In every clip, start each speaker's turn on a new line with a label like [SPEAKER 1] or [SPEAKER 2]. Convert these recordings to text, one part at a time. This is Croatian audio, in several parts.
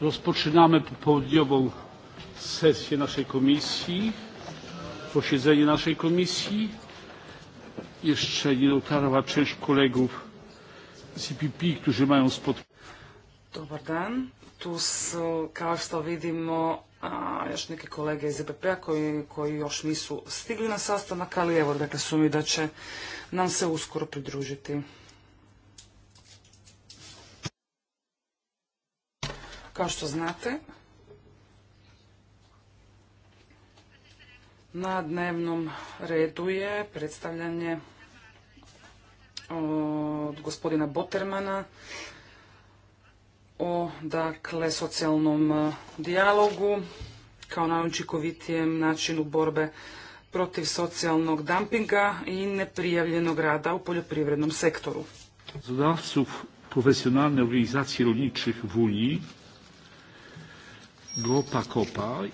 [SPEAKER 1] Rozpoczynamy popołudniową sesję naszej komisji, posiedzenie naszej komisji. Jeszcze nie dotarła część kolegów z IPP, którzy mają spotkanie.
[SPEAKER 2] Dobar dan. Tu su, kao što vidimo, a, još neke kolege iz EPP-a koji, još nisu stigli na sastanak, ali evo, dakle su mi da će nam se uskoro pridružiti. Kao što znate, na dnevnom redu je predstavljanje od gospodina Botermana o dakle socijalnom e, dijalogu kao najučinkovitijem načinu borbe protiv socijalnog dumpinga i neprijavljenog rada u poljoprivrednom sektoru.
[SPEAKER 1] Zadavcu profesionalne organizacije Geopa Kopa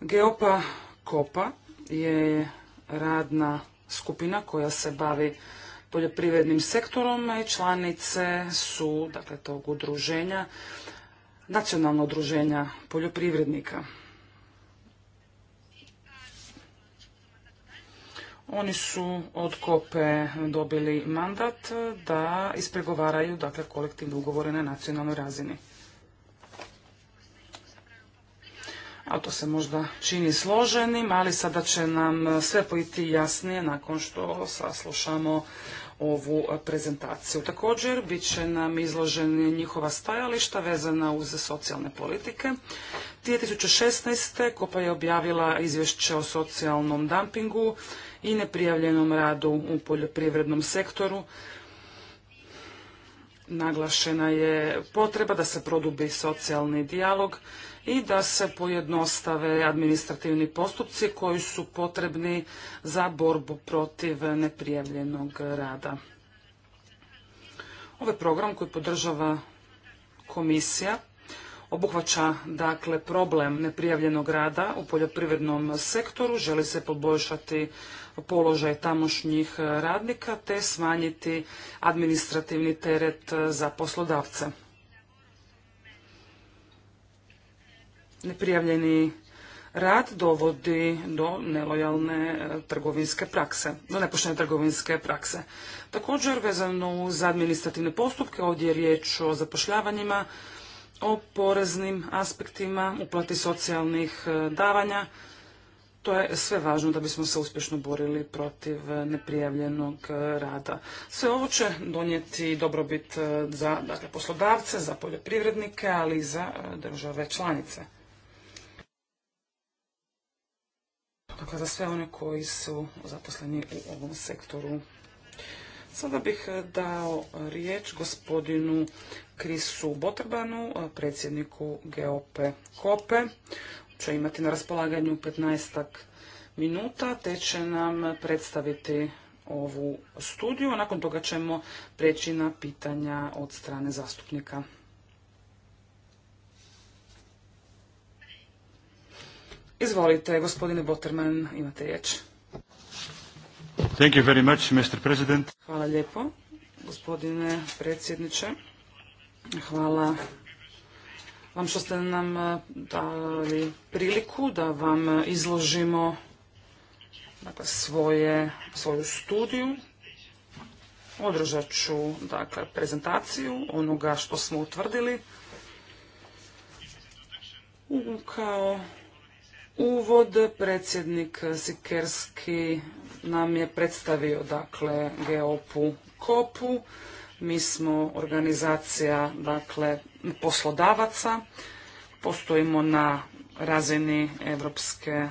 [SPEAKER 2] Geopa Kopa je radna skupina koja se bavi poljoprivrednim sektorom i članice su, dakle, tog udruženja, nacionalno udruženja poljoprivrednika. Oni su od Kope dobili mandat da ispregovaraju dakle, kolektivne ugovore na nacionalnoj razini. A to se možda čini složenim, ali sada će nam sve pojiti jasnije nakon što saslušamo ovu prezentaciju. Također bit će nam izloženi njihova stajališta vezana uz socijalne politike. 2016. Kopa je objavila izvješće o socijalnom dumpingu i neprijavljenom radu u poljoprivrednom sektoru. Naglašena je potreba da se produbi socijalni dijalog i da se pojednostave administrativni postupci koji su potrebni za borbu protiv neprijavljenog rada. Ovaj program koji podržava komisija obuhvaća dakle problem neprijavljenog rada u poljoprivrednom sektoru, želi se poboljšati položaj tamošnjih e, radnika te smanjiti administrativni teret e, za poslodavce. Neprijavljeni rad dovodi do nelojalne e, trgovinske prakse, do nepoštene trgovinske prakse. Također, vezano uz administrativne postupke, ovdje je riječ o zapošljavanjima, o poreznim aspektima, uplati socijalnih davanja, to je sve važno da bismo se uspješno borili protiv neprijavljenog rada. Sve ovo će donijeti dobrobit e, za dakle, poslodavce, za poljoprivrednike, ali i za e, države članice. Dakle, za sve one koji su zaposleni u ovom sektoru. Sada bih e, dao riječ gospodinu Krisu Botrbanu, predsjedniku GOP Kope će imati na raspolaganju 15 minuta, te će nam predstaviti ovu studiju, a nakon toga ćemo preći na pitanja od strane zastupnika. Izvolite, gospodine Boterman, imate riječ.
[SPEAKER 1] Thank you very much, Mr. President.
[SPEAKER 2] Hvala lijepo, gospodine predsjedniče. Hvala vam što ste nam e, dali priliku da vam e, izložimo dakle, svoje, svoju studiju. Održat ću dakle, prezentaciju onoga što smo utvrdili kao uvod predsjednik Sikerski nam je predstavio dakle Geopu Kopu. Mi smo organizacija dakle, poslodavaca, postojimo na razini Evropske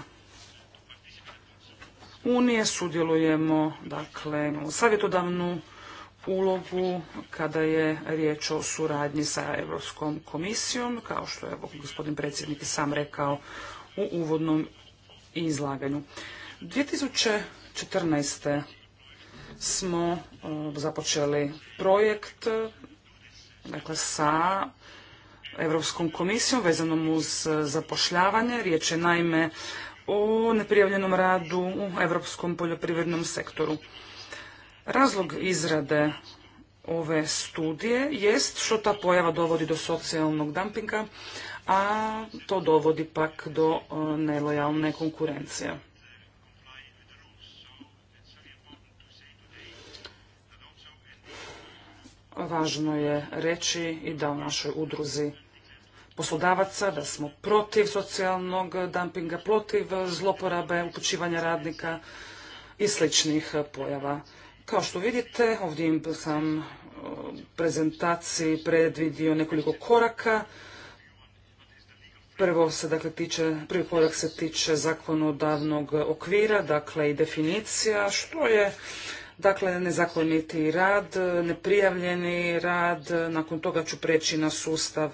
[SPEAKER 2] unije, sudjelujemo, dakle, u savjetodavnu ulogu kada je riječ o suradnji sa Europskom komisijom, kao što je gospodin predsjednik i sam rekao u uvodnom izlaganju. 2014 smo e, započeli projekt e, dakle, sa Europskom komisijom vezanom uz zapošljavanje. Riječ je naime o neprijavljenom radu u europskom poljoprivrednom sektoru. Razlog izrade ove studije jest što ta pojava dovodi do socijalnog dumpinga, a to dovodi pak do e, nelojalne konkurencije. Važno je reći i da u našoj udruzi poslodavaca, da smo protiv socijalnog dumpinga, protiv zloporabe, upućivanja radnika i sličnih pojava. Kao što vidite, ovdje sam e, prezentaciji predvidio nekoliko koraka. Prvo se dakle tiče, prvi korak se tiče zakonodavnog okvira, dakle i definicija, što je Dakle, nezakoniti rad, neprijavljeni rad, nakon toga ću preći na sustav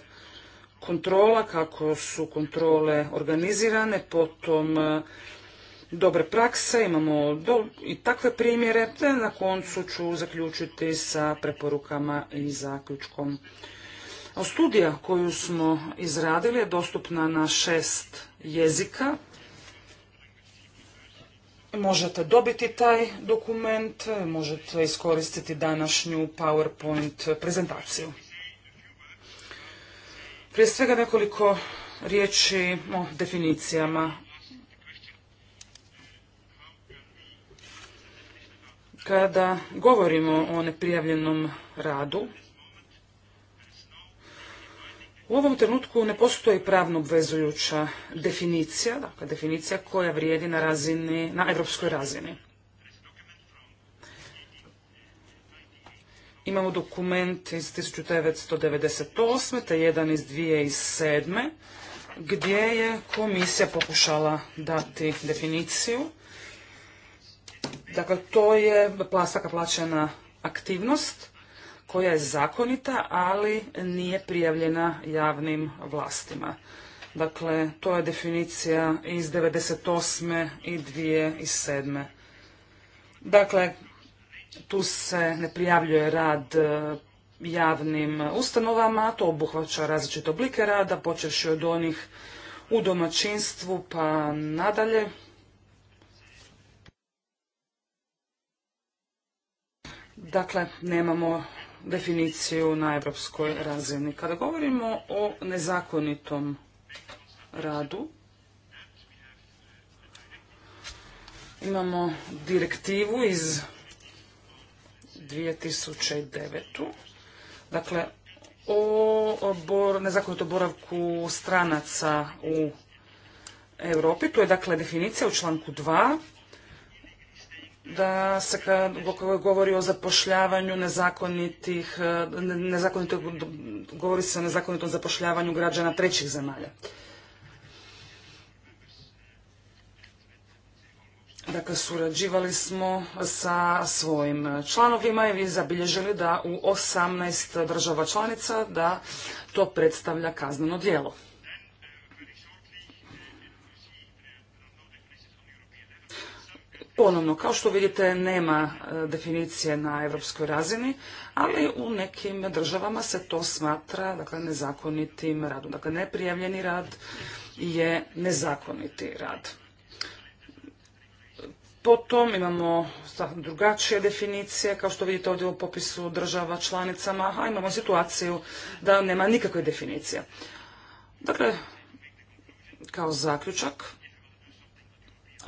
[SPEAKER 2] kontrola, kako su kontrole organizirane, potom e, dobre prakse, imamo i takve primjere, te na koncu ću zaključiti sa preporukama i zaključkom. Studija koju smo izradili je dostupna na šest jezika, Možete dobiti taj dokument, možete iskoristiti današnju PowerPoint prezentaciju. Prije svega nekoliko riječi o definicijama. Kada govorimo o neprijavljenom radu, u ovom trenutku ne postoji pravno obvezujuća definicija, dakle definicija koja vrijedi na razini, na europskoj razini. Imamo dokument iz 1998. te jedan iz 2007. gdje je komisija pokušala dati definiciju. Dakle, to je plasaka plaćena aktivnost koja je zakonita, ali nije prijavljena javnim vlastima. Dakle, to je definicija iz 98. i 2007. Dakle, tu se ne prijavljuje rad e, javnim ustanovama, to obuhvaća različite oblike rada, počevši od onih u domaćinstvu pa nadalje. Dakle, nemamo definiciju na evropskoj razini. Kada govorimo o nezakonitom radu, imamo direktivu iz 2009. Dakle, o nezakonitom boravku stranaca u Europi. to je dakle definicija u članku 2 da se govori o zapošljavanju nezakonitih, e, nezakonito, govori se o nezakonitom zapošljavanju građana trećih zemalja. Dakle, surađivali smo sa svojim članovima i vi zabilježili da u 18 država članica da to predstavlja kazneno djelo. Ponovno, kao što vidite, nema e, definicije na evropskoj razini, ali u nekim državama se to smatra dakle, nezakonitim radom. Dakle, neprijavljeni rad je nezakoniti rad. Potom imamo drugačije definicije, kao što vidite ovdje u popisu država članicama, a imamo situaciju da nema nikakve definicije. Dakle, kao zaključak,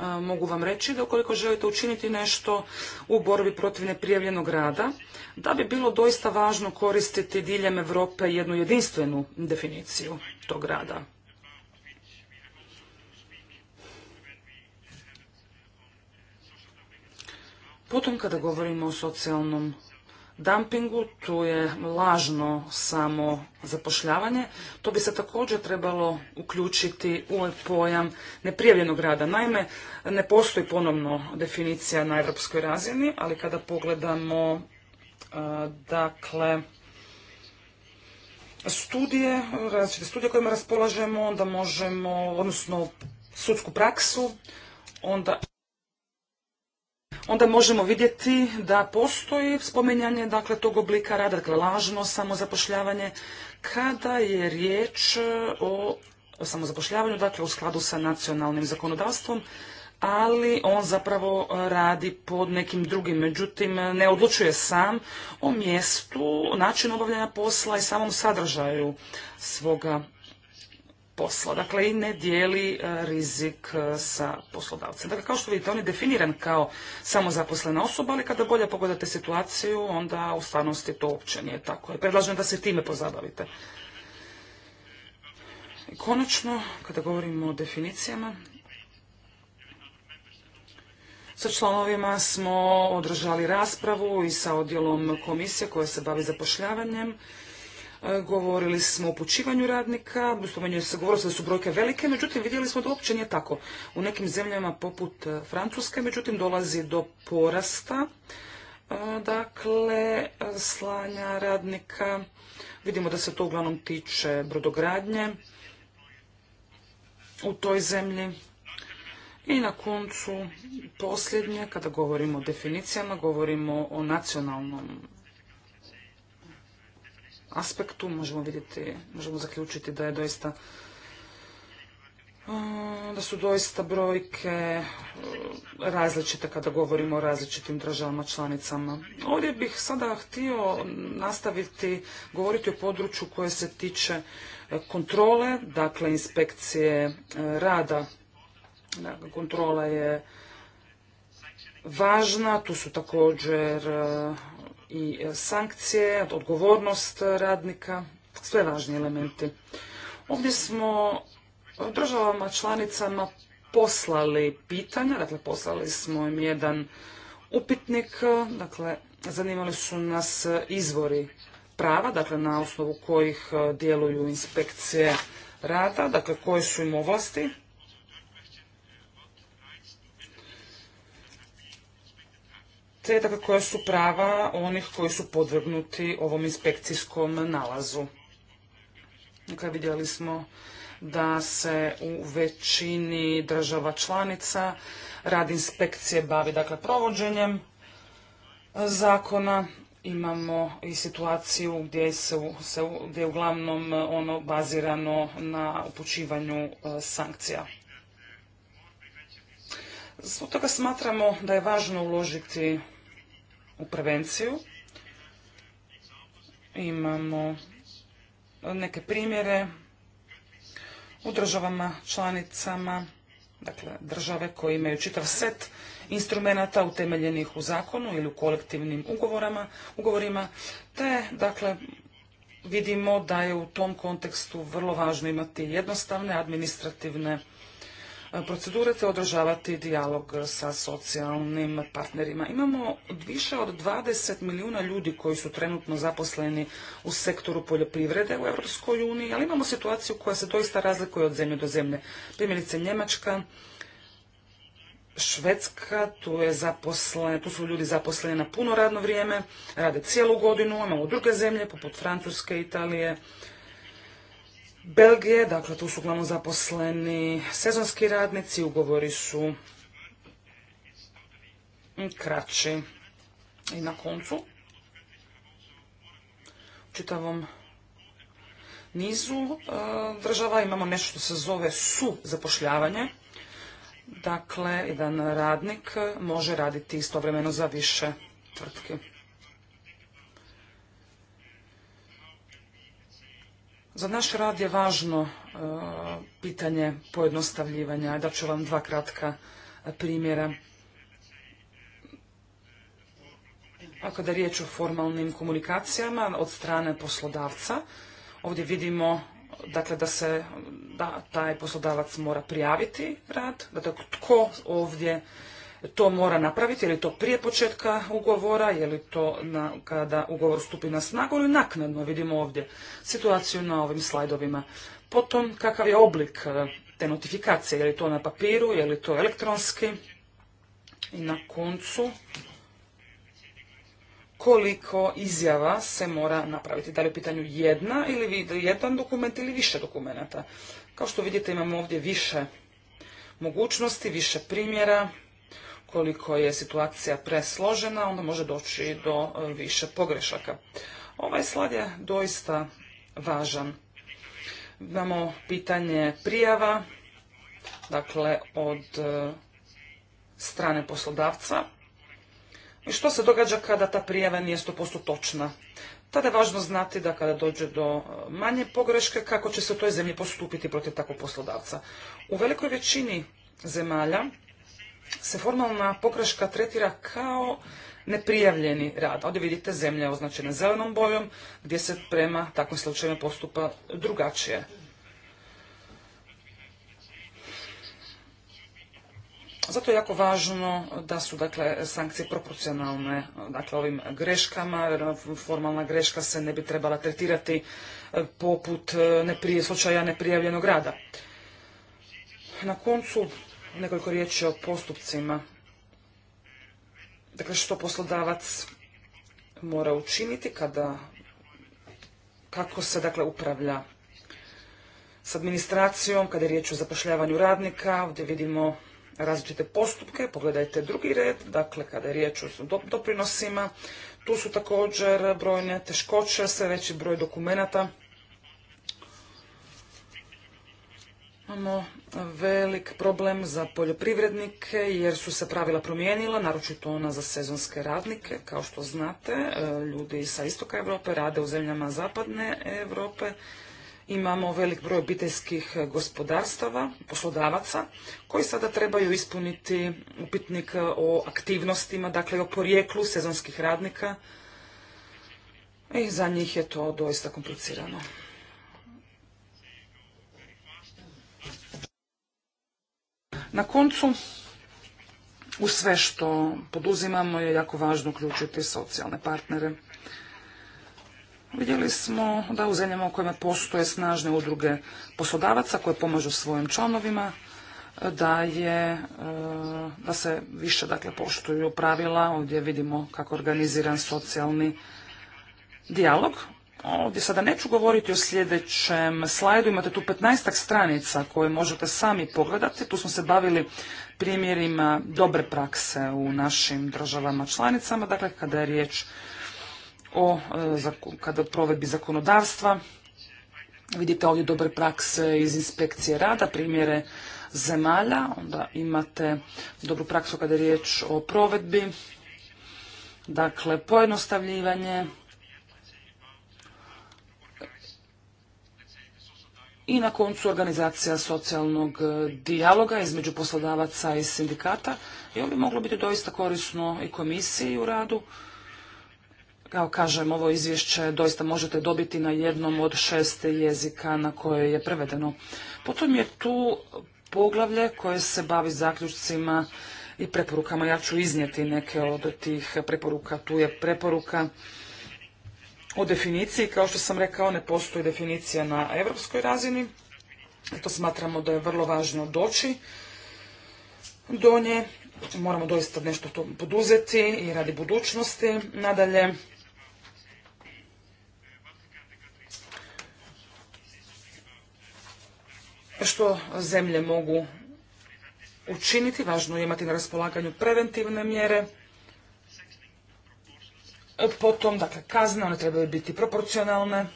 [SPEAKER 2] mogu vam reći da ukoliko želite učiniti nešto u borbi protiv neprijavljenog rada, da bi bilo doista važno koristiti diljem Europe jednu jedinstvenu definiciju tog rada. Potom kada govorimo o socijalnom dumpingu, tu je lažno samo zapošljavanje. To bi se također trebalo uključiti u pojam neprijavljenog rada. Naime, ne postoji ponovno definicija na europskoj razini, ali kada pogledamo e, dakle studije, različite studije kojima raspolažemo, onda možemo, odnosno sudsku praksu, onda onda možemo vidjeti da postoji spominjanje dakle, tog oblika rada, dakle lažno samozapošljavanje, kada je riječ e, o samozapošljavanju, dakle u skladu sa nacionalnim zakonodavstvom, ali on zapravo radi pod nekim drugim. Međutim, ne odlučuje sam o mjestu, načinu obavljanja posla i samom sadržaju svoga posla, dakle i ne dijeli e, rizik e, sa poslodavcem. Dakle, kao što vidite, on je definiran kao samozaposlena osoba, ali kada bolje pogledate situaciju, onda u stvarnosti to uopće nije tako. Predlažem da se time pozabavite. I konačno, kada govorimo o definicijama, sa članovima smo održali raspravu i sa odjelom komisije koja se bavi zapošljavanjem E, govorili smo o upućivanju radnika, spomenuo se, govorilo da su brojke velike, međutim vidjeli smo da uopće nije tako. U nekim zemljama poput e, Francuske, međutim dolazi do porasta, e, dakle, slanja radnika. Vidimo da se to uglavnom tiče brodogradnje u toj zemlji. I na koncu posljednje, kada govorimo o definicijama, govorimo o nacionalnom aspektu možemo vidjeti, možemo zaključiti da je doista da su doista brojke različite kada govorimo o različitim državama članicama. Ovdje bih sada htio nastaviti govoriti o području koje se tiče kontrole, dakle inspekcije rada. Dakle, kontrola je važna, tu su također i e, sankcije, odgovornost radnika, sve važni elementi. Ovdje smo državama članicama poslali pitanja, dakle poslali smo im jedan upitnik, dakle zanimali su nas izvori prava, dakle na osnovu kojih e, djeluju inspekcije rada, dakle koje su im ovlasti, te koja su prava onih koji su podvrgnuti ovom inspekcijskom nalazu. Dakle, vidjeli smo da se u većini država članica rad inspekcije bavi dakle provođenjem zakona. Imamo i situaciju gdje se, se gdje je uglavnom ono bazirano na upućivanju e, sankcija. Zbog toga smatramo da je važno uložiti u prevenciju. Imamo neke primjere u državama, članicama, dakle države koje imaju čitav set instrumenata utemeljenih u zakonu ili u kolektivnim ugovorama, ugovorima, te dakle vidimo da je u tom kontekstu vrlo važno imati jednostavne administrativne procedure te održavati dijalog sa socijalnim partnerima. Imamo više od 20 milijuna ljudi koji su trenutno zaposleni u sektoru poljoprivrede u Europskoj uniji, ali imamo situaciju koja se doista razlikuje od zemlje do zemlje. Primjerice Njemačka, Švedska, tu, je tu su ljudi zaposleni na puno radno vrijeme, rade cijelu godinu, imamo druge zemlje poput Francuske, Italije, Belgije, dakle tu su uglavnom zaposleni sezonski radnici, ugovori su kraći. I na koncu, u čitavom nizu e, država imamo nešto što se zove su zapošljavanje. Dakle, jedan radnik može raditi istovremeno za više tvrtke. Za naš rad je važno e, pitanje pojednostavljivanja. ću vam dva kratka e, primjera. Ako kada je riječ o formalnim komunikacijama od strane poslodavca, ovdje vidimo dakle, da se da, taj poslodavac mora prijaviti rad, dakle tko ovdje to mora napraviti, je li to prije početka ugovora, je li to na, kada ugovor stupi na snagu ili naknadno, vidimo ovdje situaciju na ovim slajdovima. Potom kakav je oblik e, te notifikacije, je li to na papiru, je li to elektronski i na koncu koliko izjava se mora napraviti. Da li je u pitanju jedna ili jedan dokument ili više dokumenata. Kao što vidite imamo ovdje više mogućnosti, više primjera koliko je situacija presložena, onda može doći do e, više pogrešaka. Ovaj slad je doista važan. Imamo pitanje prijava, dakle od e, strane poslodavca. I što se događa kada ta prijava nije 100% točna? Tada je važno znati da kada dođe do e, manje pogreške, kako će se u toj zemlji postupiti protiv takvog poslodavca. U velikoj većini zemalja se formalna pogreška tretira kao neprijavljeni rad. Ovdje vidite zemlje označene zelenom bojom gdje se prema takvim slučajima postupa drugačije. Zato je jako važno da su dakle sankcije proporcionalne dakle ovim greškama, formalna greška se ne bi trebala tretirati e, poput e, neprije, slučaja neprijavljenog rada. Na koncu nekoliko riječi o postupcima. Dakle, što poslodavac mora učiniti kada, kako se dakle upravlja s administracijom, kada je riječ o zapošljavanju radnika, ovdje vidimo različite postupke, pogledajte drugi red, dakle kada je riječ o doprinosima, tu su također brojne teškoće, sve veći broj dokumenata Imamo velik problem za poljoprivrednike jer su se pravila promijenila, naročito ona za sezonske radnike. Kao što znate, e, ljudi sa istoka Europe rade u zemljama zapadne Europe. Imamo velik broj obiteljskih gospodarstava, poslodavaca, koji sada trebaju ispuniti upitnik o aktivnostima, dakle o porijeklu sezonskih radnika. I za njih je to doista komplicirano. Na koncu, u sve što poduzimamo je jako važno uključiti socijalne partnere. Vidjeli smo da u zemljama u kojima postoje snažne udruge poslodavaca koje pomažu svojim članovima, da, je, e, da se više dakle, poštuju pravila. Ovdje vidimo kako organiziran socijalni dijalog. Ovdje sada neću govoriti o sljedećem slajdu, imate tu 15 stranica koje možete sami pogledati. Tu smo se bavili primjerima dobre prakse u našim državama članicama, dakle kada je riječ o e, kada provedbi zakonodavstva. Vidite ovdje dobre prakse iz inspekcije rada, primjere zemalja, onda imate dobru praksu kada je riječ o provedbi, dakle pojednostavljivanje, i na koncu organizacija socijalnog e, dijaloga između poslodavaca i sindikata i ovo bi moglo biti doista korisno i komisiji u radu. Kao kažem, ovo izvješće doista možete dobiti na jednom od šest jezika na koje je prevedeno. Potom je tu poglavlje koje se bavi zaključcima i preporukama. Ja ću iznijeti neke od tih preporuka. Tu je preporuka o definiciji. Kao što sam rekao, ne postoji definicija na europskoj razini. To smatramo da je vrlo važno doći do nje. Moramo doista nešto to poduzeti i radi budućnosti. Nadalje, što zemlje mogu učiniti. Važno je imati na raspolaganju preventivne mjere potom, dakle, kazne, one trebaju biti proporcionalne.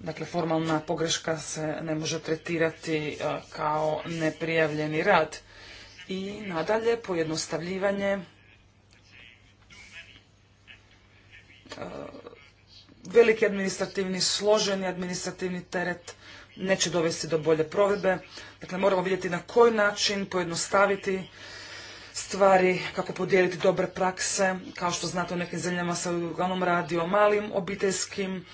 [SPEAKER 2] Dakle, formalna pogreška se ne može tretirati e, kao neprijavljeni rad. I nadalje, pojednostavljivanje e, veliki administrativni, složeni administrativni teret neće dovesti do bolje provedbe. Dakle, moramo vidjeti na koji način pojednostaviti stvari, kako podijeliti dobre prakse. Kao što znate u nekim zemljama se uglavnom radi o malim obiteljskim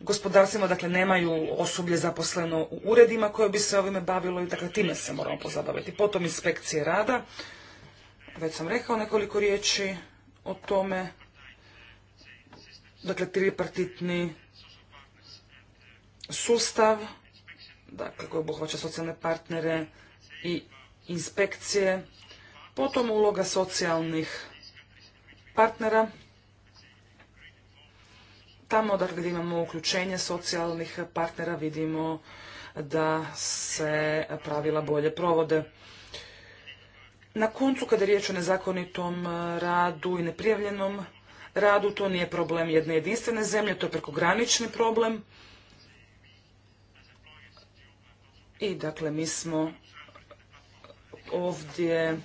[SPEAKER 2] gospodarstvima, dakle nemaju osoblje zaposleno u uredima koje bi se ovime bavilo i dakle time se moramo pozabaviti. Potom inspekcije rada, već sam rekao nekoliko riječi o tome, dakle tripartitni sustav, dakle koji obuhvaća socijalne partnere i inspekcije, Potom uloga socijalnih partnera, tamo dakle, gdje imamo uključenje socijalnih partnera vidimo da se pravila bolje provode. Na koncu, kada je riječ o nezakonitom radu i neprijavljenom radu, to nije problem jedne jedinstvene zemlje, to je prekogranični problem. I dakle, mi smo ovdje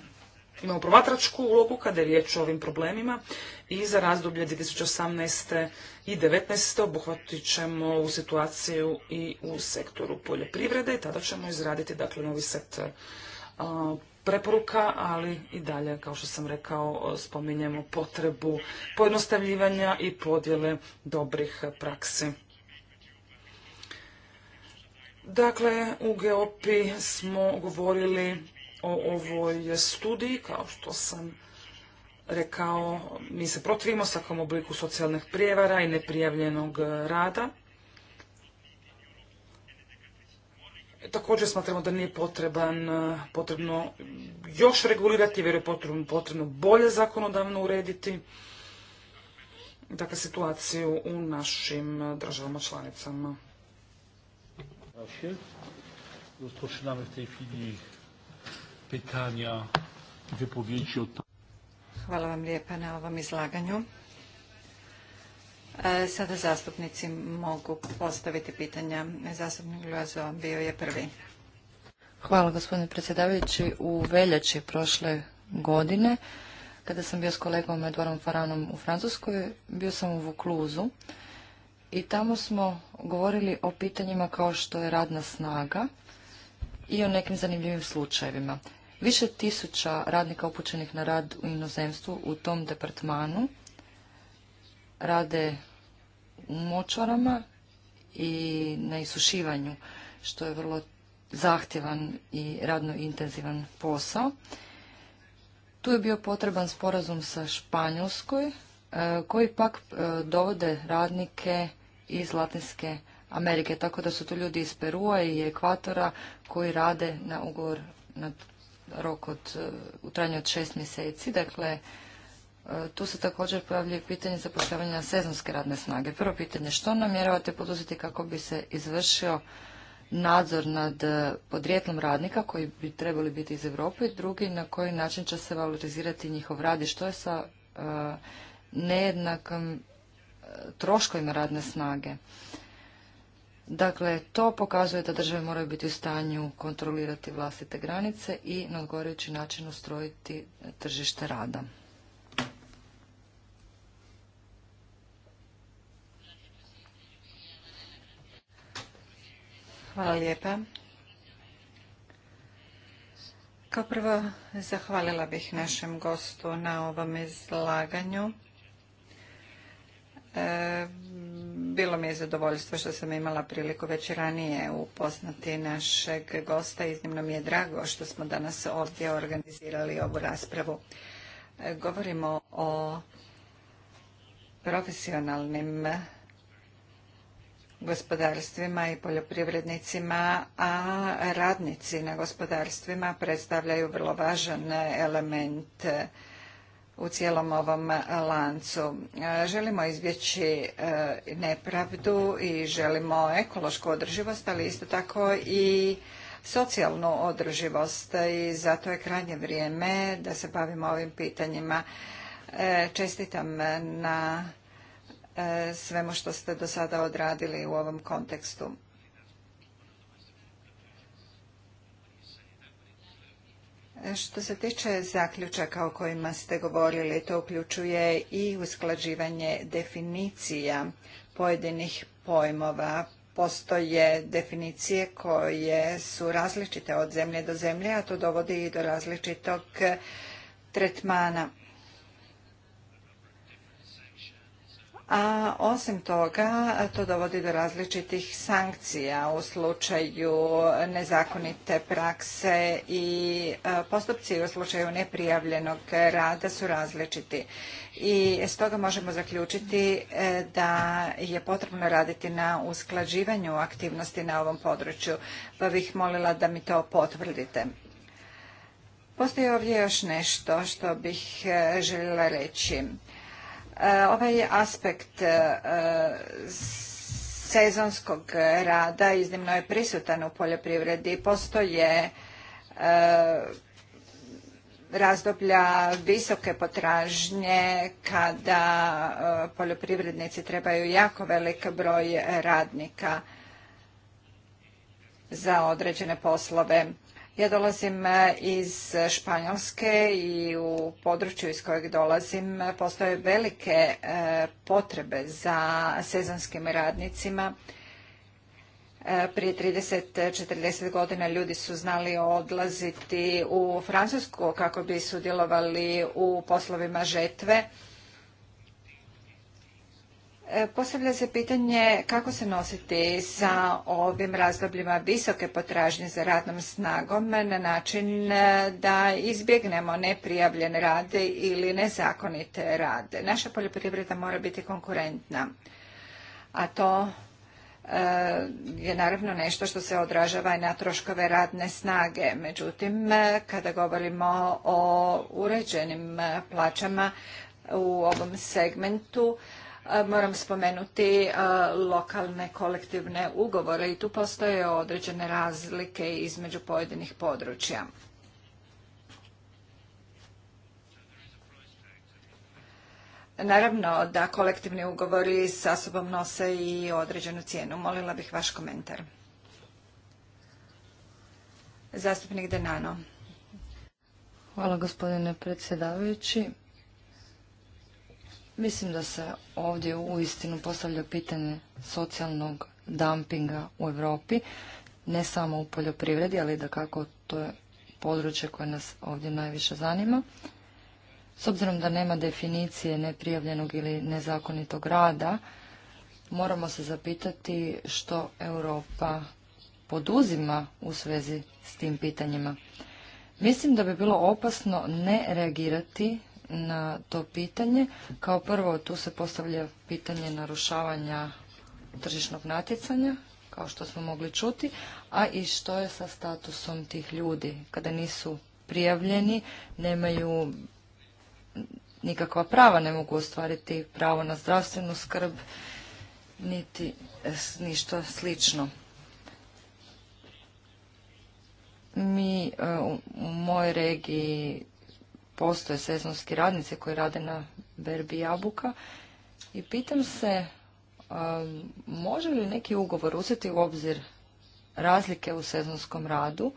[SPEAKER 2] imamo promatračku ulogu kada je riječ o ovim problemima i za razdoblje 2018. i 2019. obuhvatit ćemo u situaciju i u sektoru poljoprivrede i tada ćemo izraditi dakle, novi set preporuka, ali i dalje, kao što sam rekao, spominjemo potrebu pojednostavljivanja i podjele dobrih praksi. Dakle, u Geopi smo govorili o ovoj studiji, kao što sam rekao, mi se protivimo svakom obliku socijalnih prijevara i neprijavljenog rada. Također smatramo da nije potreban, potrebno još regulirati, jer je potrebno, potrebno bolje zakonodavno urediti dakle, situaciju u našim državama članicama.
[SPEAKER 1] tej pitanja, i o
[SPEAKER 3] Hvala vam lijepa na ovom izlaganju. E, sada zastupnici mogu postaviti pitanja. Zastupnik Glazo bio je prvi.
[SPEAKER 4] Hvala gospodine predsjedavajući. U veljači prošle godine, kada sam bio s kolegom Edvarom Faranom u Francuskoj, bio sam u Vukluzu i tamo smo govorili o pitanjima kao što je radna snaga i o nekim zanimljivim slučajevima više tisuća radnika upućenih na rad u inozemstvu u tom departmanu rade u močvarama i na isušivanju, što je vrlo zahtjevan i radno intenzivan posao. Tu je bio potreban sporazum sa Španjolskoj, e, koji pak e, dovode radnike iz Latinske Amerike, tako da su tu ljudi iz Perua i Ekvatora koji rade na ugovor nad rok od, e, u trajanju od šest mjeseci. Dakle, e, tu se također pojavljuje pitanje zapošljavanja sezonske radne snage. Prvo pitanje, što namjeravate poduzeti kako bi se izvršio nadzor nad e, podrijetlom radnika koji bi trebali biti iz Europe, i drugi na koji način će se valorizirati njihov rad i što je sa nejednakim nejednakom troškovima radne snage. Dakle, to pokazuje da države moraju biti u stanju kontrolirati vlastite granice i na odgovarajući način ustrojiti tržište rada.
[SPEAKER 3] Hvala lijepa. Kao prvo, zahvalila bih našem gostu na ovom izlaganju. E, bilo mi je zadovoljstvo što sam imala priliku već ranije upoznati našeg gosta. Iznimno mi je drago što smo danas ovdje organizirali ovu raspravu. E, govorimo o profesionalnim gospodarstvima i poljoprivrednicima, a radnici na gospodarstvima predstavljaju vrlo važan element u cijelom ovom e, lancu. E, želimo izbjeći e, nepravdu i želimo ekološku održivost, ali isto tako i socijalnu održivost i zato je krajnje vrijeme da se bavimo ovim pitanjima. Čestitam na svemu što ste do sada odradili u ovom kontekstu. Što se tiče zaključaka o kojima ste govorili, to uključuje i usklađivanje definicija pojedinih pojmova. Postoje definicije koje su različite od zemlje do zemlje, a to dovodi i do različitog tretmana a osim toga to dovodi do različitih sankcija u slučaju nezakonite prakse i e, postupci u slučaju neprijavljenog rada su različiti. I stoga možemo zaključiti e, da je potrebno raditi na usklađivanju aktivnosti na ovom području, pa bih molila da mi to potvrdite. Postoji ovdje još nešto što bih e, željela reći. Eh, ovaj aspekt eh, sezonskog rada iznimno je prisutan u poljoprivredi. Postoje eh, razdoblja visoke potražnje kada poljoprivrednici trebaju jako velik broj radnika za određene poslove. Ja dolazim e, iz Španjolske i u području iz kojeg dolazim e, postoje velike e, potrebe za sezonskim radnicima. Prije 30-40 godina ljudi su znali odlaziti u Francusku kako bi sudjelovali u poslovima žetve E, postavlja se pitanje kako se nositi sa ovim razdobljima visoke potražnje za radnom snagom na način e, da izbjegnemo neprijavljen rad ili nezakonite rad. Naša poljoprivreda mora biti konkurentna, a to e, je naravno nešto što se odražava i na troškove radne snage. Međutim, kada govorimo o uređenim plaćama u ovom segmentu, E, moram spomenuti e, lokalne kolektivne ugovore i tu postoje određene razlike između pojedinih područja. Naravno da kolektivni ugovori sa sobom nose i određenu cijenu. Molila bih vaš komentar. Zastupnik Denano.
[SPEAKER 4] Hvala gospodine predsjedavajući. Mislim da se ovdje uistinu postavlja pitanje socijalnog dumpinga u Europi, ne samo u poljoprivredi, ali da kako to je područje koje nas ovdje najviše zanima. S obzirom da nema definicije neprijavljenog ili nezakonitog rada, moramo se zapitati što Europa poduzima u svezi s tim pitanjima. Mislim da bi bilo opasno ne reagirati na to pitanje. Kao prvo, tu se postavlja pitanje narušavanja tržišnog natjecanja, kao što smo mogli čuti, a i što je sa statusom tih ljudi kada nisu prijavljeni, nemaju nikakva prava, ne mogu ostvariti pravo na zdravstvenu skrb, niti ništa slično. Mi e, u mojoj regiji postoje sezonski radnice koji rade na berbi jabuka i pitam se um, može li neki ugovor uzeti u obzir razlike u sezonskom radu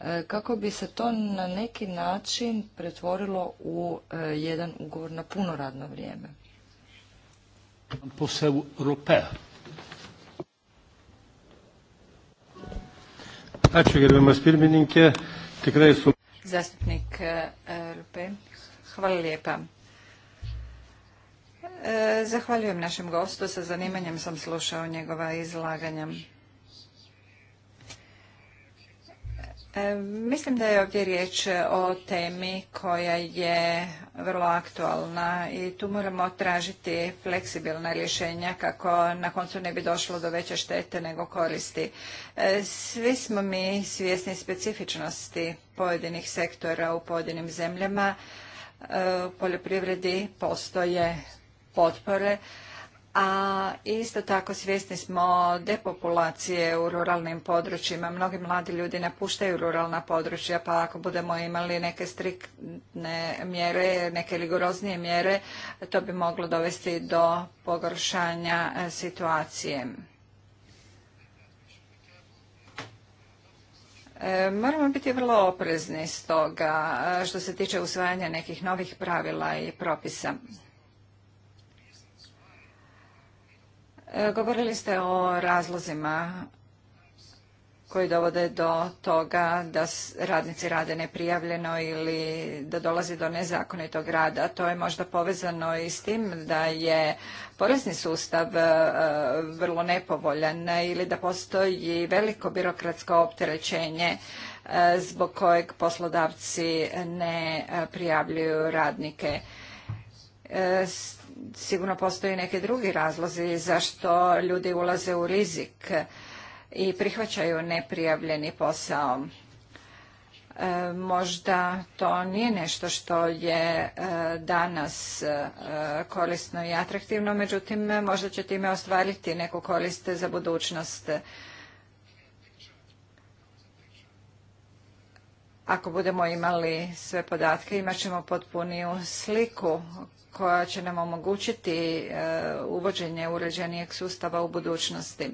[SPEAKER 4] e, kako bi se to na neki način pretvorilo u e, jedan ugovor na puno radno vrijeme.
[SPEAKER 1] Ačiū gerbiamas tikrai su
[SPEAKER 3] Zastupnik e, Hvala lijepa. E, zahvaljujem našem gostu. Sa zanimanjem sam slušao njegova izlaganja. E, mislim da je ovdje riječ o temi koja je vrlo aktualna i tu moramo tražiti fleksibilna rješenja kako na koncu ne bi došlo do veće štete nego koristi. Svi smo mi svjesni specifičnosti pojedinih sektora u pojedinim zemljama e, u poljoprivredi postoje potpore, a isto tako svjesni smo depopulacije u ruralnim područjima. Mnogi mladi ljudi napuštaju ruralna područja, pa ako budemo imali neke striktne mjere, neke rigoroznije mjere, to bi moglo dovesti do pogoršanja e, situacije. E, moramo biti vrlo oprezni stoga e, što se tiče usvajanja nekih novih pravila i propisa. E, govorili ste o razlozima koji dovode do toga da radnici rade neprijavljeno ili da dolazi do nezakonitog rada. To je možda povezano i s tim da je porezni sustav e, vrlo nepovoljan ili da postoji veliko birokratsko opterećenje e, zbog kojeg poslodavci ne e, prijavljuju radnike sigurno postoje neki drugi razlozi zašto ljudi ulaze u rizik i prihvaćaju neprijavljeni posao. E, možda to nije nešto što je e, danas e, korisno i atraktivno, međutim možda će time ostvariti neku korist za budućnost. Ako budemo imali sve podatke, imat ćemo potpuniju sliku koja će nam omogućiti uvođenje uređenijeg sustava u budućnosti.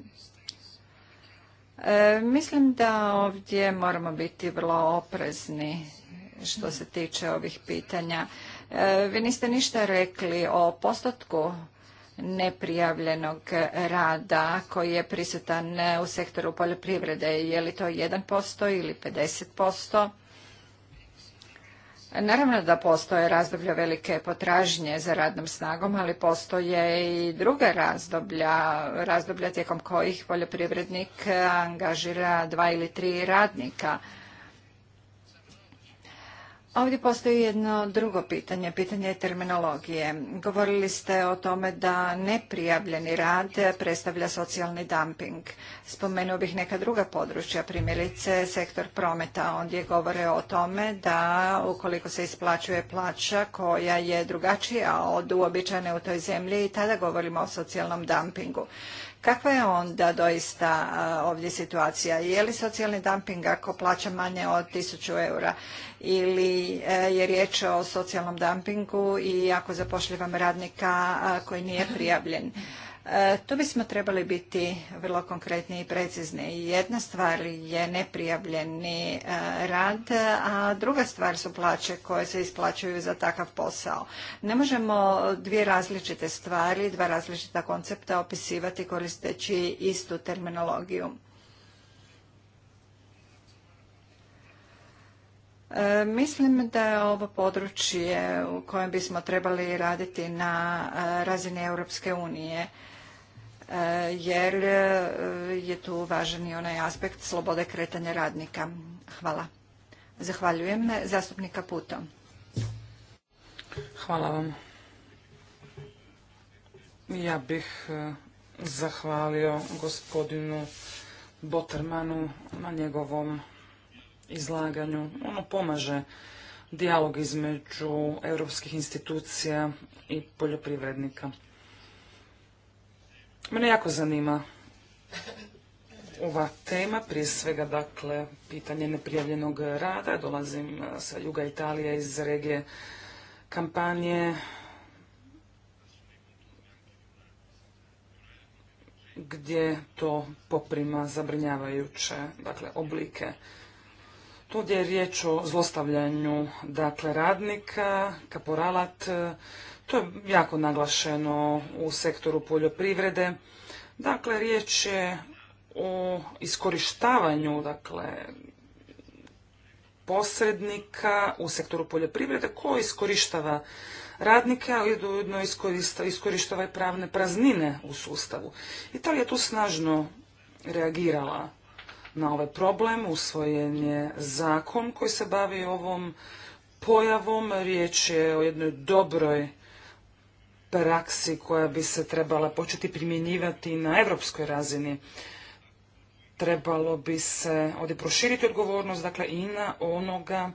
[SPEAKER 3] E, mislim da ovdje moramo biti vrlo oprezni što se tiče ovih pitanja. E, vi niste ništa rekli o postotku neprijavljenog rada koji je prisutan u sektoru poljoprivrede. Je li to 1% ili 50%? Naravno da postoje razdoblja velike potražnje za radnom snagom, ali postoje i druga razdoblja, razdoblja tijekom kojih poljoprivrednik angažira dva ili tri radnika Ovdje postoji jedno drugo pitanje, pitanje terminologije. Govorili ste o tome da neprijavljeni rad predstavlja socijalni dumping. Spomenuo bih neka druga područja, primjerice sektor prometa. Ondje govore o tome da ukoliko se isplaćuje plaća koja je drugačija od uobičajene u toj zemlji, tada govorimo o socijalnom dumpingu. Kakva je onda doista ovdje situacija? Je li socijalni dumping ako plaća manje od 1000 eura? Ili e, je riječ o socijalnom dumpingu i ako zapošljivam radnika koji nije prijavljen? E, tu bismo trebali biti vrlo konkretni i precizni. Jedna stvar je neprijavljeni e, rad, a druga stvar su plaće koje se isplaćuju za takav posao. Ne možemo dvije različite stvari, dva različita koncepta opisivati koristeći istu terminologiju. E, mislim da je ovo područje u kojem bismo trebali raditi na e, razini Europske unije e, jer je tu važan i onaj aspekt slobode kretanja radnika. Hvala. Zahvaljujem. Zastupnika Puto.
[SPEAKER 2] Hvala vam. Ja bih zahvalio gospodinu Botermanu na njegovom izlaganju. Ono pomaže dijalog između europskih institucija i poljoprivrednika. Mene jako zanima ova tema, prije svega dakle pitanje neprijavljenog rada. Dolazim sa juga Italija iz regije kampanje gdje to poprima zabrinjavajuće dakle, oblike. Ovdje je riječ o zlostavljanju dakle, radnika, kaporalat, to je jako naglašeno u sektoru poljoprivrede. Dakle, riječ je o iskorištavanju dakle, posrednika u sektoru poljoprivrede koji iskorištava radnike, ali ujedno iskorištava i pravne praznine u sustavu. Italija je tu snažno reagirala na ovaj problem. Usvojen je zakon koji se bavi ovom pojavom. Riječ je o jednoj dobroj praksi koja bi se trebala početi primjenjivati na europskoj razini. Trebalo bi se ovdje proširiti odgovornost, dakle, i na onoga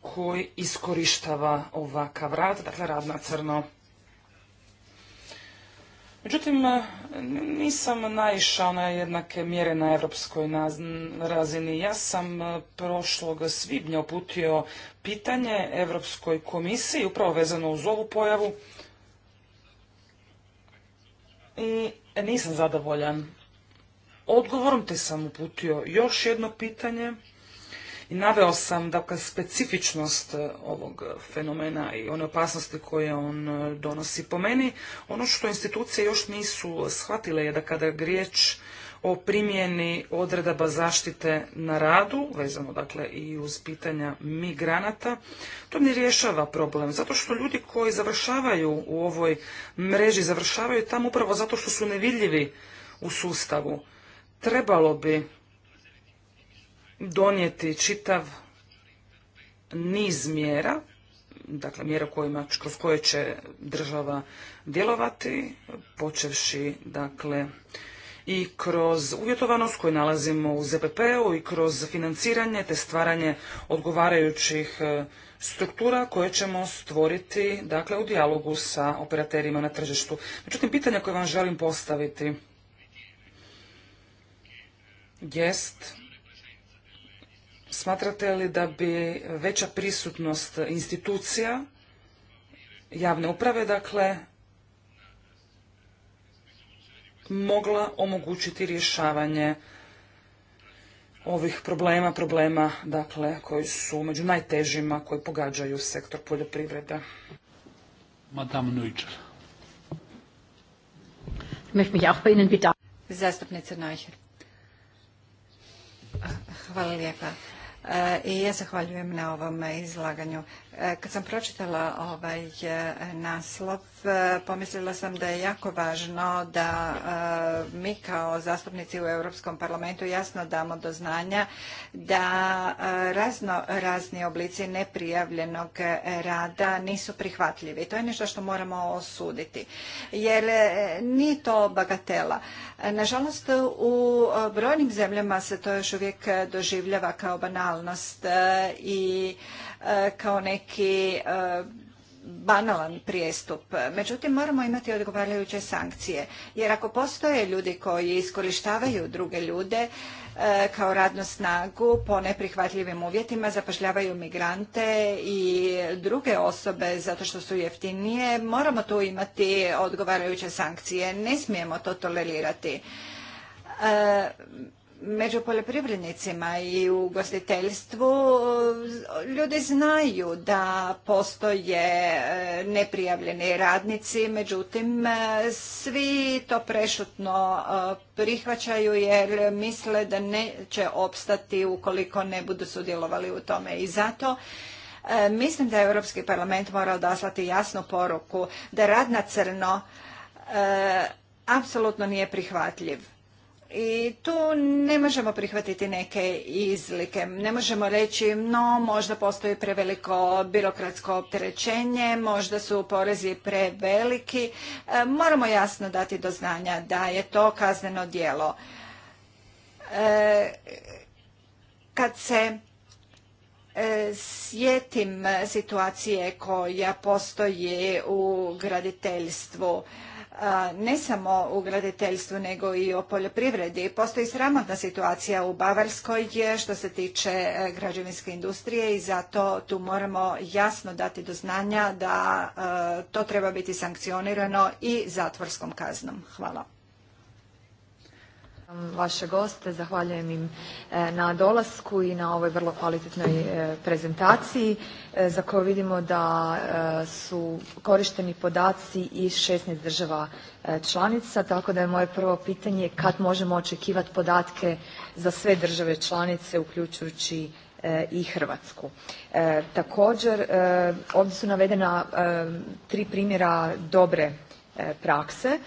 [SPEAKER 2] koji iskorištava ovakav rad, dakle, rad na crno. Međutim, e, nisam naišao na jednake mjere na evropskoj razini. Ja sam e, prošlog svibnja uputio pitanje Evropskoj komisiji, upravo vezano uz ovu pojavu, i nisam zadovoljan odgovorom, te sam uputio još jedno pitanje – i naveo sam dakle, specifičnost e, ovog e, fenomena i one opasnosti koje on e, donosi. Po meni, ono što institucije još nisu shvatile je da kada je riječ o primjeni odredaba zaštite na radu, vezano dakle i uz pitanja migranata, to ne rješava problem, zato što ljudi koji završavaju u ovoj mreži, završavaju tamo upravo zato što su nevidljivi u sustavu. Trebalo bi donijeti čitav niz mjera, dakle mjera kojima, kroz koje će država djelovati, počevši dakle i kroz uvjetovanost koju nalazimo u ZPP-u i kroz financiranje te stvaranje odgovarajućih e, struktura koje ćemo stvoriti dakle u dijalogu sa operaterima na tržištu. Međutim, pitanja koje vam želim postaviti jest Smatrate li da bi veća prisutnost institucija javne uprave, dakle, mogla omogućiti rješavanje ovih problema, problema dakle koji su među najtežima koji pogađaju sektor poljoprivrede.
[SPEAKER 1] Madame Neuchel.
[SPEAKER 3] Zastupnica Neuchel. Hvala lijepa. E, I ja zahvaljujem na ovom izlaganju. Kad sam pročitala ovaj e, naslov, e, pomislila sam da je jako važno da e, mi kao zastupnici u Europskom parlamentu jasno damo do znanja da razno razni oblici neprijavljenog rada nisu prihvatljivi. To je nešto što moramo osuditi. Jer nije to bagatela. Nažalost, u brojnim zemljama se to još uvijek doživljava kao banalnost i E, kao neki e, banalan prijestup. Međutim, moramo imati odgovarajuće sankcije. Jer ako postoje ljudi koji iskorištavaju druge ljude e, kao radnu snagu po neprihvatljivim uvjetima, zapošljavaju migrante i druge osobe zato što su jeftinije, moramo tu imati odgovarajuće sankcije. Ne smijemo to tolerirati među poljoprivrednicima i u gostiteljstvu ljudi znaju da postoje e, neprijavljeni radnici, međutim e, svi to prešutno e, prihvaćaju jer misle da neće opstati ukoliko ne budu sudjelovali u tome i zato mislim da je Europski parlament mora odaslati jasnu poruku da rad na crno apsolutno nije prihvatljiv i tu ne možemo prihvatiti neke izlike. Ne možemo reći, no možda postoji preveliko birokratsko opterećenje, možda su porezi preveliki. E, moramo jasno dati do znanja da je to kazneno djelo. E, kad se e, sjetim situacije koja postoji u graditeljstvu, ne samo u graditeljstvu nego i o poljoprivredi. Postoji sramotna situacija u Bavarskoj e, što se tiče e, građevinske industrije i zato tu moramo jasno dati do znanja da e, to treba biti sankcionirano i zatvorskom kaznom. Hvala
[SPEAKER 5] vaše goste, zahvaljujem im na dolasku i na ovoj vrlo kvalitetnoj prezentaciji. E, za koju vidimo da e, su korišteni podaci iz 16 država e, članica, tako da je moje prvo pitanje kad možemo očekivati podatke za sve države članice uključujući i Hrvatsku. također, ovdje su navedena tri primjera dobre prakse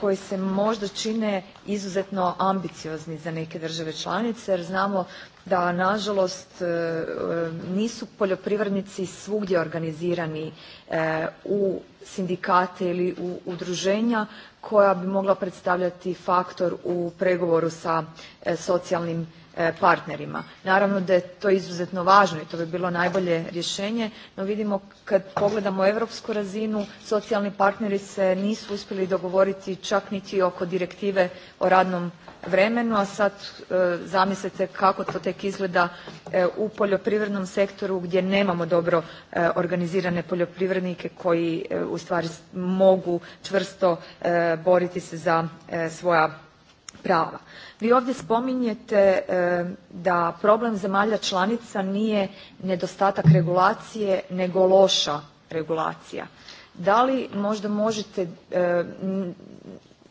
[SPEAKER 5] koji se možda čine izuzetno ambiciozni za neke države članice jer znamo da nažalost e, e, nisu poljoprivrednici svugdje organizirani e, u sindikate ili u udruženja koja bi mogla predstavljati faktor u pregovoru sa socijalnim E, partnerima. Naravno da je to izuzetno važno i to bi bilo najbolje rješenje, no vidimo kad pogledamo europsku razinu, socijalni partneri se nisu uspjeli dogovoriti čak niti oko direktive o radnom vremenu, a sad e, zamislite kako to tek izgleda e, u poljoprivrednom sektoru gdje nemamo dobro organizirane poljoprivrednike koji u stvari mogu čvrsto boriti se za svoja prava. Vi ovdje spominjete da problem zemalja članica nije nedostatak regulacije nego loša regulacija. Da li možda možete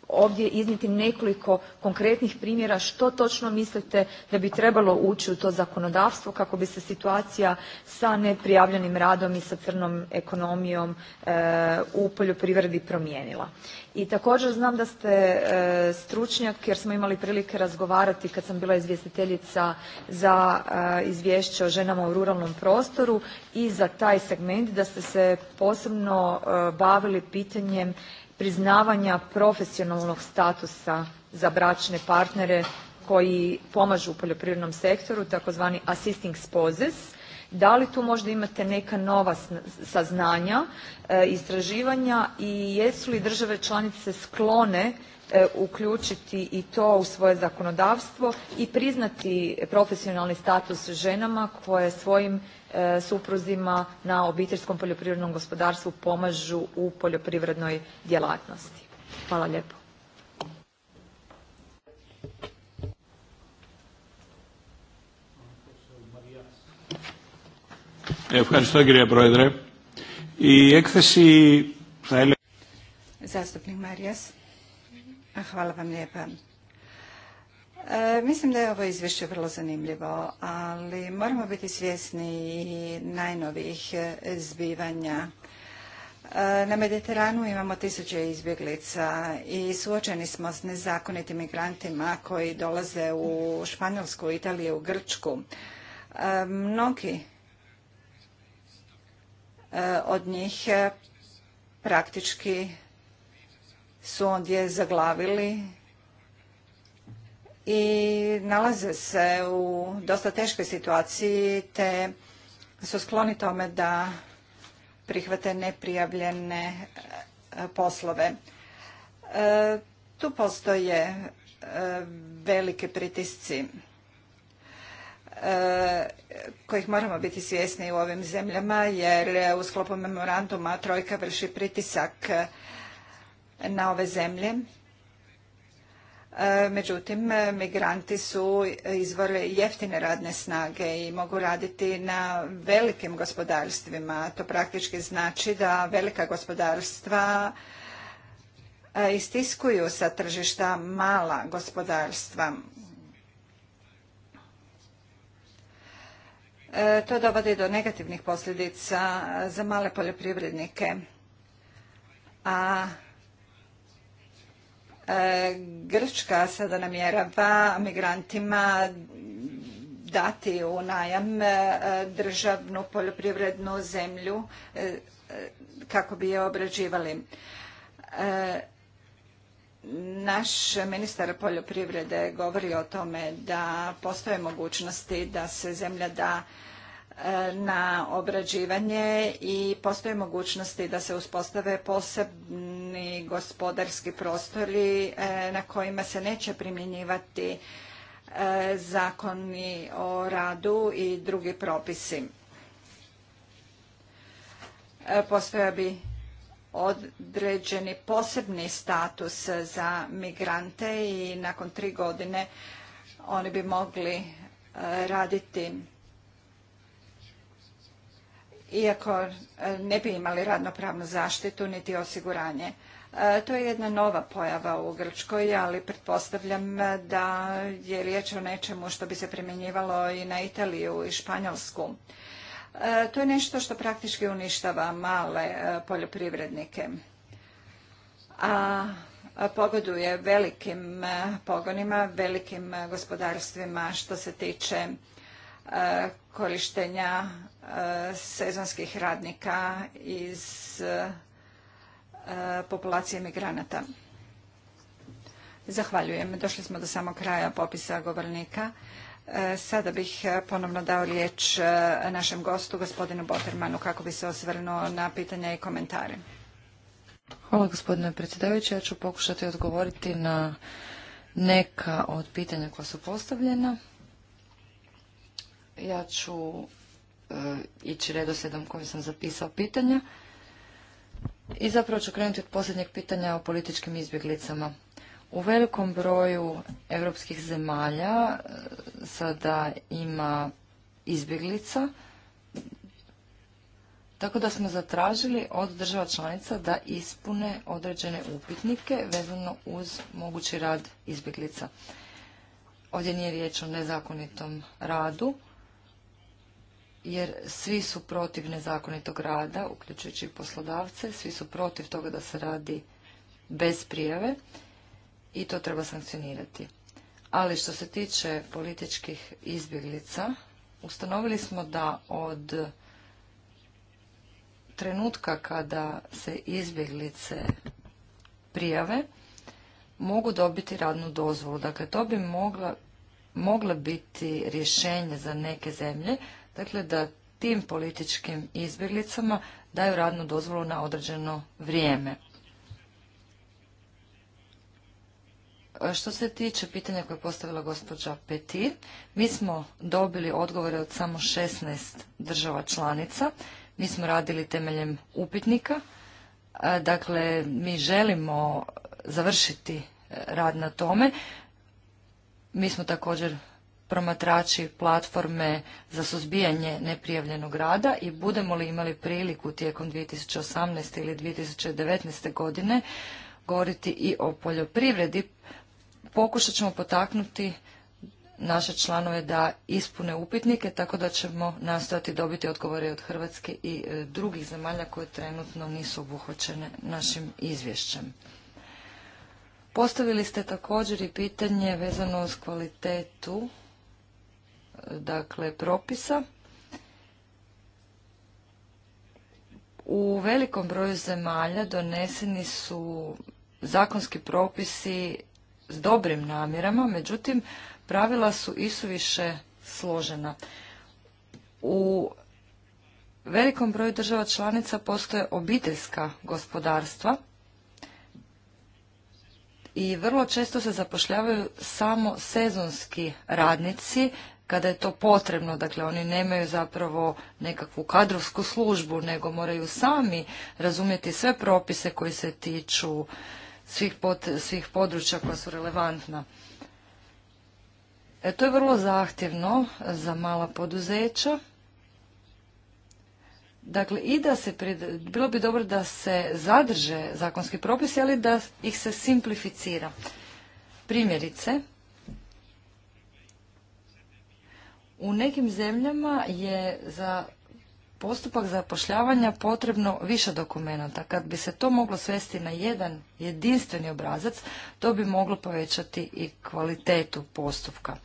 [SPEAKER 5] ovdje iznijeti nekoliko konkretnih primjera što točno mislite da bi trebalo ući u to zakonodavstvo kako bi se situacija sa neprijavljenim radom i sa crnom ekonomijom e, u poljoprivredi promijenila. I također znam da ste e, stručnjak jer smo imali prilike razgovarati kad sam bila izvjestiteljica za e, izvješće o ženama u ruralnom prostoru i za taj segment da ste se posebno bavili pitanjem priznavanja profesionalnog statusa za bračne partnere koji pomažu u poljoprivrednom sektoru, takozvani assisting spouses. Da li tu možda imate neka nova saznanja, e, istraživanja i jesu li države članice sklone E, uključiti i to u svoje zakonodavstvo i priznati profesionalni status ženama koje svojim e, supruzima na obiteljskom poljoprivrednom gospodarstvu pomažu u poljoprivrednoj djelatnosti. Hvala lijepo.
[SPEAKER 3] Zastupnik Hvala vam lijepa. E, mislim da je ovo izvješće vrlo zanimljivo, ali moramo biti svjesni i najnovijih zbivanja. E, na Mediteranu imamo tisuće izbjeglica i suočeni smo s nezakonitim migrantima koji dolaze u Španjolsku, Italiju, Grčku. E, mnogi od njih praktički su ondje zaglavili i nalaze se u dosta teškoj situaciji te su skloni tome da prihvate neprijavljene e, poslove. E, tu postoje e, velike pritisci kojih moramo biti svjesni u ovim zemljama jer u sklopu memoranduma Trojka vrši pritisak na ove zemlje. E, međutim, migranti su izvor jeftine radne snage i mogu raditi na velikim gospodarstvima. To praktički znači da velika gospodarstva e, istiskuju sa tržišta mala gospodarstva. E, to dovodi do negativnih posljedica za male poljoprivrednike, a Grčka sada namjerava migrantima dati u najam e, državnu poljoprivrednu zemlju e, kako bi je obrađivali. E, naš ministar poljoprivrede govori o tome da postoje mogućnosti da se zemlja da na obrađivanje i postoje mogućnosti da se uspostave posebne i gospodarski prostori e, na kojima se neće primjenjivati e, zakoni o radu i drugi propisi. E, Postoja bi određeni posebni status za migrante i nakon tri godine oni bi mogli raditi iako e, ne bi imali radnopravnu zaštitu niti osiguranje. E, to je jedna nova pojava u Grčkoj, ali pretpostavljam da je riječ o nečemu što bi se primjenjivalo i na Italiju i Španjolsku. E, to je nešto što praktički uništava male poljoprivrednike, a pogoduje velikim pogonima, velikim gospodarstvima što se tiče korištenja sezonskih radnika iz eh, populacije migranata. Zahvaljujem. Došli smo do samog kraja popisa govornika. Eh, sada bih ponovno dao riječ eh, našem gostu, gospodinu Botermanu, kako bi se osvrnuo na pitanja i komentare.
[SPEAKER 4] Hvala gospodine predsjedavajući. Ja ću pokušati odgovoriti na neka od pitanja koja su postavljena. Ja ću E, ići redosljedom kojim sam zapisao pitanja. I zapravo ću krenuti od posljednjeg pitanja o političkim izbjeglicama. U velikom broju europskih zemalja e, sada ima izbjeglica, tako da smo zatražili od država članica da ispune određene upitnike vezano uz mogući rad izbjeglica. Ovdje nije riječ o nezakonitom radu, jer svi su protiv nezakonitog rada, uključujući i poslodavce, svi su protiv toga da se radi bez prijave i to treba sankcionirati. Ali što se tiče političkih izbjeglica, ustanovili smo da od trenutka kada se izbjeglice prijave mogu dobiti radnu dozvolu. Dakle, to bi mogla, mogla biti rješenje za neke zemlje, Dakle, da tim političkim izbjeglicama daju radnu dozvolu na određeno vrijeme. E, što se tiče pitanja koje je postavila gospođa Petir, mi smo dobili odgovore od samo 16 država članica. Mi smo radili temeljem upitnika. E, dakle, mi želimo završiti e, rad na tome. Mi smo također promatrači platforme za suzbijanje neprijavljenog rada i budemo li imali priliku tijekom 2018. ili 2019. godine govoriti i o poljoprivredi, pokušat ćemo potaknuti naše članove da ispune upitnike, tako da ćemo nastojati dobiti odgovore od Hrvatske i e, drugih zemalja koje trenutno nisu obuhvaćene našim izvješćem. Postavili ste također i pitanje vezano uz kvalitetu dakle propisa. U velikom broju zemalja doneseni su zakonski propisi s dobrim namjerama, međutim pravila su isuviše složena. U velikom broju država članica postoje obiteljska gospodarstva i vrlo često se zapošljavaju samo sezonski radnici kada je to potrebno. Dakle, oni nemaju zapravo nekakvu kadrovsku službu, nego moraju sami razumjeti sve propise koji se tiču svih, pot, svih područja koja su relevantna. E, to je vrlo zahtjevno za mala poduzeća. Dakle, i da se, bilo bi dobro da se zadrže zakonski propisi, ali da ih se simplificira. Primjerice, U nekim zemljama je za postupak zapošljavanja potrebno više dokumenata. Kad bi se to moglo svesti na jedan jedinstveni obrazac, to bi moglo povećati i kvalitetu postupka.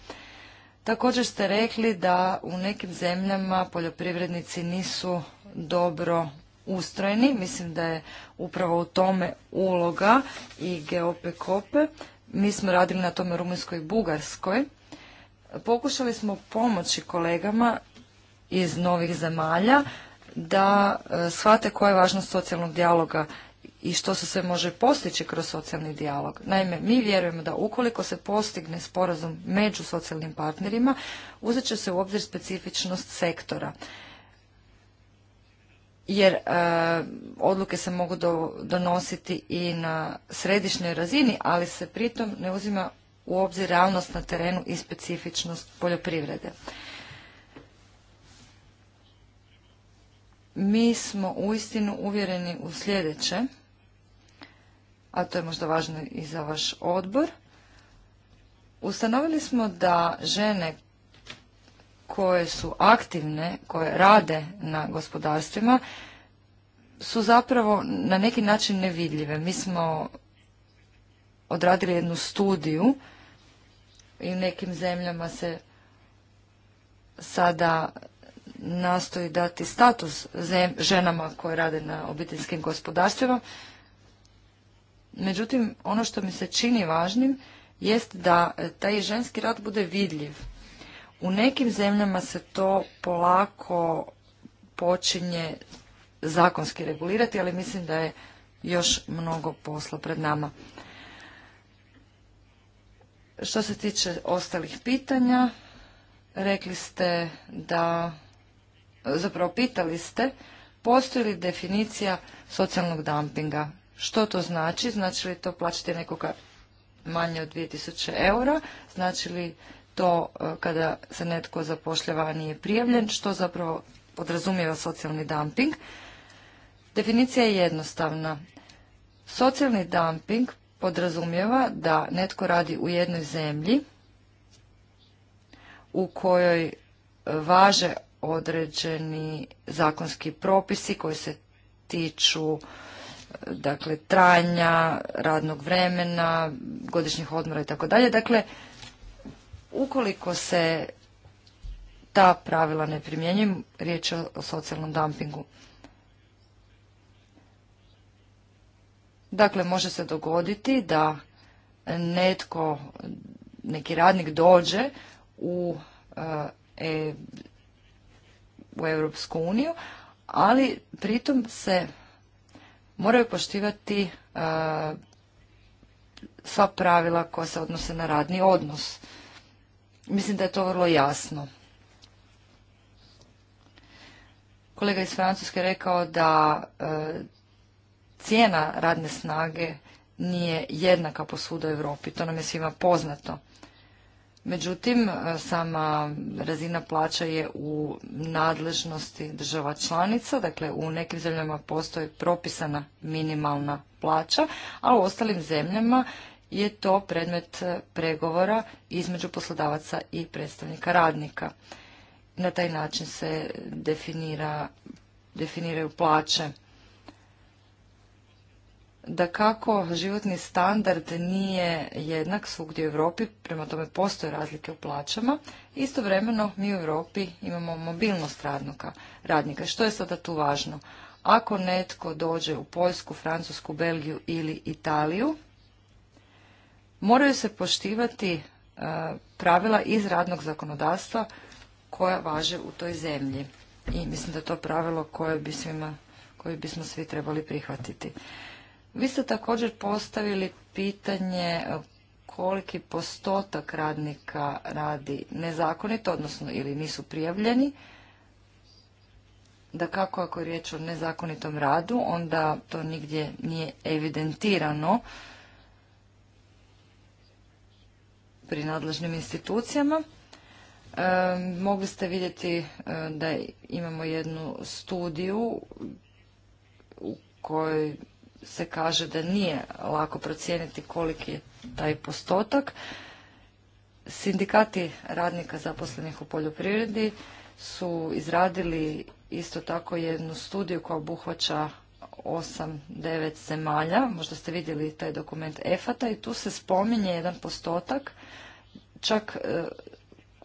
[SPEAKER 4] Također ste rekli da u nekim zemljama poljoprivrednici nisu dobro ustrojeni. Mislim da je upravo u tome uloga i gop Mi smo radili na tome Rumunjskoj i Bugarskoj Pokušali smo pomoći kolegama iz novih zemalja da e, shvate koja je važnost socijalnog dijaloga i što se sve može postići kroz socijalni dijalog. Naime, mi vjerujemo da ukoliko se postigne sporazum među socijalnim partnerima, uzet će se u obzir specifičnost sektora. Jer e, odluke se mogu donositi i na središnjoj razini, ali se pritom ne uzima u obzir realnost na terenu i specifičnost poljoprivrede. Mi smo uistinu uvjereni u sljedeće, a to je možda važno i za vaš odbor. Ustanovili smo da žene koje su aktivne, koje rade na gospodarstvima, su zapravo na neki način nevidljive. Mi smo odradili jednu studiju i u nekim zemljama se sada nastoji dati status ženama koje rade na obiteljskim gospodarstvima. Međutim, ono što mi se čini važnim jest da taj ženski rad bude vidljiv. U nekim zemljama se to polako počinje zakonski regulirati, ali mislim da je još mnogo posla pred nama. Što se tiče ostalih pitanja, rekli ste da, zapravo pitali ste, postoji li definicija socijalnog dumpinga? Što to znači? Znači li to plaćati nekoga manje od 2000 eura? Znači li to e, kada se netko zapošljava nije prijavljen? Što zapravo podrazumijeva socijalni dumping? Definicija je jednostavna. Socijalni dumping podrazumijeva da netko radi u jednoj zemlji u kojoj važe određeni zakonski propisi koji se tiču dakle trajanja radnog vremena, godišnjih odmora i tako dalje. Dakle, ukoliko se ta pravila ne primjenjuju, riječ je o socijalnom dumpingu. Dakle, može se dogoditi da netko, neki radnik dođe u, e, e u Europsku uniju, ali pritom se moraju poštivati e, sva pravila koja se odnose na radni odnos. Mislim da je to vrlo jasno. Kolega iz Francuske rekao da e, cijena radne snage nije jednaka svuda u Europi, to nam je svima poznato. Međutim, e, sama razina plaća je u nadležnosti država članica, dakle u nekim zemljama postoji propisana minimalna plaća, a u ostalim zemljama je to predmet pregovora između poslodavaca i predstavnika radnika. Na taj način se definira, definiraju plaće da kako životni standard nije jednak svugdje u Europi, prema tome postoje razlike u plaćama, istovremeno mi u Europi imamo mobilnost radnika, radnika. Što je sada tu važno? Ako netko dođe u Poljsku, Francusku, Belgiju ili Italiju, moraju se poštivati e, pravila iz radnog zakonodavstva koja važe u toj zemlji. I mislim da je to pravilo koje, bi svima, koje bismo svi trebali prihvatiti. Vi ste također postavili pitanje e, koliki postotak radnika radi nezakonito, odnosno ili nisu prijavljeni. Da kako ako je riječ o nezakonitom radu, onda to nigdje nije evidentirano pri nadležnim institucijama. E, mogli ste vidjeti e, da imamo jednu studiju u kojoj se kaže da nije lako procijeniti koliki je taj postotak. Sindikati radnika zaposlenih u poljoprivredi su izradili isto tako jednu studiju koja obuhvaća 8-9 zemalja, možda ste vidjeli taj dokument EFATA i tu se spominje jedan postotak, čak e,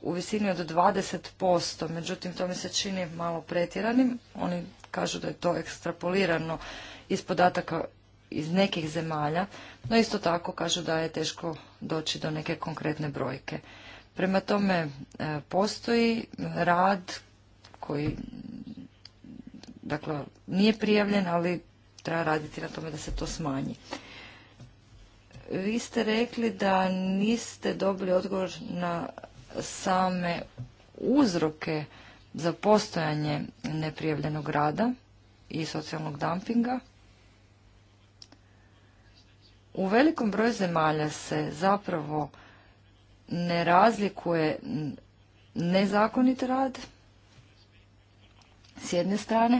[SPEAKER 4] u visini od 20%, međutim to mi se čini malo pretjeranim, oni kažu da je to ekstrapolirano iz podataka iz nekih zemalja, no isto tako kažu da je teško doći do neke konkretne brojke. Prema tome e, postoji rad koji dakle, nije prijavljen, ali treba raditi na tome da se to smanji. Vi ste rekli da niste dobili odgovor na same uzroke za postojanje neprijavljenog rada i socijalnog dumpinga. U velikom broju zemalja se zapravo ne razlikuje nezakonit rad s jedne strane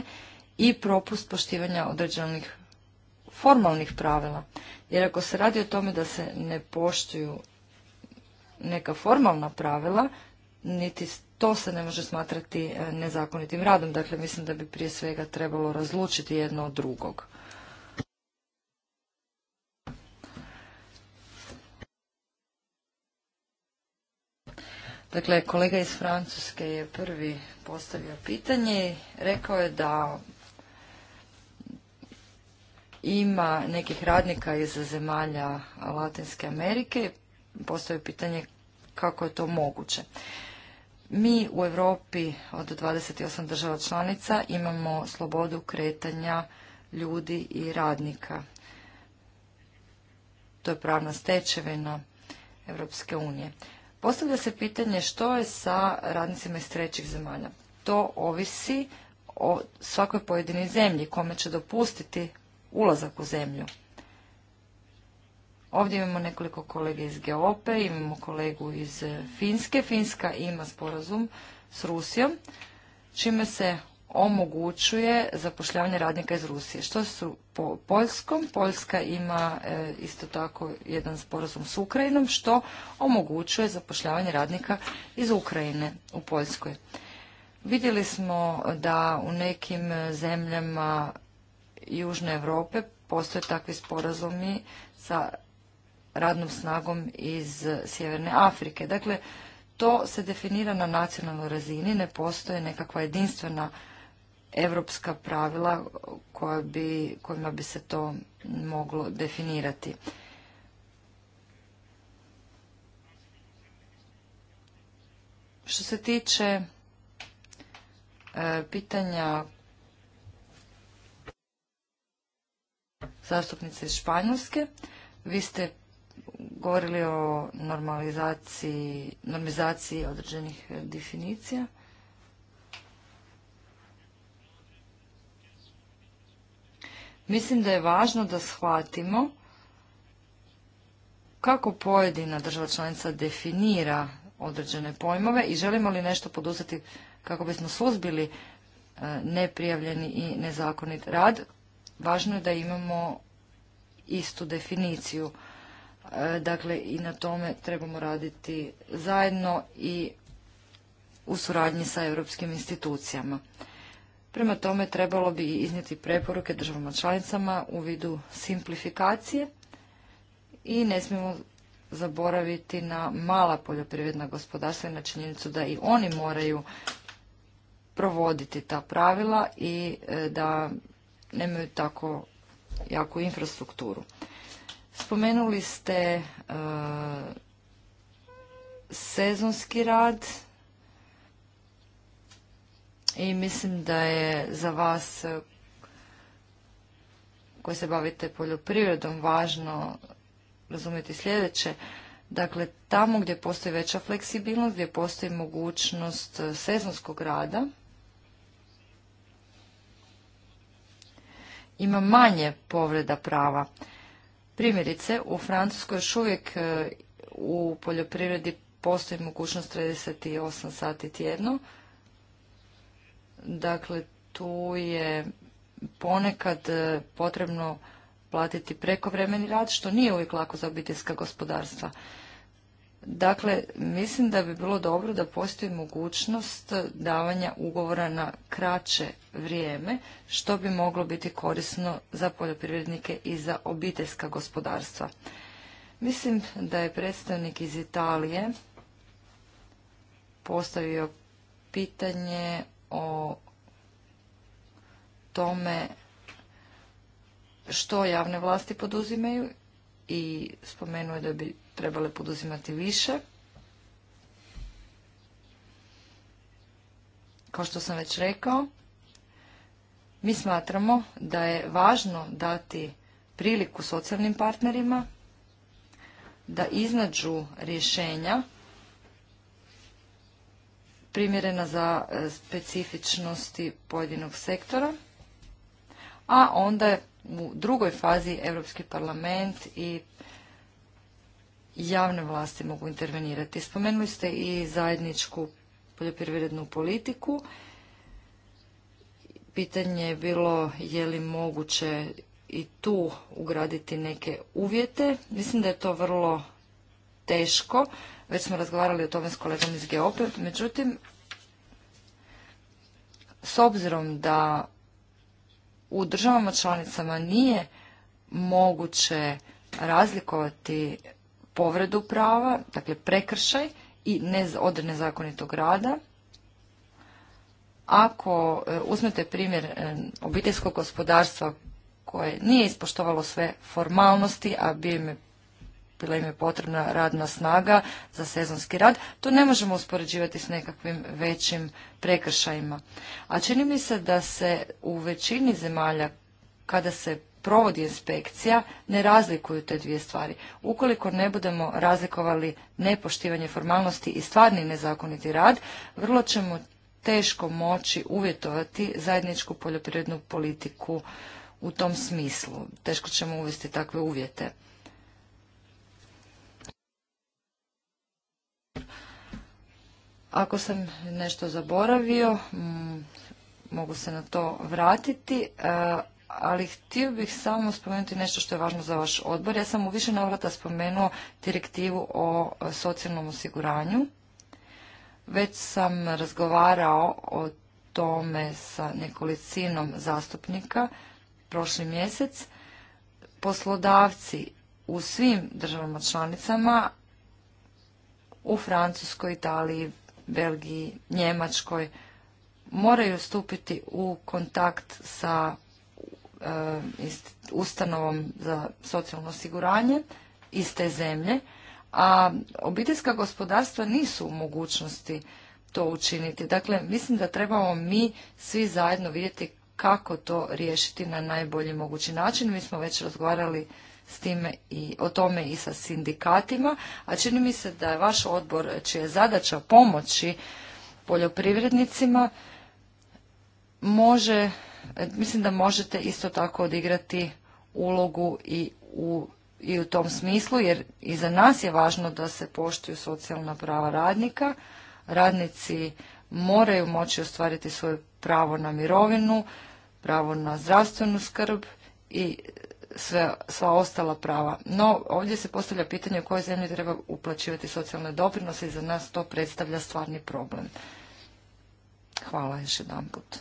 [SPEAKER 4] i propust poštivanja određenih formalnih pravila. Jer ako se radi o tome da se ne poštuju neka formalna pravila, niti to se ne može smatrati e, nezakonitim radom. Dakle, mislim da bi prije svega trebalo razlučiti jedno od drugog. Dakle, kolega iz Francuske je prvi postavio pitanje rekao je da ima nekih radnika iz zemalja Latinske Amerike. Postoje pitanje kako je to moguće. Mi u Europi od 28 država članica imamo slobodu kretanja ljudi i radnika. To je pravna stečevina Europske unije. Postavlja se pitanje što je sa radnicima iz trećih zemalja. To ovisi o svakoj pojedini zemlji kome će dopustiti ulazak u zemlju. Ovdje imamo nekoliko kolege iz Geope, imamo kolegu iz Finske. Finska ima sporazum s Rusijom, čime se omogućuje zapošljavanje radnika iz Rusije. Što su po Poljskom? Poljska ima e, isto tako jedan sporazum s Ukrajinom što omogućuje zapošljavanje radnika iz Ukrajine u Poljskoj. Vidjeli smo da u nekim zemljama Južne Europe postoje takvi sporazumi sa radnom snagom iz Sjeverne Afrike. Dakle, to se definira na nacionalnoj razini, ne postoje nekakva jedinstvena evropska pravila koja bi, kojima bi se to moglo definirati. Što se tiče e, pitanja zastupnice iz Španjolske, vi ste govorili o normalizaciji, normalizaciji određenih definicija. Mislim da je važno da shvatimo kako pojedina država članica definira određene pojmove i želimo li nešto poduzeti kako bismo suzbili e, neprijavljeni i nezakonit rad, važno je da imamo istu definiciju. E, dakle, i na tome trebamo raditi zajedno i u suradnji sa europskim institucijama. Prema tome trebalo bi iznijeti preporuke državama članicama u vidu simplifikacije i ne smijemo zaboraviti na mala poljoprivredna gospodarstva i na činjenicu da i oni moraju provoditi ta pravila i e, da nemaju tako jaku infrastrukturu. Spomenuli ste e, sezonski rad i mislim da je za vas eh, koji se bavite poljoprivredom važno razumjeti sljedeće. Dakle, tamo gdje postoji veća fleksibilnost, gdje postoji mogućnost eh, sezonskog rada, ima manje povreda prava. Primjerice, u Francuskoj još uvijek eh, u poljoprivredi postoji mogućnost 38 sati tjedno, Dakle, tu je ponekad e, potrebno platiti prekovremeni rad, što nije uvijek lako za obiteljska gospodarstva. Dakle, mislim da bi bilo dobro da postoji mogućnost davanja ugovora na kraće vrijeme, što bi moglo biti korisno za poljoprivrednike i za obiteljska gospodarstva. Mislim da je predstavnik iz Italije postavio pitanje o tome što javne vlasti poduzimaju i spomenuje da bi trebale poduzimati više. Kao što sam već rekao, mi smatramo da je važno dati priliku socijalnim partnerima da iznađu rješenja primjerena za e, specifičnosti pojedinog sektora, a onda u drugoj fazi Europski parlament i javne vlasti mogu intervenirati. Spomenuli ste i zajedničku poljoprivrednu politiku. Pitanje je bilo je li moguće i tu ugraditi neke uvjete. Mislim da je to vrlo teško. Već smo razgovarali o tome s kolegom iz Geope. Međutim, s obzirom da u državama članicama nije moguće razlikovati povredu prava, dakle prekršaj i ne od nezakonitog rada. Ako e, uzmete primjer e, obiteljskog gospodarstva koje nije ispoštovalo sve formalnosti, a bio im je bila im je potrebna radna snaga za sezonski rad. To ne možemo uspoređivati s nekakvim većim prekršajima. A čini mi se da se u većini zemalja kada se provodi inspekcija ne razlikuju te dvije stvari. Ukoliko ne budemo razlikovali nepoštivanje formalnosti i stvarni nezakoniti rad, vrlo ćemo teško moći uvjetovati zajedničku poljoprivrednu politiku u tom smislu. Teško ćemo uvesti takve uvjete. Ako sam nešto zaboravio, mm, mogu se na to vratiti, e, ali htio bih samo spomenuti nešto što je važno za vaš odbor. Ja sam u više navrata spomenuo direktivu o socijalnom osiguranju. Već sam razgovarao o tome sa nekolicinom zastupnika prošli mjesec. Poslodavci u svim državama članicama u Francuskoj, Italiji, Belgiji, Njemačkoj, moraju stupiti u kontakt sa e, ustanovom za socijalno osiguranje iz te zemlje, a obiteljska gospodarstva nisu u mogućnosti to učiniti. Dakle, mislim da trebamo mi svi zajedno vidjeti kako to riješiti na najbolji mogući način. Mi smo već razgovarali s time i o tome i sa sindikatima, a čini mi se da je vaš odbor čija je zadaća pomoći poljoprivrednicima može, mislim da možete isto tako odigrati ulogu i u i u tom smislu, jer i za nas je važno da se poštuju socijalna prava radnika. Radnici moraju moći ostvariti svoje pravo na mirovinu, pravo na zdravstvenu skrb i sve, sva ostala prava. No, ovdje se postavlja pitanje u kojoj zemlji treba uplaćivati socijalne doprinose i za nas to predstavlja stvarni problem. Hvala još jedan put.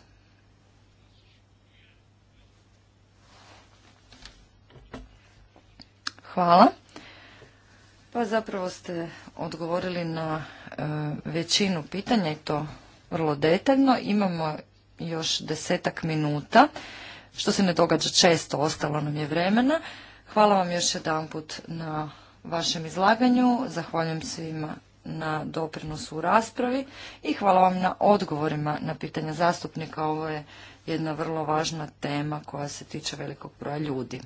[SPEAKER 4] Hvala. Pa zapravo ste odgovorili na e, većinu pitanja i to vrlo detaljno. Imamo još desetak minuta što se ne događa često, ostalo nam je vremena. Hvala vam još jedan put na vašem izlaganju, zahvaljujem svima na doprinosu u raspravi i hvala vam na odgovorima na pitanja zastupnika. Ovo je jedna vrlo važna tema koja se tiče velikog broja ljudi.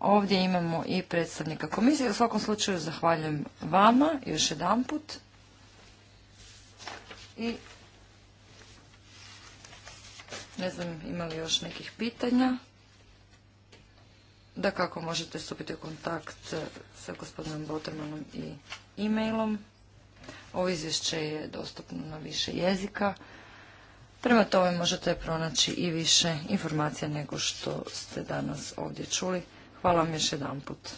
[SPEAKER 4] Ovdje imamo i predstavnika komisije. U svakom slučaju zahvaljujem vama još jedan put i ne znam ima li još nekih pitanja. Da kako možete stupiti u kontakt eh, sa gospodinom Botermanom i e-mailom. Ovo izvješće je dostupno na više jezika. Prema tome možete pronaći i više informacija nego što ste danas ovdje čuli. Hvala vam još jedan put.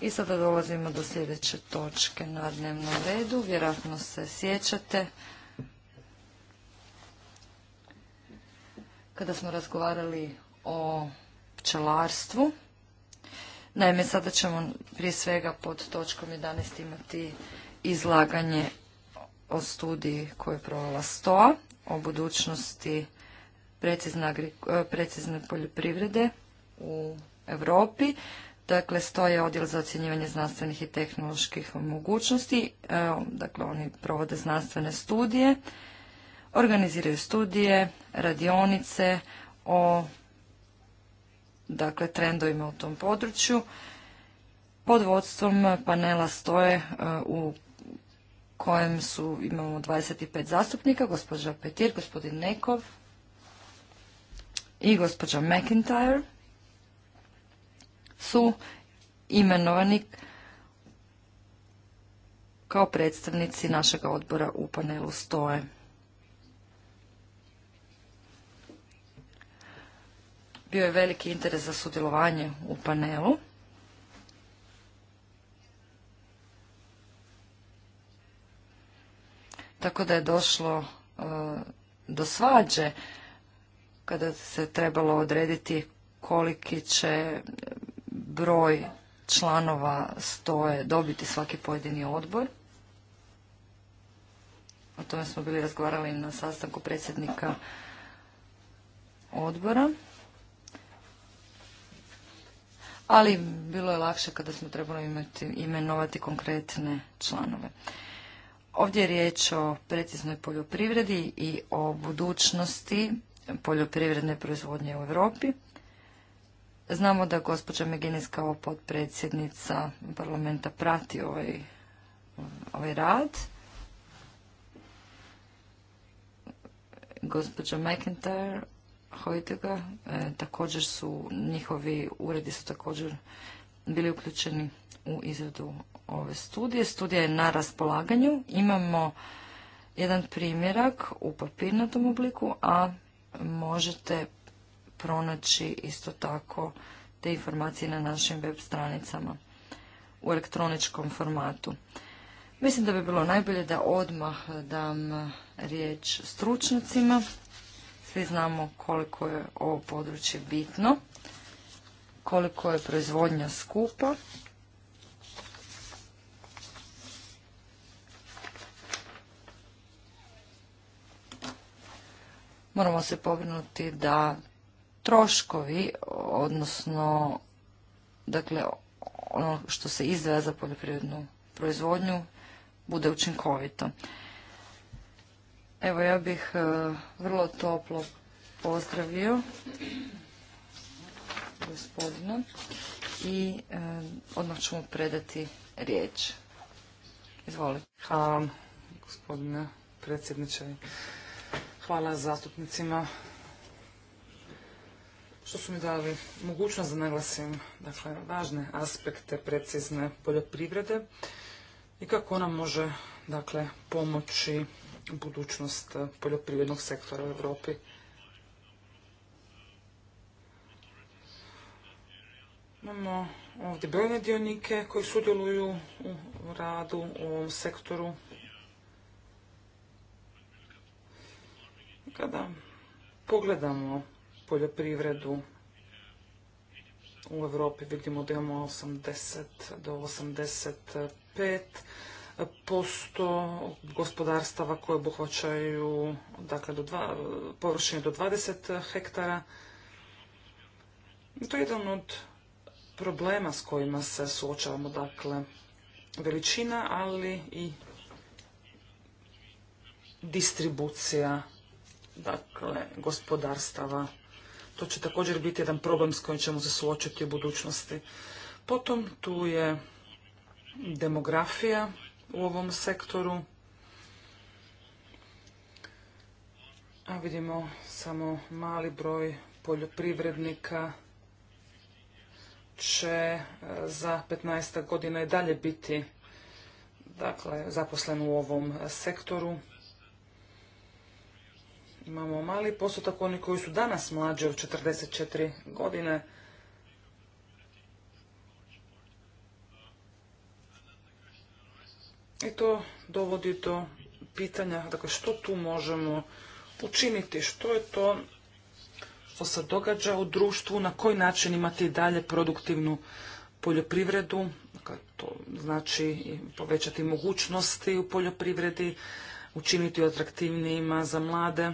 [SPEAKER 4] I sada dolazimo do sljedeće točke na dnevnom redu. Vjerojatno se sjećate kada smo razgovarali o pčelarstvu. Naime, sada ćemo prije svega pod točkom 11 imati izlaganje o studiji koju je provela STOA, o budućnosti precizne, e, poljoprivrede u Europi. Dakle, je odjel za ocjenjivanje znanstvenih i tehnoloških mogućnosti. E, dakle, oni provode znanstvene studije organiziraju studije, radionice o dakle, trendovima u tom području. Pod vodstvom panela stoje e, u kojem su, imamo 25 zastupnika, gospođa Petir, gospodin Nekov i gospođa McIntyre su imenovani kao predstavnici našeg odbora u panelu stoje. bio je veliki interes za sudjelovanje u panelu. Tako da je došlo e, do svađe kada se trebalo odrediti koliki će broj članova stoje dobiti svaki pojedini odbor. O tome smo bili razgovarali na sastanku predsjednika odbora ali bilo je lakše kada smo trebali imati, imenovati konkretne članove. Ovdje je riječ o preciznoj poljoprivredi i o budućnosti poljoprivredne proizvodnje u Europi. Znamo da gospođa Meginis kao potpredsjednica parlamenta prati ovaj, ovaj rad. Gospođa McIntyre Hojtega. E, također su njihovi uredi su također bili uključeni u izradu ove studije. Studija je na raspolaganju. Imamo jedan primjerak u papirnatom obliku, a možete pronaći isto tako te informacije na našim web stranicama u elektroničkom formatu. Mislim da bi bilo najbolje da odmah dam riječ stručnicima svi znamo koliko je ovo područje bitno, koliko je proizvodnja skupa. Moramo se pobrinuti da troškovi, odnosno dakle ono što se izdvaja za poljoprivrednu proizvodnju bude učinkovito. Evo ja bih e, vrlo toplo pozdravio gospodina i e, odmah ću mu predati riječ.
[SPEAKER 2] Izvolite. Hvala vam, gospodine predsjedniče. Hvala zastupnicima što su mi dali mogućnost da naglasim dakle, važne aspekte precizne poljoprivrede i kako ona može dakle, pomoći budućnost poljoprivrednog sektora u Europi. Imamo ovdje brojne dionike koji sudjeluju u radu u ovom sektoru. Kada pogledamo poljoprivredu u Europi vidimo da imamo 80 do 85 posto gospodarstava koje obuhvaćaju dakle, do dva, površine do 20 hektara. To je jedan od problema s kojima se suočavamo, dakle, veličina, ali i distribucija dakle, gospodarstava. To će također biti jedan problem s kojim ćemo se suočiti u budućnosti. Potom tu je demografija, u ovom sektoru. A vidimo samo mali broj poljoprivrednika će e, za 15 godina i dalje biti dakle, zaposlen u ovom sektoru. Imamo mali postotak oni koji su danas mlađi od 44 godine. I to dovodi do pitanja, dakle, što tu možemo učiniti, što je to što se događa u društvu, na koji način imati dalje produktivnu poljoprivredu, dakle, to znači povećati mogućnosti u poljoprivredi, učiniti atraktivnijima za mlade,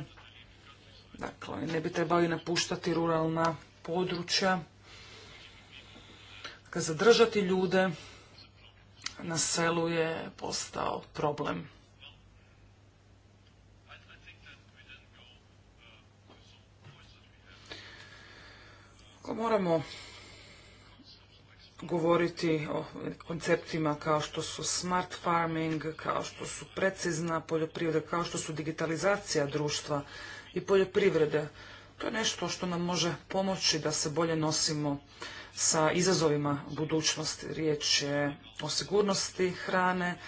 [SPEAKER 2] dakle, ne bi trebali napuštati ruralna područja, dakle, zadržati ljude, na selu je postao problem. Ako moramo govoriti o konceptima kao što su smart farming, kao što su precizna poljoprivreda, kao što su digitalizacija društva i poljoprivrede. To je nešto što nam može pomoći da se bolje nosimo sa izazovima budućnosti. Riječ je o sigurnosti hrane,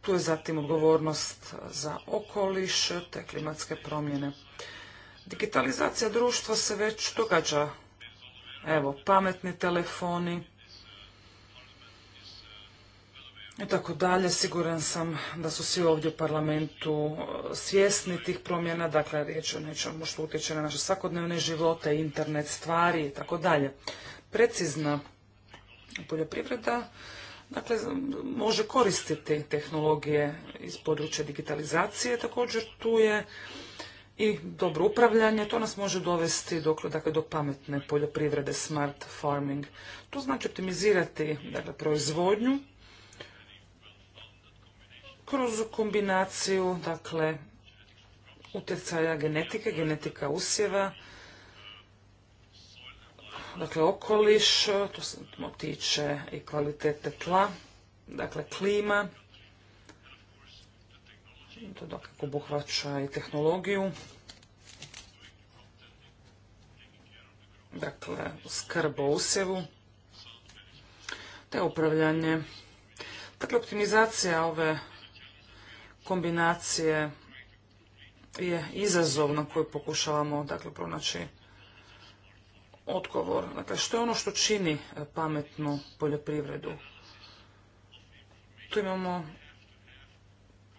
[SPEAKER 2] tu je zatim odgovornost za okoliš te klimatske promjene. Digitalizacija društva se već događa. Evo, pametni telefoni i tako dalje. Siguran sam da su svi ovdje u parlamentu e, svjesni tih promjena, dakle riječ je o nečemu što utječe na naše svakodnevne živote, internet stvari i tako dalje precizna poljoprivreda dakle, može koristiti tehnologije iz područja digitalizacije. Također tu je i dobro upravljanje, to nas može dovesti dokle, dakle, do pametne poljoprivrede, smart farming. To znači optimizirati dakle, proizvodnju kroz kombinaciju dakle, utjecaja genetike, genetika usjeva, dakle okoliš, to se tiče i kvalitete tla, dakle klima, to dakle obuhvaća i tehnologiju, dakle skrb o usjevu, te upravljanje. Dakle, optimizacija ove kombinacije je izazov na koji pokušavamo dakle, pronaći odgovor. Dakle, što je ono što čini e, pametnu poljoprivredu? Tu imamo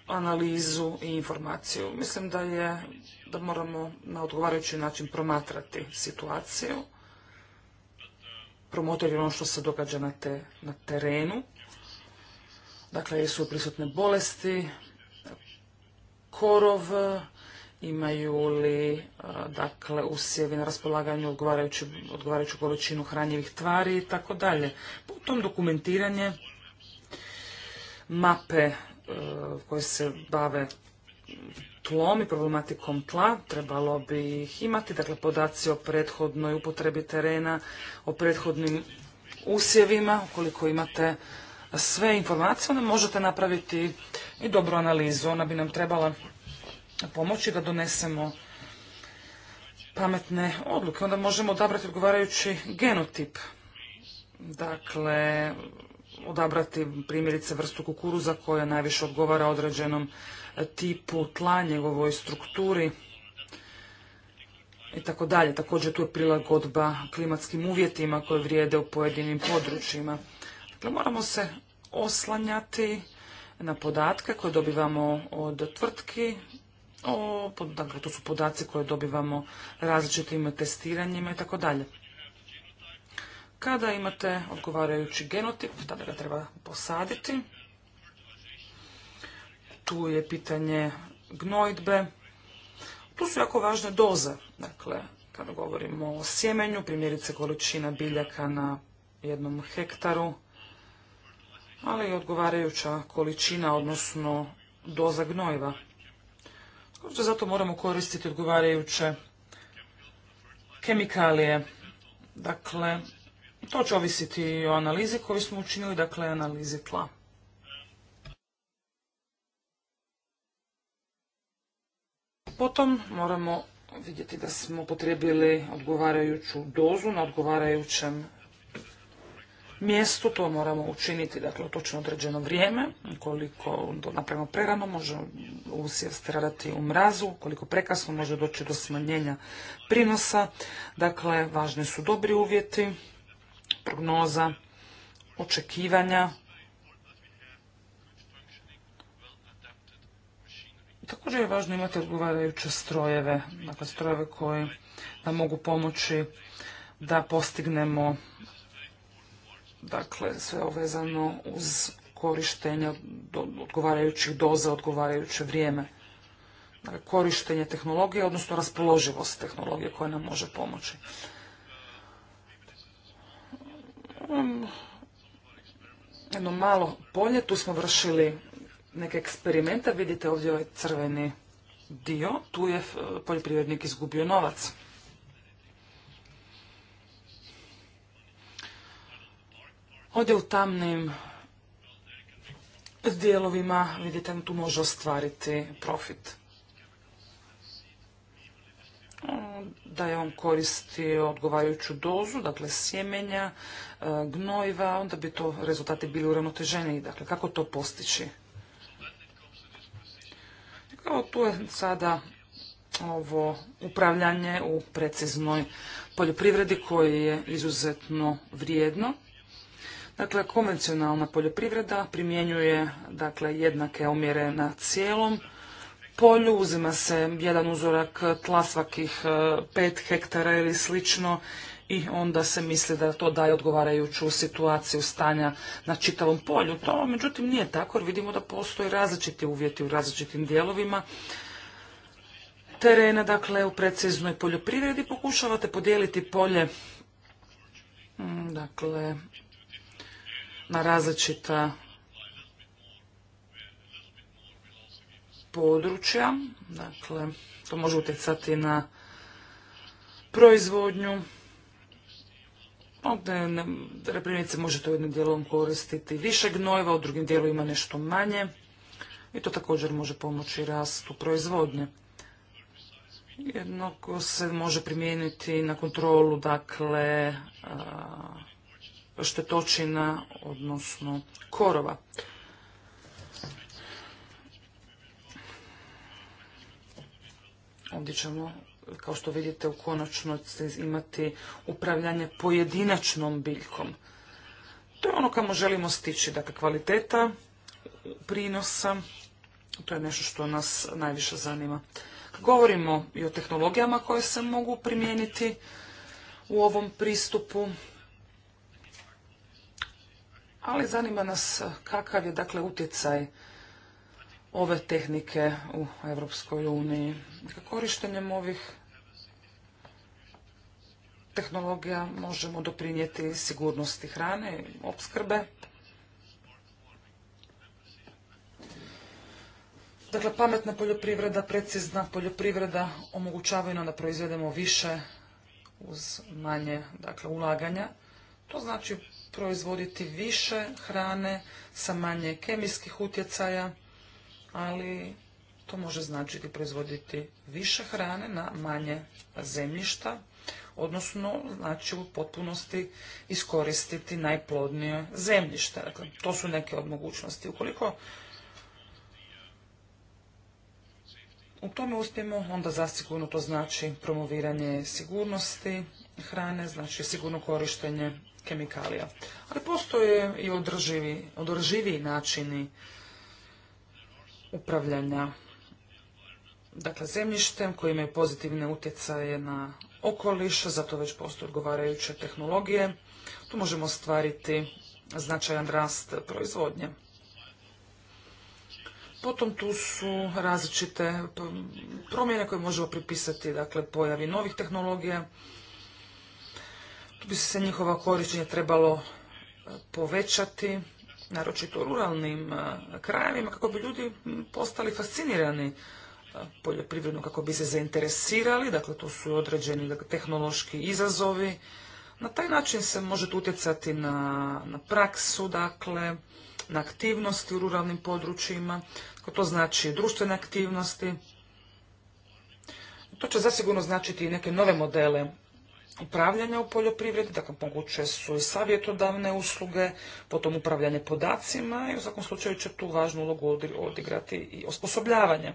[SPEAKER 2] analizu i informaciju. Mislim da je, da moramo na odgovarajući način promatrati situaciju, promotriti ono što se događa na, na terenu. Dakle, jesu prisutne bolesti, korov, imaju li e, dakle usjevi na raspolaganju odgovarajuću, količinu hranjivih tvari i tako dalje. Potom dokumentiranje mape e, koje se bave tlom i problematikom tla, trebalo bi ih imati, dakle podaci o prethodnoj upotrebi terena, o prethodnim usjevima, ukoliko imate sve informacije, onda možete napraviti i dobru analizu, ona bi nam trebala pomoći da donesemo pametne odluke. Onda možemo odabrati odgovarajući genotip. Dakle, odabrati primjerice vrstu kukuruza koja najviše odgovara određenom tipu tla, njegovoj strukturi i tako dalje. Također tu je prilagodba klimatskim uvjetima koje vrijede u pojedinim područjima. Dakle, moramo se oslanjati na podatke koje dobivamo od tvrtki, o, dakle, to su podaci koje dobivamo različitim testiranjima i tako dalje. Kada imate odgovarajući genotip, tada ga treba posaditi. Tu je pitanje gnojidbe. Tu su jako važne doze. Dakle, kada govorimo o sjemenju, primjerice količina biljaka na jednom hektaru, ali i odgovarajuća količina, odnosno doza gnojiva zato moramo koristiti odgovarajuće kemikalije. Dakle, to će ovisiti i o analizi koju smo učinili, dakle analizi tla. Potom moramo vidjeti da smo potrebili odgovarajuću dozu na odgovarajućem mjestu, to moramo učiniti dakle, u točno određeno vrijeme, koliko napravimo prerano, može usjev stradati u mrazu, koliko prekasno može doći do smanjenja prinosa, dakle, važni su dobri uvjeti, prognoza, očekivanja, Također je važno imati odgovarajuće strojeve, dakle strojeve koji nam mogu pomoći da postignemo dakle sve ovezano uz korištenje odgovarajućih doza, odgovarajuće vrijeme. Dakle, korištenje tehnologije, odnosno raspoloživost tehnologije koja nam može pomoći. Um, jedno malo polje, tu smo vršili neke eksperimente, vidite ovdje ovaj crveni dio, tu je eh, poljoprivrednik izgubio novac. Ovdje u tamnim dijelovima vidite tu može ostvariti profit. Da je on koristio odgovarajuću dozu, dakle sjemenja, e, gnojiva, onda bi to rezultati bili uravnoteženi. Dakle, kako to postići? Kao tu je sada ovo upravljanje u preciznoj poljoprivredi koji je izuzetno vrijedno. Dakle, konvencionalna poljoprivreda primjenjuje dakle, jednake omjere na cijelom polju, uzima se jedan uzorak tla svakih e, pet hektara ili slično i onda se misli da to daje odgovarajuću situaciju stanja na čitavom polju. To međutim nije tako jer vidimo da postoje različiti uvjeti u različitim dijelovima terena, dakle u preciznoj poljoprivredi pokušavate podijeliti polje mm, dakle na različita područja, dakle to može utjecati na proizvodnju, da možete u jednim dijelom koristiti više gnojeva, u drugim dijelu ima nešto manje. I to također može pomoći rastu proizvodnje. Jednako se može primijeniti na kontrolu, dakle, štetočina, odnosno korova. Ovdje ćemo, kao što vidite, u konačnosti imati upravljanje pojedinačnom biljkom. To je ono kamo želimo stići, dakle kvaliteta prinosa, to je nešto što nas najviše zanima. Govorimo i o tehnologijama koje se mogu primijeniti u ovom pristupu ali zanima nas eh, kakav je dakle utjecaj ove tehnike u Europskoj uniji. Dakle, korištenjem ovih tehnologija možemo doprinijeti sigurnosti hrane i opskrbe. Dakle, pametna poljoprivreda, precizna poljoprivreda omogućavaju nam da proizvedemo više uz manje dakle, ulaganja. To znači proizvoditi više hrane sa manje kemijskih utjecaja, ali to može značiti proizvoditi više hrane na manje zemljišta, odnosno znači u potpunosti iskoristiti najplodnije zemljište. Dakle, to su neke od mogućnosti. Ukoliko u tome uspijemo, onda zasigurno to znači promoviranje sigurnosti hrane, znači sigurno korištenje kemikalija. Ali postoje i održivi, održiviji načini upravljanja dakle, zemljištem koji imaju pozitivne utjecaje na okoliš, zato već postoje odgovarajuće tehnologije. Tu možemo ostvariti značajan rast proizvodnje. Potom tu su različite promjene koje možemo pripisati dakle, pojavi novih tehnologija, tu bi se njihova korištenja trebalo e, povećati, naročito u ruralnim e, krajevima, kako bi ljudi postali fascinirani e, poljoprivredno, kako bi se zainteresirali, dakle to su određeni dakle, tehnološki izazovi. Na taj način se može utjecati na, na praksu, dakle, na aktivnosti u ruralnim područjima, to znači društvene aktivnosti. To će zasigurno značiti i neke nove modele upravljanja u poljoprivredi, dakle moguće su i savjetodavne usluge, potom upravljanje podacima i u svakom slučaju će tu važnu ulogu odigrati i osposobljavanje.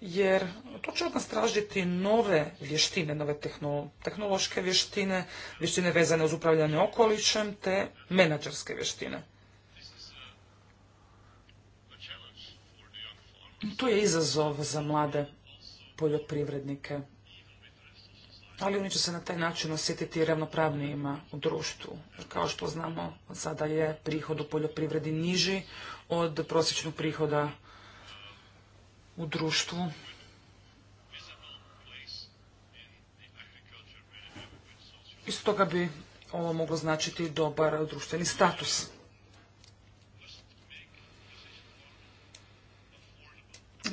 [SPEAKER 2] Jer to će od nas tražiti nove vještine, nove tehnološke vještine, vještine vezane uz upravljanje okolišem te menadžerske vještine. To je izazov za mlade poljoprivrednike ali oni će se na taj način osjetiti ravnopravnijima u društvu. Kao što znamo, sada je prihod u poljoprivredi niži od prosječnog prihoda u društvu. Iz toga bi ovo moglo značiti dobar društveni status.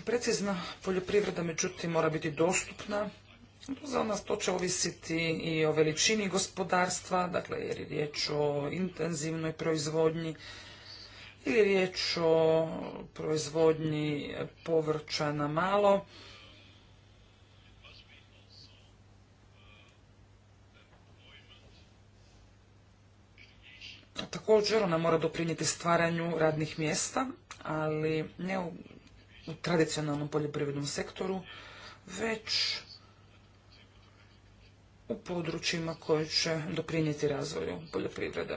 [SPEAKER 2] Precizna poljoprivreda, međutim, mora biti dostupna za nas to će ovisiti i o veličini gospodarstva, dakle jer je riječ o intenzivnoj proizvodnji ili je riječ o proizvodnji povrća na malo. Također ona mora doprinijeti stvaranju radnih mjesta, ali ne u tradicionalnom poljoprivrednom sektoru, već u područjima koje će doprinijeti razvoju poljoprivrede.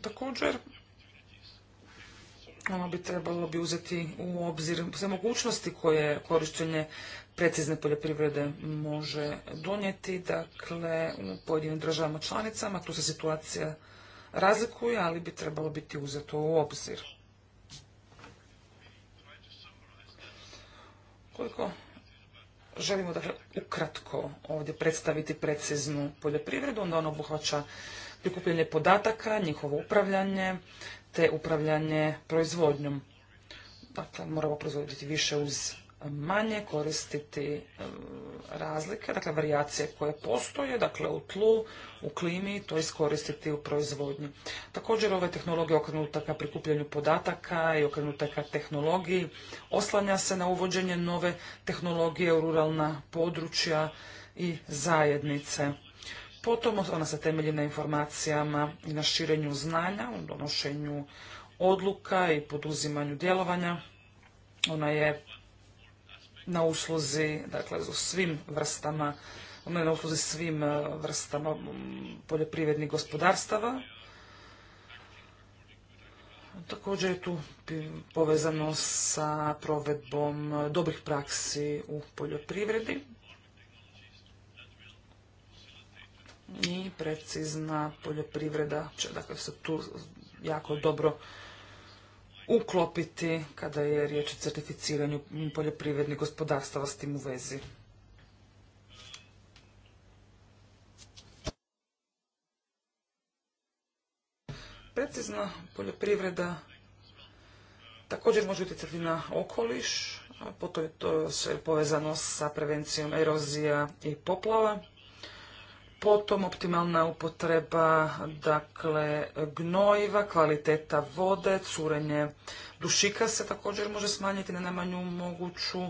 [SPEAKER 2] Također, ono bi trebalo bi uzeti u obzir sve mogućnosti koje korištenje precizne poljoprivrede može donijeti. Dakle, u pojedinim državama članicama tu se situacija razlikuje, ali bi trebalo biti uzeto u obzir. Koliko želimo da ukratko ovdje predstaviti preciznu poljoprivredu, onda ono obuhvaća prikupljanje podataka, njihovo upravljanje, te upravljanje proizvodnjom. Dakle, moramo proizvoditi više uz manje koristiti razlike, dakle varijacije koje postoje, dakle u tlu, u klimi, to iskoristiti u proizvodnji. Također ova tehnologija okrenuta ka prikupljanju podataka i okrenuta ka tehnologiji oslanja se na uvođenje nove tehnologije u ruralna područja i zajednice. Potom ona se temelji na informacijama i na širenju znanja, u donošenju odluka i poduzimanju djelovanja. Ona je na usluzi, dakle, u svim vrstama, ono na usluzi svim e, vrstama poljoprivrednih gospodarstava. Također je tu povezano sa provedbom e, dobrih praksi u poljoprivredi i precizna poljoprivreda dakle, se tu jako dobro uklopiti kada je riječ o certificiranju poljoprivrednih gospodarstava s tim u vezi. Precizna poljoprivreda također može utjecati na okoliš, a potom je to sve povezano sa prevencijom erozija i poplava. Potom optimalna upotreba dakle, gnojiva, kvaliteta vode, curenje dušika se također može smanjiti na najmanju moguću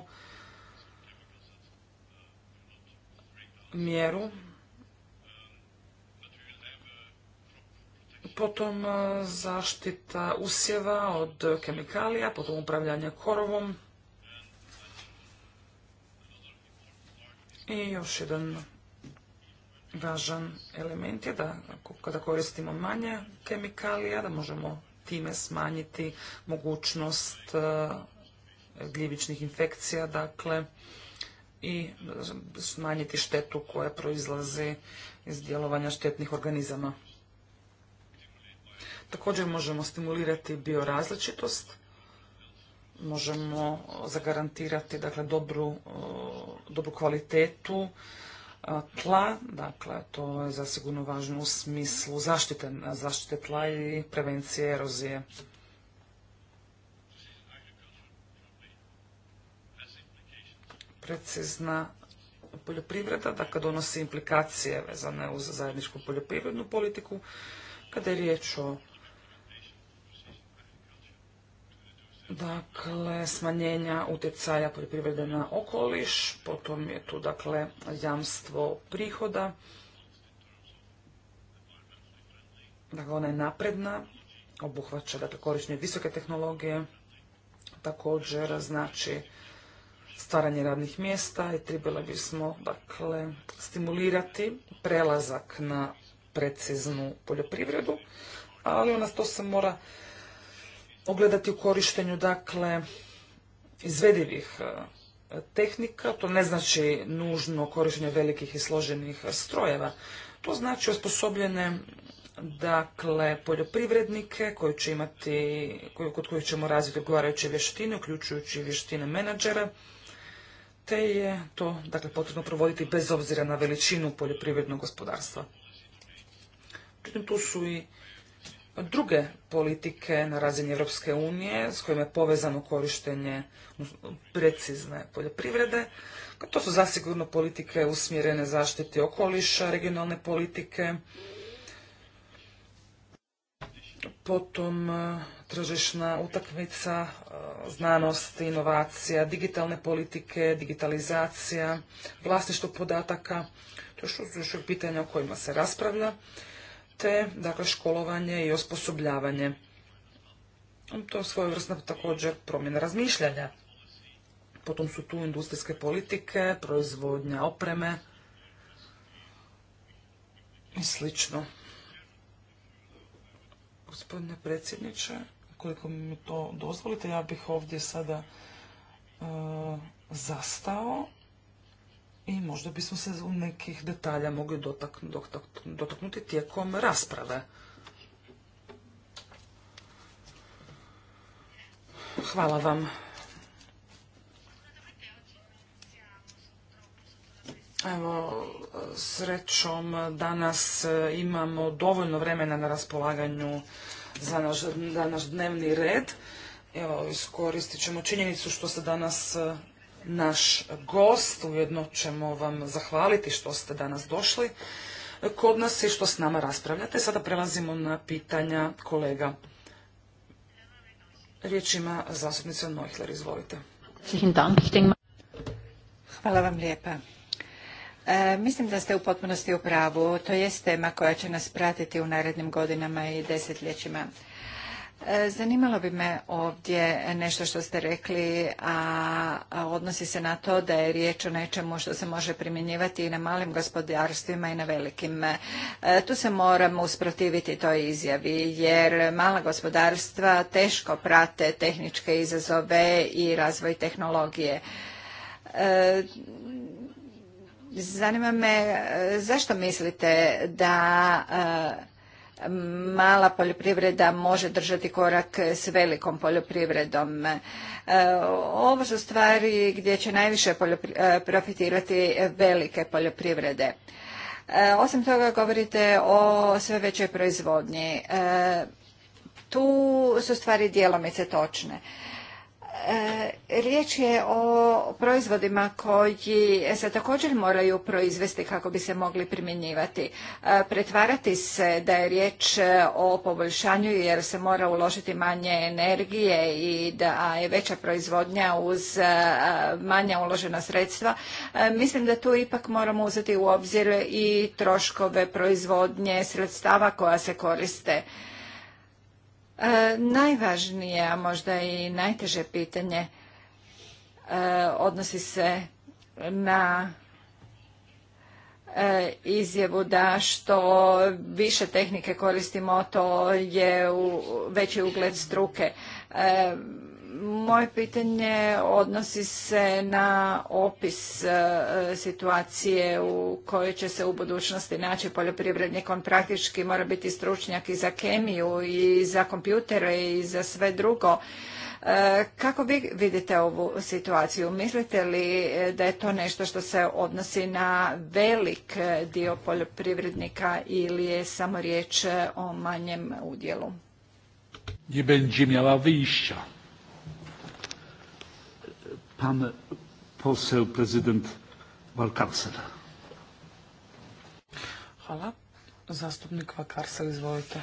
[SPEAKER 2] mjeru. Potom e, zaštita usjeva od kemikalija, potom upravljanje korovom. I još jedan Važan element je da kada koristimo manje kemikalija, da možemo time smanjiti mogućnost e, gljivičnih infekcija, dakle, i smanjiti štetu koja proizlazi iz djelovanja štetnih organizama. Također možemo stimulirati biorazličitost, možemo zagarantirati dakle, dobru, e, dobru kvalitetu tla, dakle to je zasigurno važno u smislu zaštite, zaštite tla i prevencije erozije. Precizna poljoprivreda, dakle donosi implikacije vezane uz zajedničku poljoprivrednu politiku, kada je riječ o dakle, smanjenja utjecaja poljoprivrede na okoliš, potom je tu dakle jamstvo prihoda, dakle ona je napredna, obuhvaća dakle, korištenje visoke tehnologije, također znači stvaranje radnih mjesta i trebali bismo dakle, stimulirati prelazak na preciznu poljoprivredu, ali nas to se mora ogledati u korištenju dakle izvedivih e, tehnika, to ne znači nužno korištenje velikih i složenih strojeva. To znači osposobljene dakle poljoprivrednike koji će imati, koji, kod kojih ćemo razviti odgovarajuće vještine, uključujući vještine menadžera, te je to dakle potrebno provoditi bez obzira na veličinu poljoprivrednog gospodarstva. Međutim, tu su i druge politike na razini Europske unije s kojima je povezano korištenje precizne poljoprivrede. To su zasigurno politike usmjerene zaštiti okoliša, regionalne politike, potom e, tržišna utakmica, e, znanost, inovacija, digitalne politike, digitalizacija, vlasništvo podataka. To su još pitanja o kojima se raspravlja te dakle, školovanje i osposobljavanje. To je svojevrsna također promjena razmišljanja. Potom su tu industrijske politike, proizvodnja opreme i slično. Gospodine predsjedniče, koliko mi to dozvolite, ja bih ovdje sada e, zastao i možda bismo se u nekih detalja mogli dotaknuti tijekom rasprave. Hvala vam. Evo, srećom danas imamo dovoljno vremena na raspolaganju za naš, za naš dnevni red. Evo, iskoristit ćemo činjenicu što se danas naš gost. Ujedno ćemo vam zahvaliti što ste danas došli kod nas i što s nama raspravljate. Sada prelazimo na pitanja kolega. Riječ ima zastupnica Neuchler, izvolite. Hvala vam lijepa.
[SPEAKER 3] E, mislim da ste u potpunosti u pravu. To je tema koja će nas pratiti u narednim godinama i desetljećima. E, zanimalo bi me ovdje nešto što ste rekli, a odnosi se na to da je riječ o nečemu što se može primjenjivati i na malim gospodarstvima i na velikim. E, tu se moramo usprotiviti toj izjavi, jer mala gospodarstva teško prate tehničke izazove i razvoj tehnologije. E, zanima me zašto mislite da mala poljoprivreda može držati korak s velikom poljoprivredom. E, ovo su stvari gdje će najviše e, profitirati velike poljoprivrede. E, osim toga govorite o sve većoj proizvodnji. Tu su stvari djelomice točne. E, riječ je o proizvodima koji se također moraju proizvesti kako bi se mogli primjenjivati. E, pretvarati se da je riječ o poboljšanju jer se mora uložiti manje energije i da je veća proizvodnja uz e, manja uložena sredstva. Mislim da tu ipak moramo uzeti u obzir i troškove proizvodnje sredstava koja se koriste E, najvažnije, a možda i najteže pitanje e, odnosi se na e, izjavu da što više tehnike koristimo, to je veći ugled struke. Moje pitanje odnosi se na opis e, situacije u kojoj će se u budućnosti naći poljoprivrednik. On praktički mora biti stručnjak i za kemiju i za kompjutere i za sve drugo. E, kako vi vidite ovu situaciju? Mislite li e, da je to nešto što se odnosi na velik dio poljoprivrednika ili je samo riječ o manjem udjelu?
[SPEAKER 1] Je miała Pan poseł prezydent
[SPEAKER 2] Hvala. Zastupnik Valkarsel, izvolite.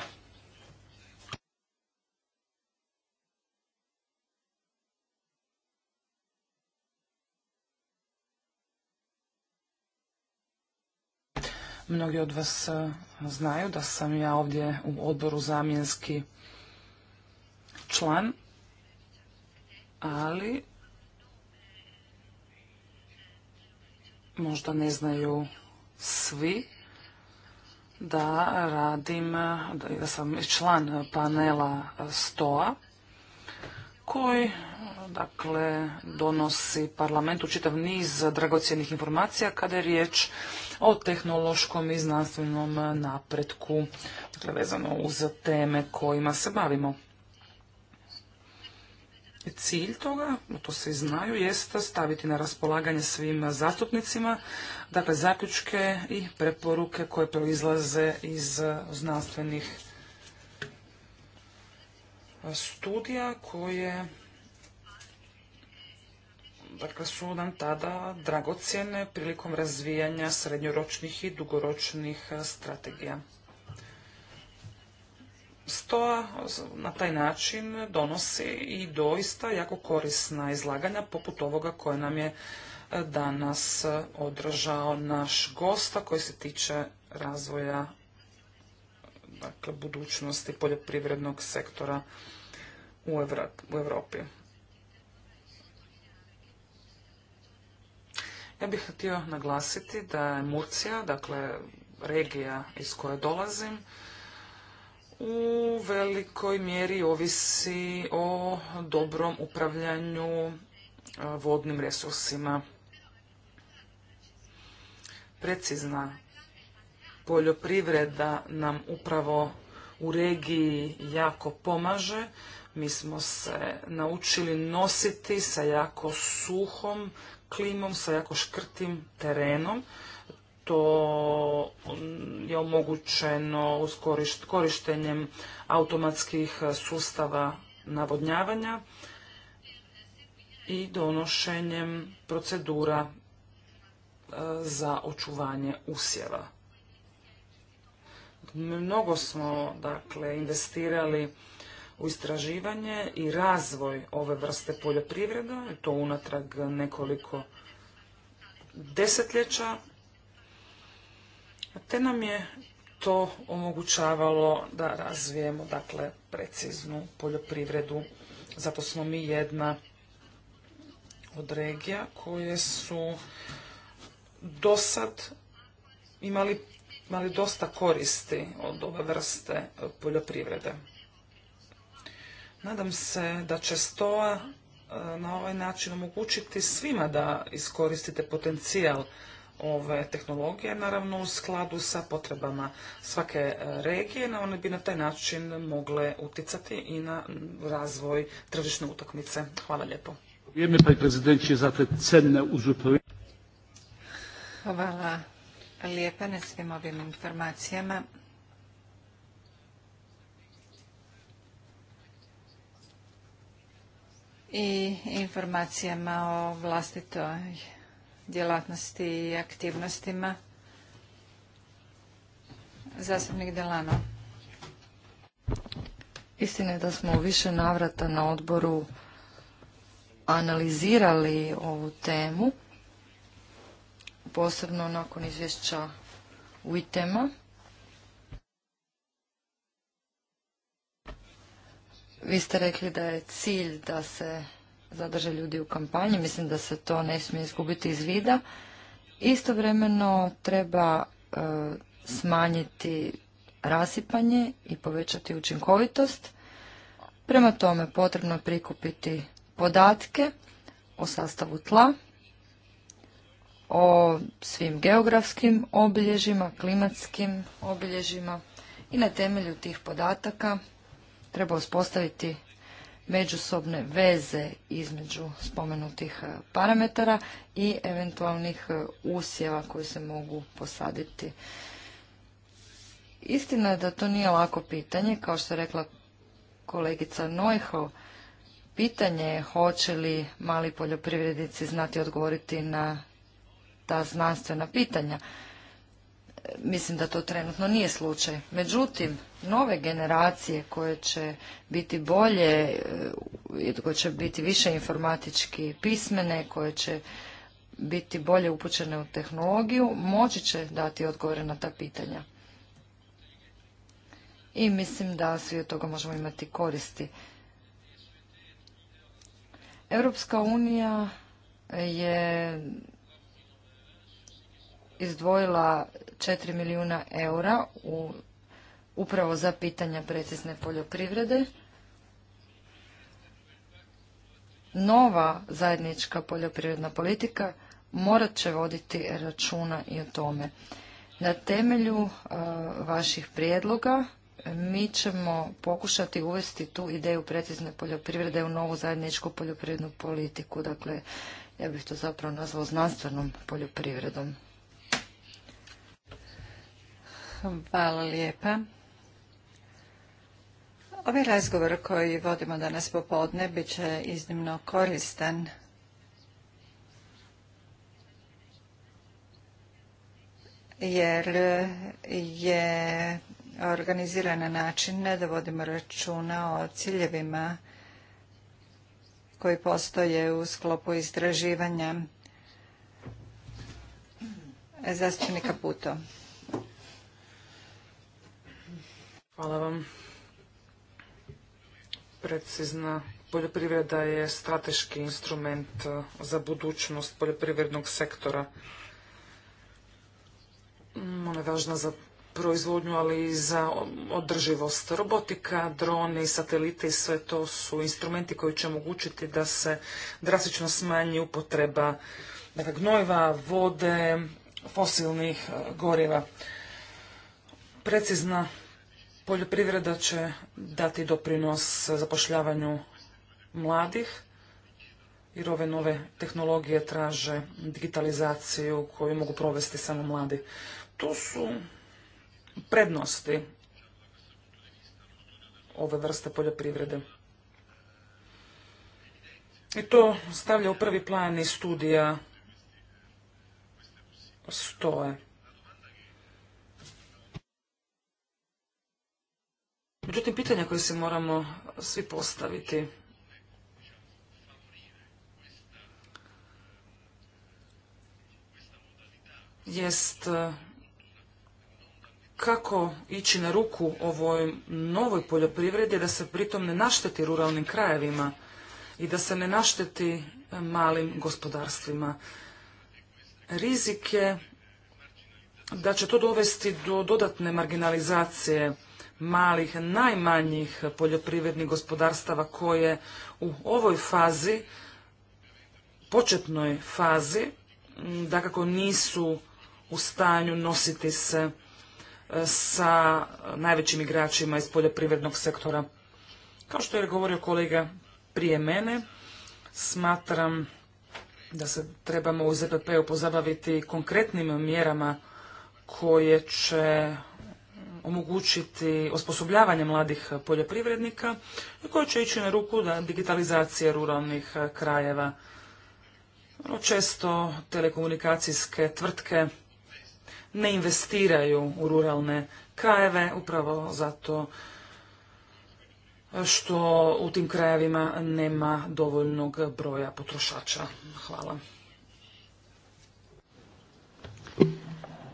[SPEAKER 2] Mnogi od vas eh, znaju da sam ja ovdje u odboru zamjenski član, ali možda ne znaju svi da radim, da sam član panela STOA koji dakle donosi parlamentu čitav niz dragocjenih informacija kada je riječ o tehnološkom i znanstvenom napretku, dakle vezano uz teme kojima se bavimo. Cilj toga, to se znaju, jeste staviti na raspolaganje svim zastupnicima, dakle zaključke i preporuke koje proizlaze iz znanstvenih studija koje dakle, su nam tada dragocjene prilikom razvijanja srednjoročnih i dugoročnih strategija stoa na taj način donosi i doista jako korisna izlaganja poput ovoga koje nam je e, danas e, održao naš gosta koji se tiče razvoja dakle, budućnosti poljoprivrednog sektora u, Evra, u Europi. Ja bih htio naglasiti da je Murcija, dakle regija iz koje dolazim, u velikoj mjeri ovisi o dobrom upravljanju vodnim resursima. Precizna poljoprivreda nam upravo u regiji jako pomaže. Mi smo se naučili nositi sa jako suhom klimom, sa jako škrtim terenom što je omogućeno korištenjem automatskih sustava navodnjavanja i donošenjem procedura e, za očuvanje usjeva. Mnogo smo dakle investirali u istraživanje i razvoj ove vrste poljoprivreda, to unatrag nekoliko desetljeća te nam je to omogućavalo da razvijemo dakle preciznu poljoprivredu. Zato smo mi jedna od regija koje su do sad imali, imali dosta koristi od ove vrste poljoprivrede. Nadam se da će stoa e, na ovaj način omogućiti svima da iskoristite potencijal ove tehnologije, naravno u skladu sa potrebama svake e, regije, one bi na taj način mogle uticati i na razvoj tržišne utakmice. Hvala lijepo.
[SPEAKER 3] Pa Hvala lijepa na svim ovim informacijama. i informacijama o vlastitoj djelatnosti i aktivnostima. Zastupnik Delano.
[SPEAKER 4] Istina je da smo u više navrata na odboru analizirali ovu temu, posebno nakon izvješća uitema. Vi ste rekli da je cilj da se zadrže ljudi u kampanji. Mislim da se to ne smije izgubiti iz vida. Istovremeno treba e, smanjiti rasipanje i povećati učinkovitost. Prema tome potrebno je prikupiti podatke o sastavu tla, o svim geografskim obilježima, klimatskim obilježjima i na temelju tih podataka treba uspostaviti međusobne veze između spomenutih e, parametara i eventualnih e, usjeva koji se mogu posaditi. Istina je da to nije lako pitanje, kao što je rekla kolegica Nojho, pitanje je hoće li mali poljoprivrednici znati odgovoriti na ta znanstvena pitanja. Mislim da to trenutno nije slučaj. Međutim, nove generacije koje će biti bolje, e, koje će biti više informatički pismene, koje će biti bolje upućene u tehnologiju, moći će dati odgovore na ta pitanja. I mislim da svi od toga možemo imati koristi. Europska unija je izdvojila 4 milijuna eura u, upravo za pitanja precizne poljoprivrede. Nova zajednička poljoprivredna politika morat će voditi računa i o tome. Na temelju e, vaših prijedloga mi ćemo pokušati uvesti tu ideju precizne poljoprivrede u novu zajedničku poljoprivrednu politiku. Dakle, ja bih to zapravo nazvao znanstvenom poljoprivredom.
[SPEAKER 3] Hvala lijepa. Ovaj razgovor koji vodimo danas popodne bit će iznimno koristan. Jer je organiziran na način da vodimo računa o ciljevima koji postoje u sklopu istraživanja
[SPEAKER 2] zastupnika Puto. Hvala vam. Precizna poljoprivreda je strateški instrument e, za budućnost poljoprivrednog sektora. Mm, ona je važna za proizvodnju, ali i za održivost robotika, droni, satelite i sve to su instrumenti koji će omogućiti da se drastično smanji upotreba dakle, gnojiva, vode, fosilnih e, goriva. Precizna Poljoprivreda će dati doprinos zapošljavanju mladih, jer ove nove tehnologije traže digitalizaciju koju mogu provesti samo mladi. To su prednosti ove vrste poljoprivrede. I to stavlja u prvi plan i studija stoje. Međutim, pitanja koje se moramo svi postaviti. Jest kako ići na ruku ovoj novoj poljoprivredi da se pritom ne našteti ruralnim krajevima i da se ne našteti e, malim gospodarstvima. Rizik je da će to dovesti do dodatne marginalizacije malih, najmanjih poljoprivrednih gospodarstava koje u ovoj fazi, početnoj fazi, dakako nisu u stanju nositi se e, sa najvećim igračima iz poljoprivrednog sektora. Kao što je govorio kolega prije mene, smatram da se trebamo u ZPP-u pozabaviti konkretnim mjerama koje će omogućiti osposobljavanje mladih poljoprivrednika i koje će ići na ruku da digitalizacije ruralnih eh, krajeva. Često telekomunikacijske tvrtke ne investiraju u ruralne krajeve upravo zato eh, što u tim krajevima nema dovoljnog broja potrošača. Hvala.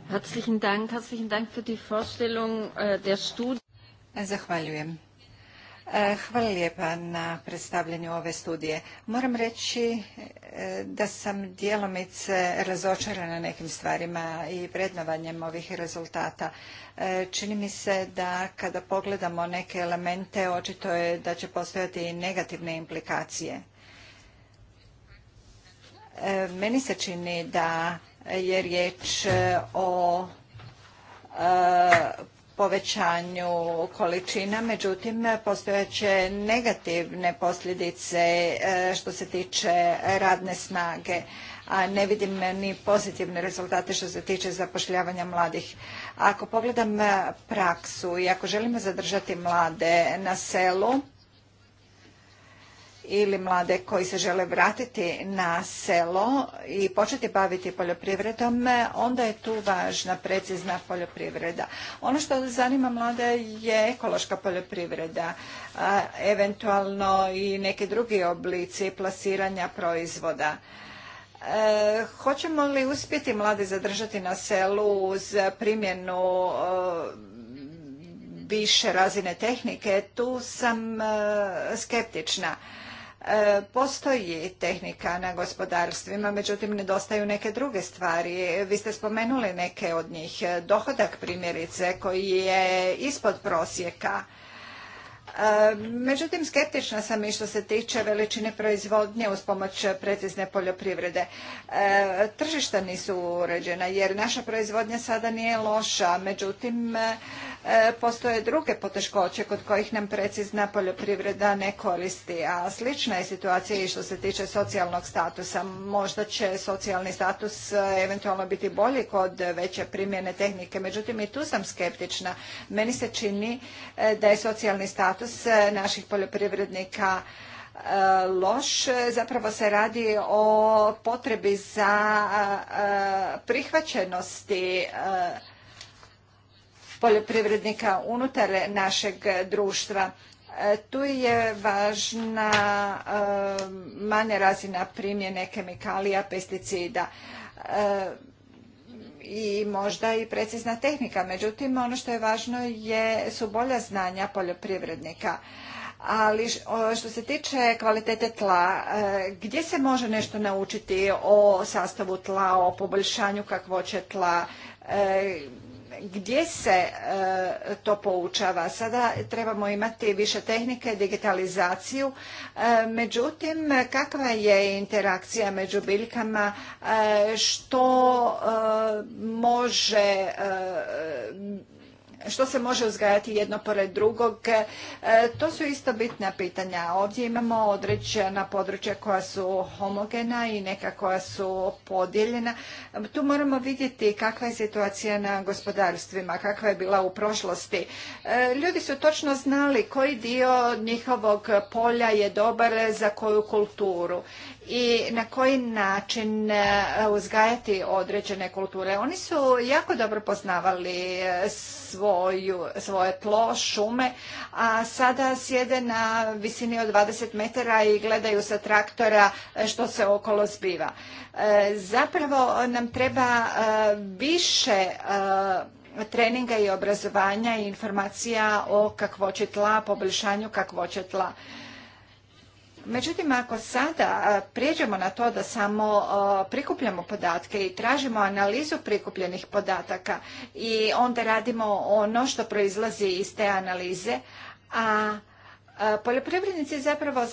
[SPEAKER 3] Herzlichen Dank, herzlichen Dank für die Vorstellung äh, der Studie. Zahvaljujem. Äh, hvala lijepa na predstavljanju ove studije. Moram reći e, da sam djelomice razočarana nekim stvarima i vrednovanjem ovih rezultata. E, čini mi se da kada pogledamo neke elemente, očito je da će postojati i negativne implikacije. E, meni se čini da je riječ e, o e, povećanju količina, međutim postojeće negativne posljedice e, što se tiče radne snage, a ne vidim ni pozitivne rezultate što se tiče zapošljavanja mladih. Ako pogledam praksu i ako želimo zadržati mlade na selu, ili mlade koji se žele vratiti na selo i početi baviti poljoprivredom, onda je tu važna precizna poljoprivreda. Ono što zanima mlade je ekološka poljoprivreda, eventualno i neki drugi oblici plasiranja proizvoda. E, hoćemo li uspjeti mlade zadržati na selu uz primjenu više razine tehnike, tu sam e, skeptična. E, postoji tehnika na gospodarstvima, međutim nedostaju neke druge stvari. Vi ste spomenuli neke od njih. Dohodak primjerice koji je ispod prosjeka. E, međutim, skeptična sam i što se tiče veličine proizvodnje uz pomoć precizne poljoprivrede. E, tržišta nisu uređena jer naša proizvodnja sada nije loša, međutim E, postoje druge poteškoće kod kojih nam precizna poljoprivreda ne koristi, a slična je situacija i što se tiče socijalnog statusa. Možda će socijalni status e, eventualno biti bolji kod veće primjene tehnike, međutim i tu sam skeptična. Meni se čini e, da je socijalni status naših poljoprivrednika loš. Zapravo se radi o potrebi za prihvaćenosti poljoprivrednika unutar našeg društva. E, tu je važna e, manja razina primjene kemikalija, pesticida e, i možda i precizna tehnika. Međutim, ono što je važno je, su bolja znanja poljoprivrednika. Ali što se tiče kvalitete tla, gdje se može nešto naučiti o sastavu tla, o poboljšanju kakvoće tla, gdje se e, to poučava? Sada trebamo imati više tehnike, digitalizaciju. E, međutim, kakva je interakcija među biljkama? E, što može što se može uzgajati jedno pored drugog. E, to su isto bitna pitanja. Ovdje imamo određena područja koja su homogena i neka koja su podijeljena. Tu moramo vidjeti kakva je situacija na gospodarstvima, kakva je bila u prošlosti. E, ljudi su točno znali koji dio njihovog polja je dobar za koju kulturu i na koji način e, uzgajati određene kulture. Oni su jako dobro poznavali e, svoju, svoje tlo, šume, a sada sjede na visini od 20 metara i gledaju sa traktora e, što se okolo zbiva. Zapravo nam treba više treninga i obrazovanja i informacija o kakvoći tla, poboljšanju kakvoće tla. Međutim, ako sada prijeđemo na to da samo prikupljamo podatke i tražimo analizu prikupljenih podataka i onda radimo ono što proizlazi iz te analize, a poljoprivrednici zapravo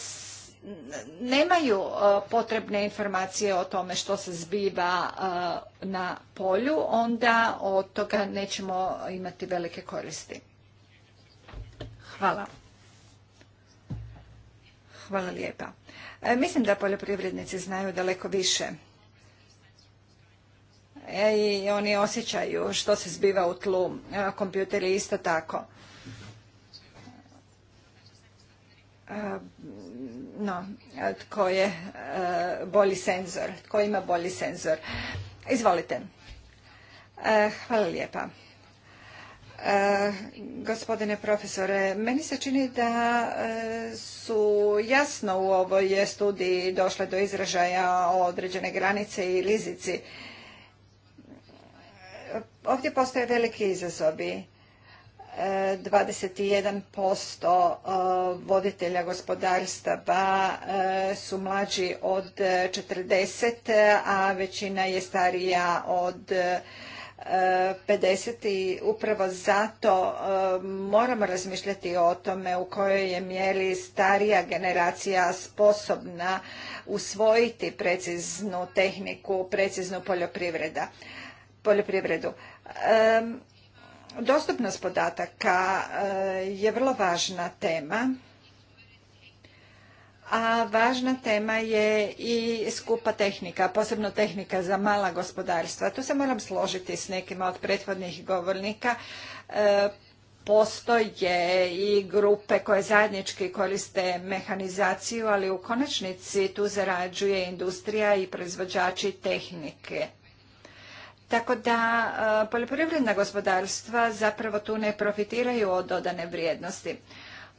[SPEAKER 3] nemaju potrebne informacije o tome što se zbiva na polju, onda od toga nećemo imati velike koristi. Hvala. Hvala lijepa. E, mislim da poljoprivrednici znaju daleko više e, i oni osjećaju što se zbiva u tlu. E, kompjuter je isto tako. No, tko je bolji senzor, tko ima bolji senzor. Izvolite. Hvala lijepa. gospodine profesore, meni se čini da jasno u ovoj je studiji došle do izražaja o određene granice i lizici. Ovdje postoje veliki izazovi. 21% e, e, voditelja gospodarstava e, su mlađi od 40, a većina je starija od 50 i upravo zato e, moramo razmišljati o tome u kojoj je mjeri starija generacija sposobna usvojiti preciznu tehniku, preciznu poljoprivredu. E, dostupnost podataka e, je vrlo važna tema a važna tema je i skupa tehnika, posebno tehnika za mala gospodarstva. Tu se moram složiti s nekima od prethodnih govornika. E, postoje i grupe koje zajednički koriste mehanizaciju, ali u konačnici tu zarađuje industrija i proizvođači tehnike. Tako da e, poljoprivredna gospodarstva zapravo tu ne profitiraju od dodane vrijednosti.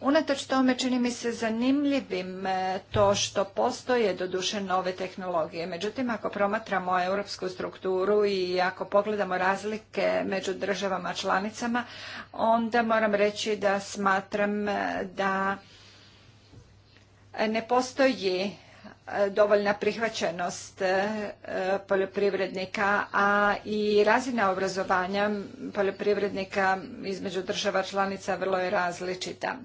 [SPEAKER 3] Unatoč tome čini mi se zanimljivim e, to što postoje doduše nove tehnologije. Međutim, ako promatramo europsku strukturu i ako pogledamo razlike među državama članicama, onda moram reći da smatram e, da ne postoji e, dovoljna prihvaćenost poljoprivrednika, a i razina obrazovanja poljoprivrednika između država članica vrlo je različita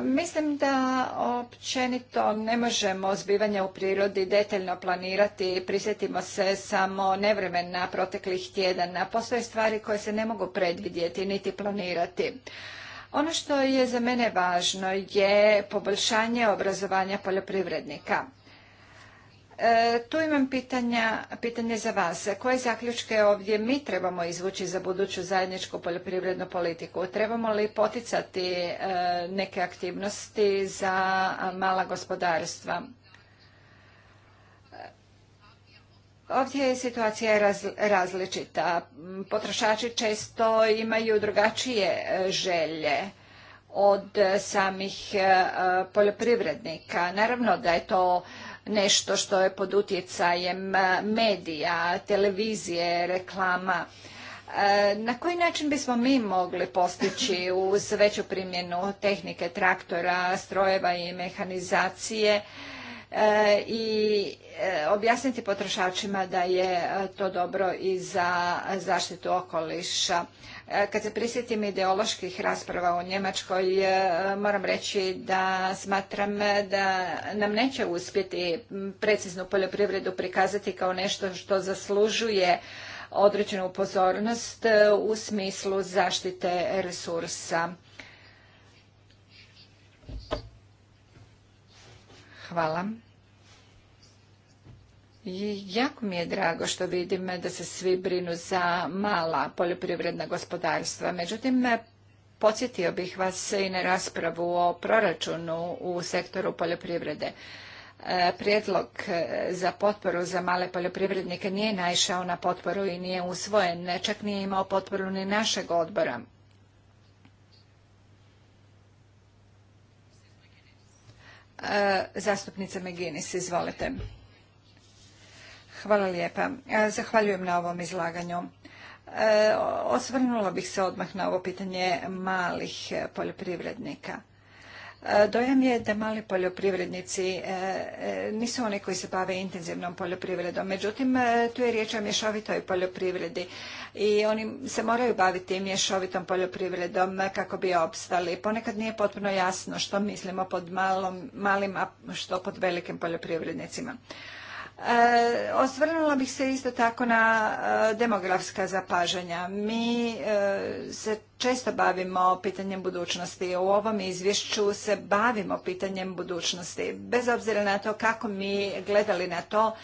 [SPEAKER 3] mislim da općenito ne možemo zbivanja u prirodi detaljno planirati. Prisjetimo se samo nevremena proteklih tjedana. Postoje stvari koje se ne mogu predvidjeti niti planirati. Ono što je za mene važno je poboljšanje obrazovanja poljoprivrednika. E, tu imam pitanja, pitanje za vas. Koje zaključke ovdje mi trebamo izvući za buduću zajedničku poljoprivrednu politiku? Trebamo li poticati e, neke aktivnosti za mala gospodarstva? Ovdje je situacija različita. Potrošači često imaju drugačije e, želje od samih poljoprivrednika. Naravno da je to nešto što je pod utjecajem e, medija, televizije, reklama. E, na koji način bismo mi mogli postići uz veću primjenu tehnike traktora, strojeva i mehanizacije e, i objasniti potrošačima da je to dobro i za zaštitu okoliša? E, kad se prisjetim ideoloških rasprava u Njemačkoj, e, moram reći da smatram e, da nam neće uspjeti preciznu poljoprivredu prikazati kao nešto što zaslužuje određenu pozornost u smislu zaštite resursa. Hvala jako mi je drago što vidim da se svi brinu za mala poljoprivredna gospodarstva. Međutim, podsjetio bih vas i na raspravu o proračunu u sektoru poljoprivrede. E, prijedlog e, za potporu za male poljoprivrednike nije naišao na potporu i nije usvojen, čak nije imao potporu ni našeg odbora. E, zastupnica Meginis, izvolite. Hvala lijepa. E, zahvaljujem na ovom izlaganju. E, osvrnula bih se odmah na ovo pitanje malih poljoprivrednika. E, dojam je da mali poljoprivrednici nisu oni koji se bave intenzivnom poljoprivredom. Međutim, tu je riječ o mješovitoj poljoprivredi i oni se moraju baviti mješovitom poljoprivredom kako bi opstali. Ponekad nije potpuno jasno što mislimo pod malim, a što pod velikim poljoprivrednicima. Eh, osvrnula bih se isto tako na eh, demografska zapažanja. Mi eh, se često bavimo pitanjem budućnosti. U ovom izvješću se bavimo pitanjem budućnosti. Bez obzira na to kako mi gledali na to,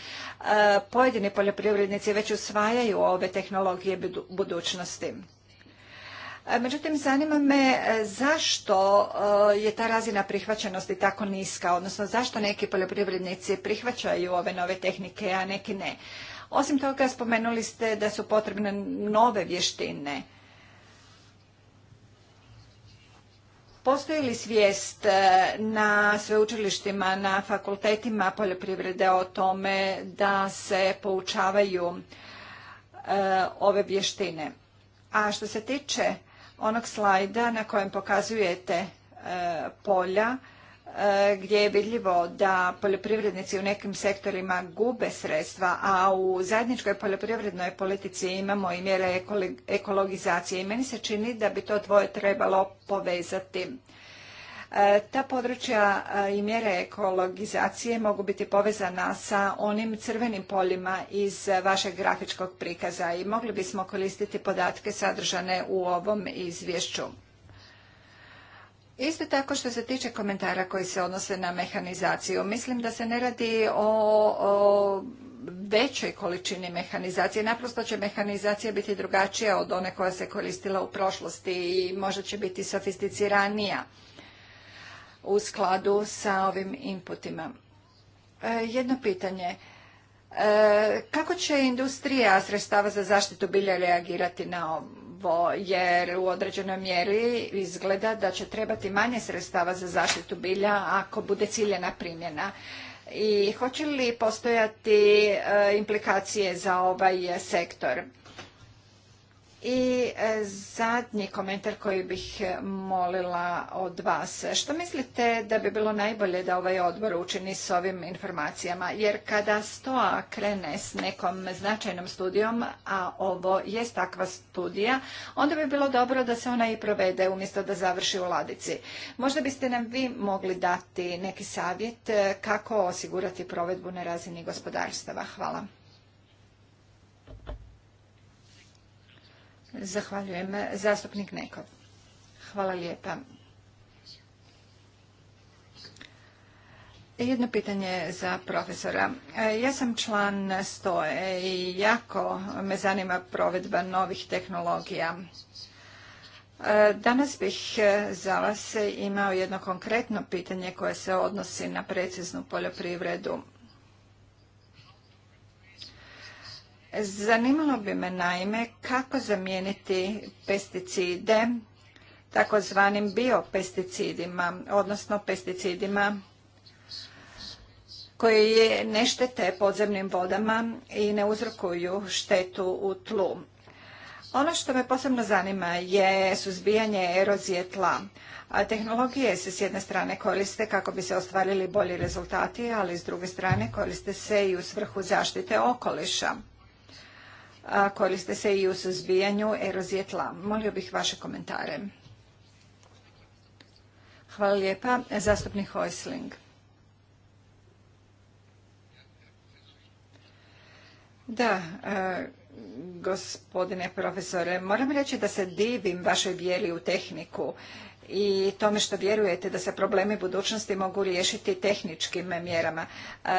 [SPEAKER 3] pojedini poljoprivrednici već usvajaju ove tehnologije budućnosti. E, međutim, zanima me e, zašto e, je ta razina prihvaćenosti tako niska, odnosno zašto neki poljoprivrednici prihvaćaju ove nove tehnike, a neki ne. Osim toga, spomenuli ste da su potrebne nove vještine. Postoji li svijest na sveučilištima, na fakultetima poljoprivrede o tome da se poučavaju ove vještine? A što se tiče onog slajda na kojem pokazujete e, polja e, gdje je vidljivo da poljoprivrednici u nekim sektorima gube sredstva, a u zajedničkoj poljoprivrednoj politici imamo i mjere ekologizacije. I meni se čini da bi to dvoje trebalo povezati E, ta područja e, i mjere ekologizacije mogu biti povezana sa onim crvenim poljima iz vašeg grafičkog prikaza i mogli bismo koristiti podatke sadržane u ovom izvješću. Isto tako što se tiče komentara koji se odnose na mehanizaciju, mislim da se ne radi o, o većoj količini mehanizacije. Naprosto će mehanizacija biti drugačija od one koja se koristila u prošlosti i možda će biti sofisticiranija u skladu sa ovim inputima. E, jedno pitanje. E, kako će industrija sredstava za zaštitu bilja reagirati na ovo? Jer u određenoj mjeri izgleda da će trebati manje sredstava za zaštitu bilja ako bude ciljena primjena. I hoće li postojati e, implikacije za ovaj sektor? I e, zadnji komentar koji bih e, molila od vas. Što mislite da bi bilo najbolje da ovaj odbor učini s ovim informacijama? Jer kada STOA krene s nekom značajnom studijom, a ovo je takva studija, onda bi bilo dobro da se ona i provede umjesto da završi u ladici. Možda biste nam vi mogli dati neki savjet e, kako osigurati provedbu na razini gospodarstava. Hvala. Zahvaljujem. Zastupnik Neko, Hvala lijepa. Jedno pitanje za profesora. Ja sam član STOE i jako me zanima provedba novih tehnologija. Danas bih za vas imao jedno konkretno pitanje koje se odnosi na preciznu poljoprivredu. Zanimalo bi me naime kako zamijeniti pesticide takozvanim biopesticidima, odnosno pesticidima koji ne štete podzemnim vodama i ne uzrokuju štetu u tlu. Ono što me posebno zanima je suzbijanje erozije tla. A tehnologije se s jedne strane koriste kako bi se ostvarili bolji rezultati, ali s druge strane koriste se i u svrhu zaštite okoliša koriste se i u suzbijanju erozije tla. Molio bih vaše komentare. Hvala lijepa. Zastupnik Hojsling. Da, e, gospodine profesore, moram reći da se divim vašoj vjeri u tehniku i tome što vjerujete da se problemi budućnosti mogu riješiti tehničkim mjerama. E,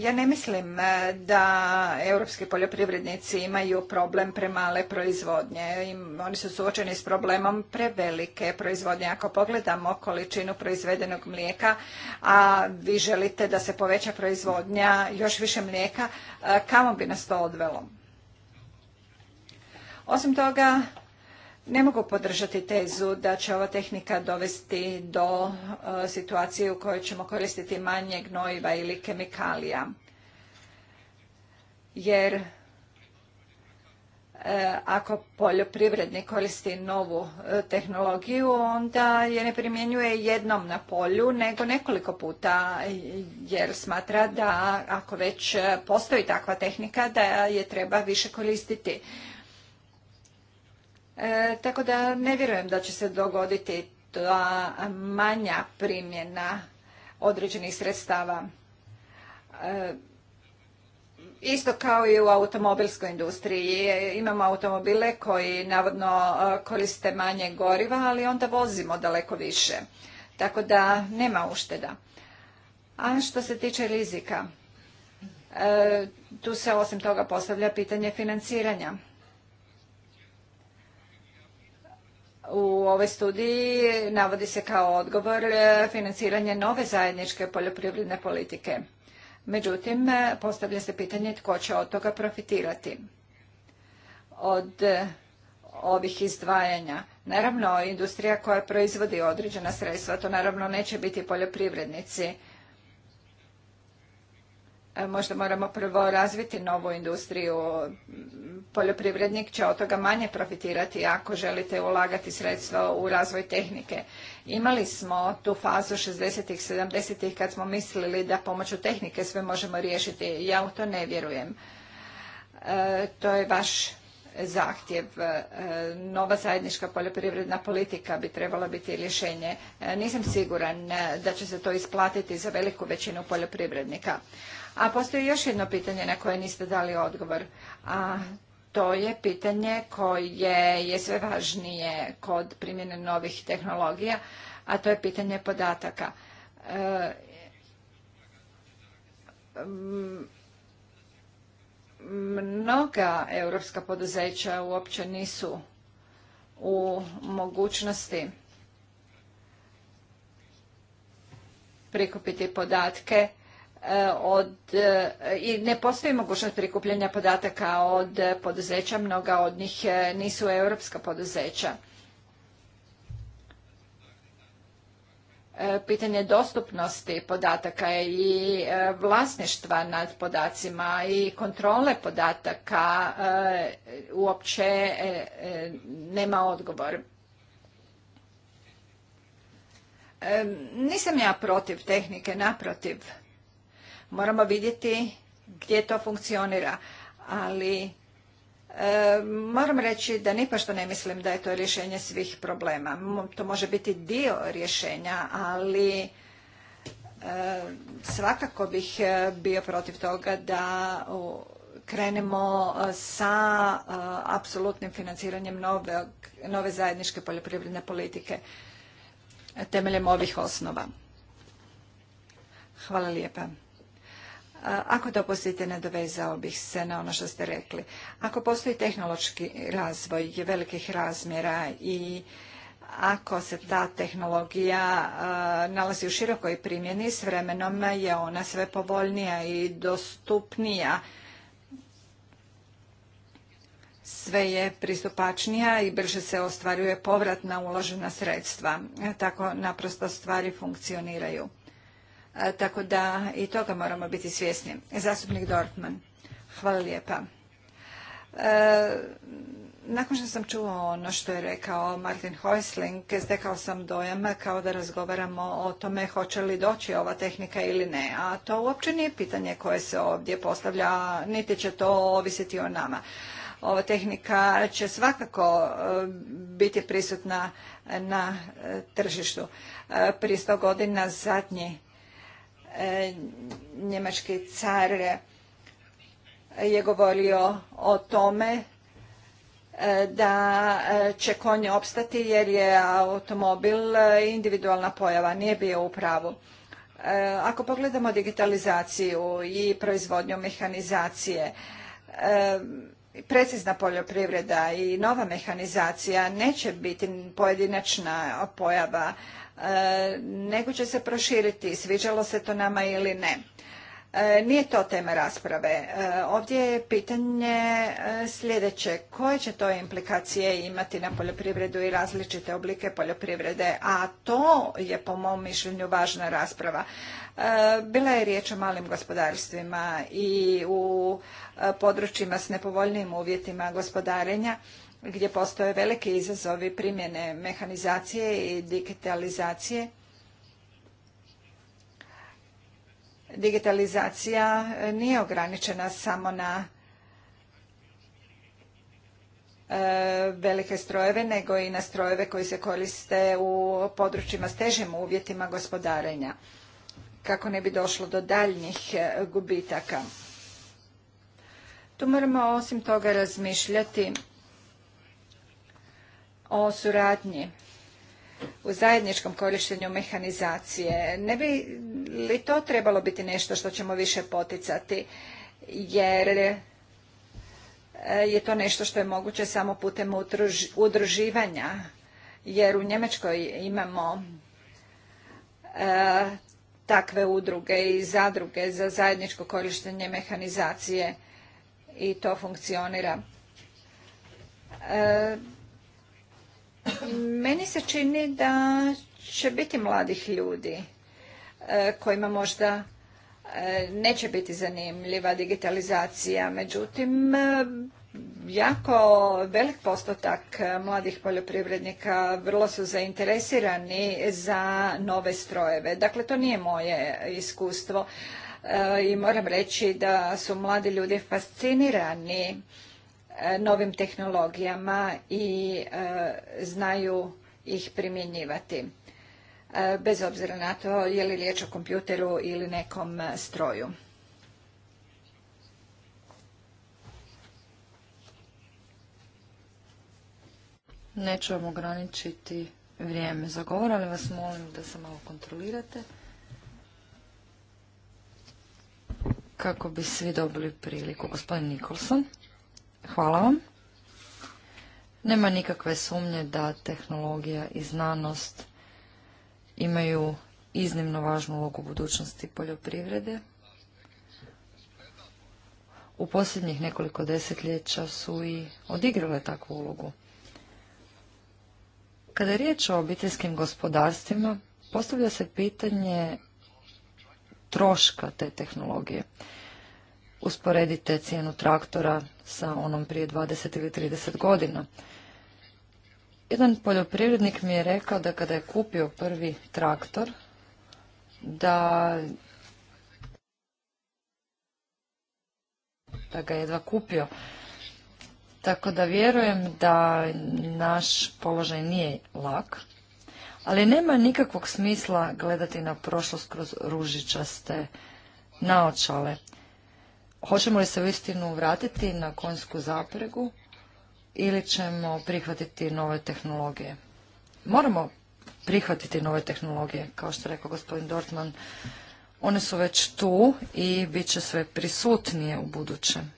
[SPEAKER 3] ja ne mislim e, da europski poljoprivrednici imaju problem premale proizvodnje. Oni su suočeni s problemom prevelike proizvodnje. Ako pogledamo količinu proizvedenog mlijeka, a vi želite da se poveća proizvodnja još više mlijeka, e, kamo bi nas to odvelo? Osim toga, ne mogu podržati tezu da će ova tehnika dovesti do e, situacije u kojoj ćemo koristiti manje gnojiva ili kemikalija. Jer e, ako poljoprivrednik koristi novu e, tehnologiju, onda je ne primjenjuje jednom na polju, nego nekoliko puta, jer smatra da ako već postoji takva tehnika, da je treba više koristiti. E, tako da ne vjerujem da će se dogoditi ta manja primjena određenih sredstava. E, isto kao i u automobilskoj industriji. E, imamo automobile koji navodno koriste manje goriva, ali onda vozimo daleko više. Tako da nema ušteda. A što se tiče rizika, tu se osim toga postavlja pitanje financiranja. u ovoj studiji navodi se kao odgovor e, financiranje nove zajedničke poljoprivredne politike. Međutim, e, postavlja se pitanje tko će od toga profitirati. Od e, ovih izdvajanja. Naravno, industrija koja proizvodi određena sredstva, to naravno neće biti poljoprivrednici E, možda moramo prvo razviti novu industriju. Poljoprivrednik će od toga manje profitirati ako želite ulagati sredstva u razvoj tehnike. Imali smo tu fazu 60-ih, 70-ih kad smo mislili da pomoću tehnike sve možemo riješiti. Ja u to ne vjerujem. E, to je vaš zahtjev. E, nova zajednička poljoprivredna politika bi trebala biti rješenje. E, nisam siguran e, da će se to isplatiti za veliku većinu poljoprivrednika. A postoji još jedno pitanje na koje niste dali odgovor. A to je pitanje koje je sve važnije kod primjene novih tehnologija, a to je pitanje podataka mnoga europska poduzeća uopće nisu u mogućnosti prikupiti podatke e, od, e, i ne postoji mogućnost prikupljanja podataka od poduzeća, mnoga od njih e, nisu europska poduzeća. E, pitanje dostupnosti podataka i e, vlasništva nad podacima i kontrole podataka e, uopće nema odgovor. Nisam ja protiv tehnike, naprotiv. Moramo vidjeti gdje to funkcionira, ali Moram reći da što ne mislim da je to rješenje svih problema. To može biti dio rješenja, ali e, svakako bih e, bio protiv toga da krenemo e, sa apsolutnim financiranjem nove, nove zajedničke poljoprivredne politike temeljem ovih osnova. Hvala lijepa. Ako dopustite, nadovezao bih se na ono što ste rekli. Ako postoji tehnološki razvoj velikih razmjera i ako se ta tehnologija nalazi u širokoj primjeni, s vremenom je ona sve povoljnija i dostupnija sve je pristupačnija i brže se ostvaruje povratna uložena sredstva. Tako naprosto stvari funkcioniraju tako da i toga moramo biti svjesni. Zastupnik Dortman, hvala lijepa. E, nakon što sam čuo ono što je rekao Martin Häusling, stekao sam dojam kao da razgovaramo o tome hoće li doći ova tehnika ili ne, a to uopće nije pitanje koje se ovdje postavlja, niti će to ovisiti o nama. Ova tehnika će svakako e, biti prisutna na e, tržištu. Prije sto godina zadnji E, njemački car je govorio o tome e, da e, će konje opstati jer je automobil individualna pojava, nije bio u pravu. Ako pogledamo digitalizaciju i proizvodnju mehanizacije, precizna poljoprivreda i nova mehanizacija neće biti pojedinačna pojava E, nego će se proširiti, sviđalo se to nama ili ne. E, nije to tema rasprave. E, ovdje je pitanje sljedeće. Koje će to implikacije imati na poljoprivredu i različite oblike poljoprivrede? A to je po mom mišljenju važna rasprava. Bila je riječ o malim gospodarstvima i u područjima s nepovoljnim uvjetima gospodarenja gdje postoje velike izazovi primjene mehanizacije i digitalizacije. Digitalizacija e, nije ograničena samo na e, velike strojeve, nego i na strojeve koji se koriste u područjima s težim uvjetima gospodarenja, kako ne bi došlo do daljnjih e, gubitaka. Tu moramo osim toga razmišljati o suradnji u zajedničkom korištenju mehanizacije. Ne bi li to trebalo biti nešto što ćemo više poticati? Jer e, je to nešto što je moguće samo putem udruživanja. Jer u Njemačkoj imamo e, takve udruge i zadruge za zajedničko korištenje mehanizacije i to funkcionira. E, meni se čini da će biti mladih ljudi e, kojima možda e, neće biti zanimljiva digitalizacija. Međutim, e, jako velik postotak mladih poljoprivrednika vrlo su zainteresirani za nove strojeve. Dakle, to nije moje iskustvo i moram reći da su mladi ljudi fascinirani E, novim tehnologijama i e, znaju ih primjenjivati e, bez obzira na to je li riječ o kompjuteru ili nekom stroju.
[SPEAKER 4] Neću vam ograničiti vrijeme za govor, ali vas molim da se malo kontrolirate kako bi svi dobili priliku. Gospodin Nikolson. Hvala vam. Nema nikakve sumnje da tehnologija i znanost imaju iznimno važnu ulogu budućnosti poljoprivrede. U posljednjih nekoliko desetljeća su i odigrale takvu ulogu. Kada je riječ o obiteljskim gospodarstvima, postavlja se pitanje troška te tehnologije usporedite cijenu traktora sa onom prije 20 ili 30 godina. Jedan poljoprivrednik mi je rekao da kada je kupio prvi traktor, da, da ga je jedva kupio. Tako da vjerujem da naš položaj nije lak, ali nema nikakvog smisla gledati na prošlost kroz ružičaste naočale hoćemo li se uistinu vratiti na konjsku zapregu ili ćemo prihvatiti nove tehnologije? Moramo prihvatiti nove tehnologije, kao što je rekao gospodin Dortman. One su već tu i bit će sve prisutnije u budućem.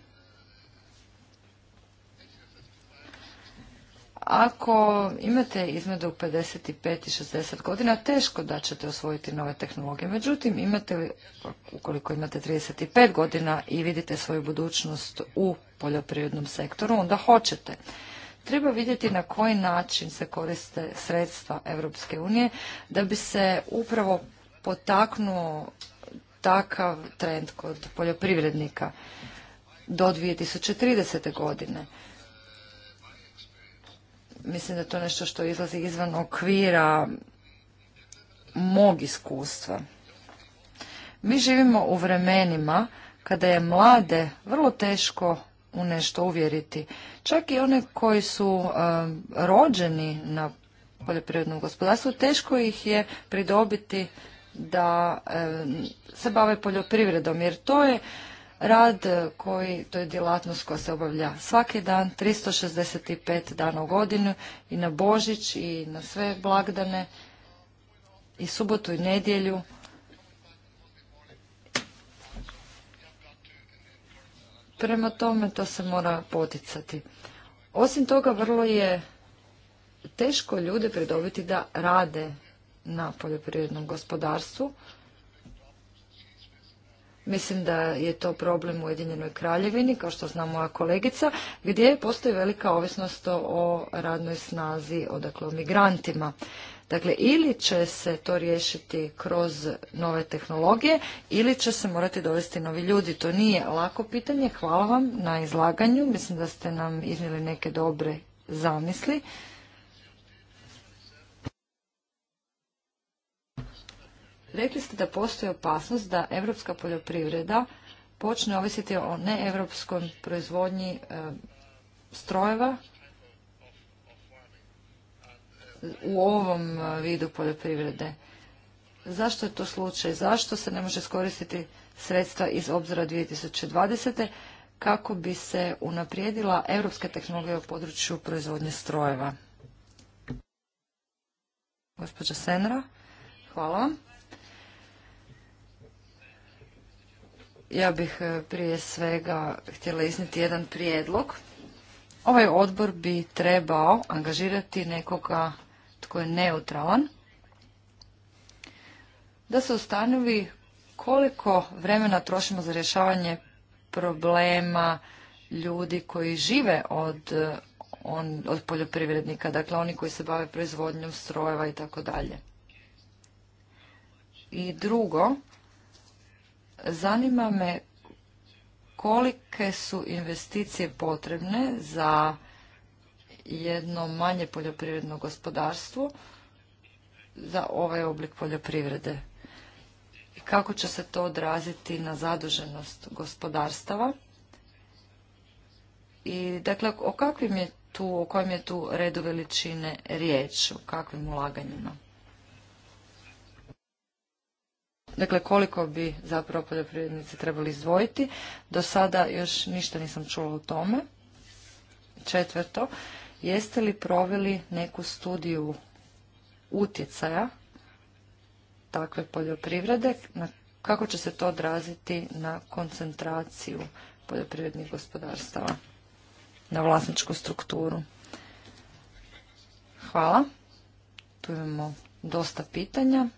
[SPEAKER 4] Ako imate između 55 i 60 godina, teško da ćete osvojiti nove tehnologije. Međutim, imate li, ukoliko imate 35 godina i vidite svoju budućnost u poljoprivrednom sektoru, onda hoćete. Treba vidjeti na koji način se koriste sredstva Europske unije da bi se upravo potaknuo takav trend kod poljoprivrednika do 2030. godine mislim da je to nešto što izlazi izvan okvira mog iskustva. Mi živimo u vremenima kada je mlade vrlo teško u nešto uvjeriti. Čak i one koji su um, rođeni na poljoprivrednom gospodarstvu, teško ih je pridobiti da um, se bave poljoprivredom, jer to je rad e, koji, to je djelatnost koja se obavlja svaki dan, 365 dana u godinu i na Božić i na sve blagdane i subotu i nedjelju. Prema tome to se mora poticati. Osim toga vrlo je teško ljude pridobiti da rade na poljoprivrednom gospodarstvu Mislim da je to problem u Ujedinjenoj kraljevini, kao što zna moja kolegica, gdje postoji velika ovisnost o radnoj snazi, odakle o migrantima. Dakle, ili će se to riješiti kroz nove tehnologije, ili će se morati dovesti novi ljudi. To nije lako pitanje. Hvala vam na izlaganju. Mislim da ste nam iznijeli neke dobre zamisli. Rekli ste da postoji opasnost da evropska poljoprivreda počne ovisiti o neevropskom proizvodnji e, strojeva u ovom e, vidu poljoprivrede. Zašto je to slučaj? Zašto se ne može skoristiti sredstva iz obzora 2020. kako bi se unaprijedila evropska tehnologija u području proizvodnje strojeva? Gospođa Senra, hvala vam. Ja bih e, prije svega htjela izniti jedan prijedlog. Ovaj odbor bi trebao angažirati nekoga tko je neutralan, da se ustanovi koliko vremena trošimo za rješavanje problema ljudi koji žive od, e, od poljoprivrednika, dakle oni koji se bave proizvodnjom strojeva i tako dalje. I drugo, Zanima me kolike su investicije potrebne za jedno manje poljoprivredno gospodarstvo za ovaj oblik poljoprivrede i kako će se to odraziti na zaduženost gospodarstava i dakle o kakvim je tu, o kojem je tu redu veličine riječ, o kakvim ulaganjima. Dakle, koliko bi zapravo poljoprivrednici trebali izdvojiti. Do sada još ništa nisam čula o tome. Četvrto, jeste li proveli neku studiju utjecaja takve poljoprivrede, kako će se to odraziti na koncentraciju poljoprivrednih gospodarstava, na vlasničku strukturu. Hvala. Tu imamo dosta pitanja.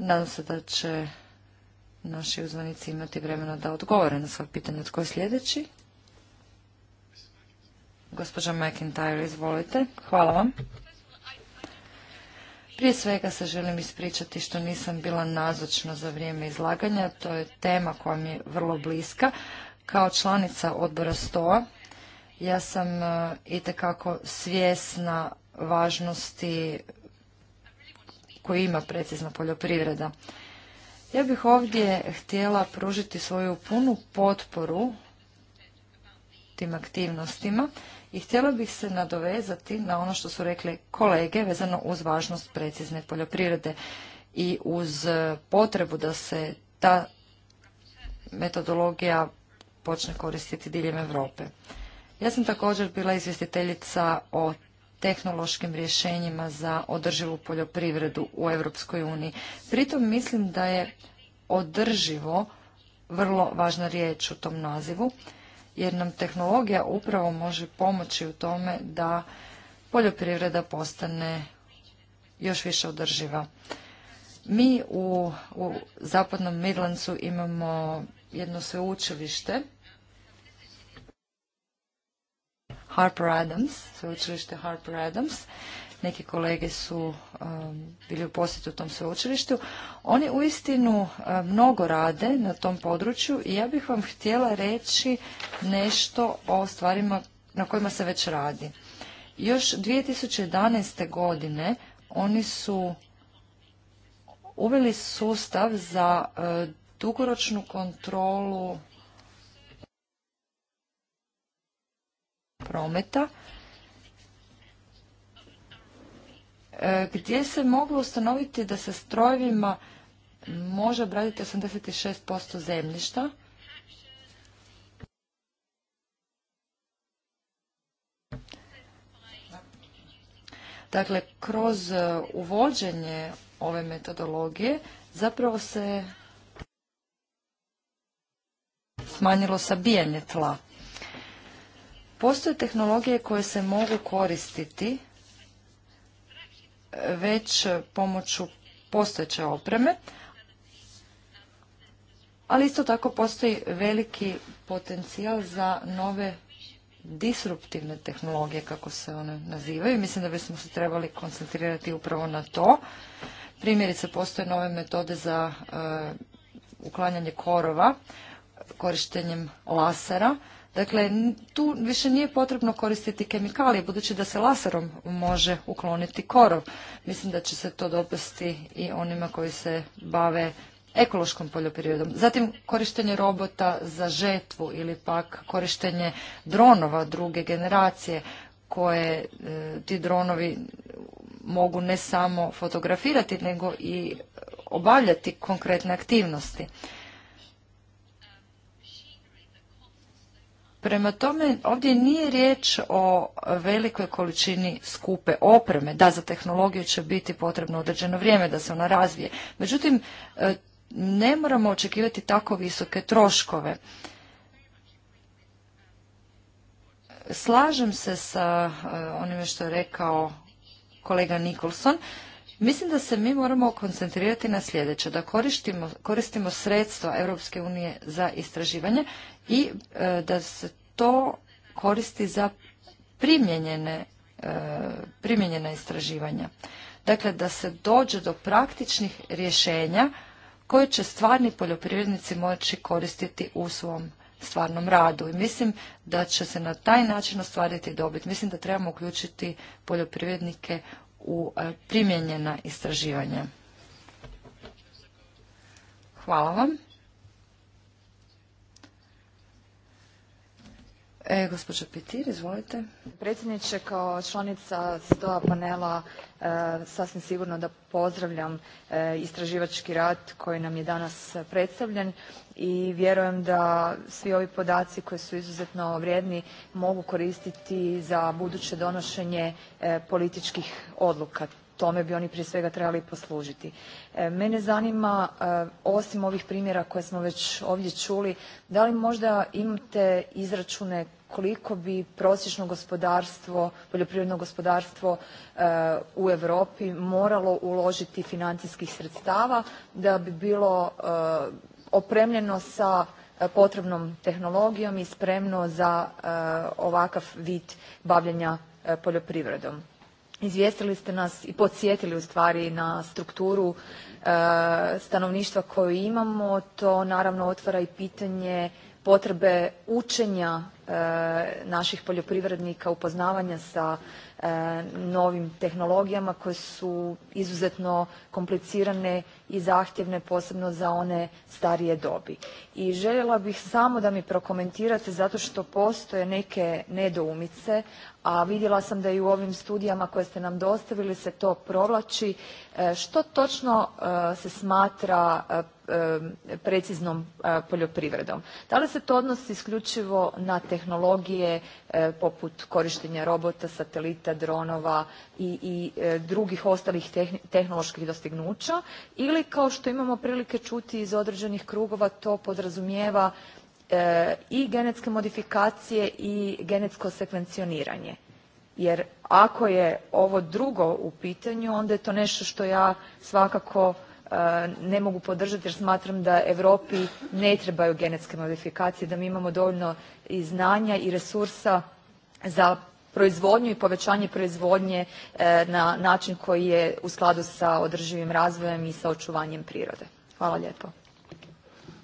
[SPEAKER 4] Nadam se da će naši uzvanici imati vremena da odgovore na sva pitanje. Tko je sljedeći? Gospođa McIntyre, izvolite. Hvala vam. Prije svega se želim ispričati što nisam bila nazočna za vrijeme izlaganja. To je tema koja mi je vrlo bliska. Kao članica odbora STOA ja sam e, itekako svjesna važnosti koji ima precizna poljoprivreda. Ja bih ovdje htjela pružiti svoju punu potporu tim aktivnostima i htjela bih se nadovezati na ono što su rekli kolege vezano uz važnost precizne poljoprivrede i uz potrebu da se ta metodologija počne koristiti diljem Europe. Ja sam također bila izvjestiteljica o tehnološkim rješenjima za održivu poljoprivredu u Europskoj uniji. Pritom mislim da je održivo vrlo važna riječ u tom nazivu, jer nam tehnologija upravo može pomoći u tome da poljoprivreda postane još više održiva. Mi u, u zapadnom Midlandsu imamo jedno sveučilište Harper Adams, sveučilište Harper Adams. Neki kolege su um, bili u posjetu tom sveučilištu. Oni uistinu um, mnogo rade na tom području i ja bih vam htjela reći nešto o stvarima na kojima se već radi. Još 2011. godine oni su uveli sustav za uh, dugoročnu kontrolu prometa e, gdje se moglo ustanoviti da se strojevima može obraditi 86% zemljišta. Dakle, kroz e, uvođenje ove metodologije zapravo se smanjilo sabijanje tla. Postoje tehnologije koje se mogu koristiti eh, već eh, pomoću postojeće opreme, ali isto tako postoji veliki potencijal za nove disruptivne tehnologije, kako se one nazivaju. Mislim da bismo se trebali koncentrirati upravo na to. Primjerice, postoje nove metode za eh, uklanjanje korova korištenjem lasera. Dakle, tu više nije potrebno koristiti kemikalije, budući da se laserom može ukloniti korov. Mislim da će se to dopasti i onima koji se bave ekološkom poljoprivredom. Zatim korištenje robota za žetvu ili pak korištenje dronova druge generacije koje e, ti dronovi mogu ne samo fotografirati nego i obavljati konkretne aktivnosti. Prema tome, ovdje nije riječ o velikoj količini skupe opreme. Da, za tehnologiju će biti potrebno određeno vrijeme da se ona razvije. Međutim, e, ne moramo očekivati tako visoke troškove. Slažem se sa e, onime što je rekao kolega Nikolson. Mislim da se mi moramo koncentrirati na sljedeće, da koristimo, koristimo sredstva Europske unije za istraživanje i e, da se to koristi za primjenjene, e, istraživanja. Dakle, da se dođe do praktičnih rješenja koje će stvarni poljoprivrednici moći koristiti u svom stvarnom radu. I mislim da će se na taj način ostvariti dobit. Mislim da trebamo uključiti poljoprivrednike u e, primijenjena istraživanja.
[SPEAKER 5] Hvala vam. E, gospođa Petir, izvolite. Predsjedniče, kao članica stoa panela e, sasvim sigurno da pozdravljam e, istraživački rad koji nam je danas predstavljen i vjerujem da svi ovi podaci koji su izuzetno vrijedni mogu koristiti za buduće donošenje e, političkih odluka tome bi oni prije svega trebali poslužiti. E, mene zanima, e, osim ovih primjera koje smo već ovdje čuli, da li možda imate izračune koliko bi prosječno gospodarstvo, poljoprivredno gospodarstvo e, u Europi moralo uložiti financijskih sredstava da bi bilo opremljeno sa potrebnom tehnologijom i spremno za ovakav vid bavljenja poljoprivredom izvijestili ste nas i podsjetili ustvari na strukturu e, stanovništva koju imamo to naravno otvara i pitanje potrebe učenja e, naših poljoprivrednika upoznavanja sa novim tehnologijama koje su izuzetno komplicirane i zahtjevne posebno za one starije dobi. I željela bih samo da mi prokomentirate zato što postoje neke nedoumice, a vidjela sam da i u ovim studijama koje ste nam dostavili se to provlači, e, što točno e, se smatra e, preciznom poljoprivredom. Da li se to odnosi isključivo na tehnologije poput korištenja robota, satelita dronova i, i e, drugih ostalih tehnoloških dostignuća ili kao što imamo prilike čuti iz određenih krugova to podrazumijeva e, i genetske modifikacije i genetsko sekvencioniranje. Jer ako je ovo drugo u pitanju onda je to nešto što ja svakako e, ne mogu podržati jer smatram da Europi ne trebaju genetske modifikacije, da mi imamo dovoljno i znanja i resursa za proizvodnju i povećanje proizvodnje e, na način koji je u skladu sa održivim razvojem i sa očuvanjem prirode. Hvala lijepo.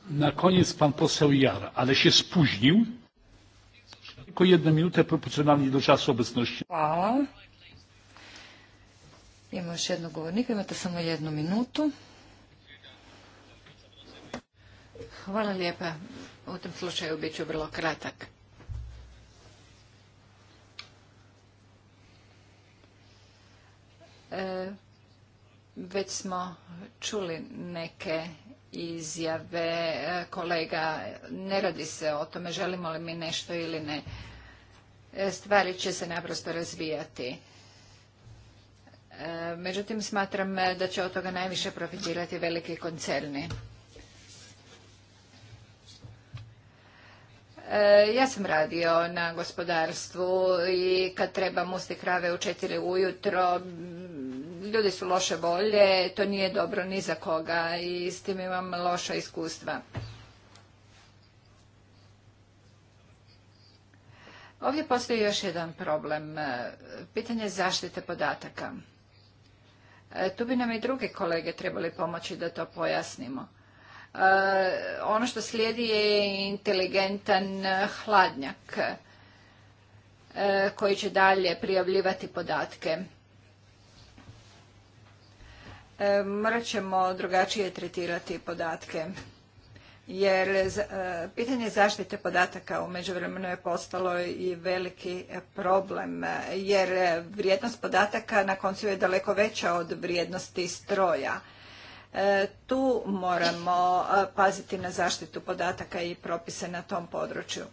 [SPEAKER 1] Na koniec pan poseł Jara, ale się spóźnił. Tylko jedną minutę proporcjonalnie do czasu obecności.
[SPEAKER 5] Hvala.
[SPEAKER 4] Imamo još jednog govornika, imate samo jednu minutu.
[SPEAKER 3] Hvala lijepa. U tom slučaju bit ću vrlo kratak. E, već smo čuli neke izjave e, kolega, ne radi se o tome želimo li mi nešto ili ne. E, stvari će se naprosto razvijati. Međutim, smatram da će od toga najviše profitirati veliki koncerni. Ja sam radio na gospodarstvu i kad trebam usti krave u četiri ujutro, ljudi su loše volje, to nije dobro ni za koga i s tim imam loša iskustva. Ovdje postoji još jedan problem, e, pitanje zaštite podataka. E, tu bi nam i druge kolege trebali pomoći da to pojasnimo. E, ono što slijedi je inteligentan hladnjak koji će dalje prijavljivati podatke. E, morat ćemo drugačije tretirati podatke jer e, pitanje zaštite podataka u međuvremenu je postalo i veliki problem jer vrijednost podataka na koncu je daleko veća od vrijednosti stroja. E, tu moramo paziti na zaštitu podataka i propise na tom području.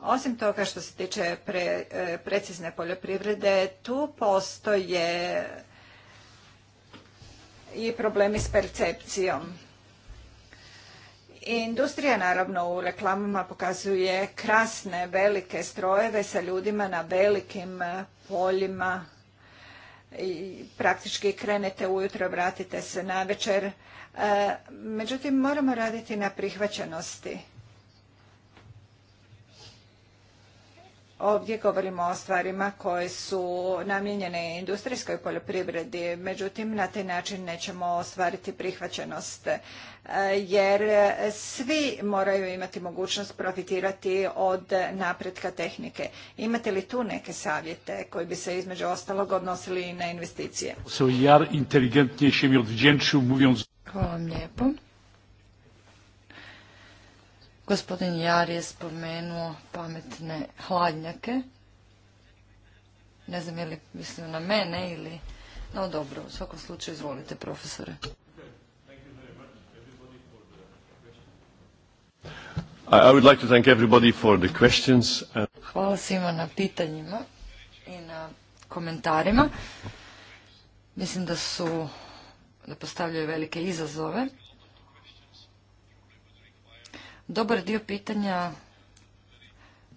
[SPEAKER 3] Osim toga što se tiče precizne poljoprivrede, tu postoje i problemi s percepcijom. Industrija naravno u reklamama pokazuje krasne velike strojeve sa ljudima na velikim eh, poljima i praktički krenete ujutro, vratite se na večer. Eh, međutim, moramo raditi na prihvaćenosti Ovdje govorimo o stvarima koje su namijenjene industrijskoj poljoprivredi, međutim na taj način nećemo ostvariti prihvaćenost e, jer svi moraju imati mogućnost profitirati od napretka tehnike. Imate li tu neke savjete koji bi se između ostalog odnosili i na investicije? Hvala vam lijepo.
[SPEAKER 4] Gospodin Jar je spomenuo pametne hladnjake. Ne znam je li mislio na mene ili... No dobro, u svakom slučaju izvolite profesore. Hvala svima na pitanjima i na komentarima. Mislim da su da postavljaju velike izazove Dobar dio pitanja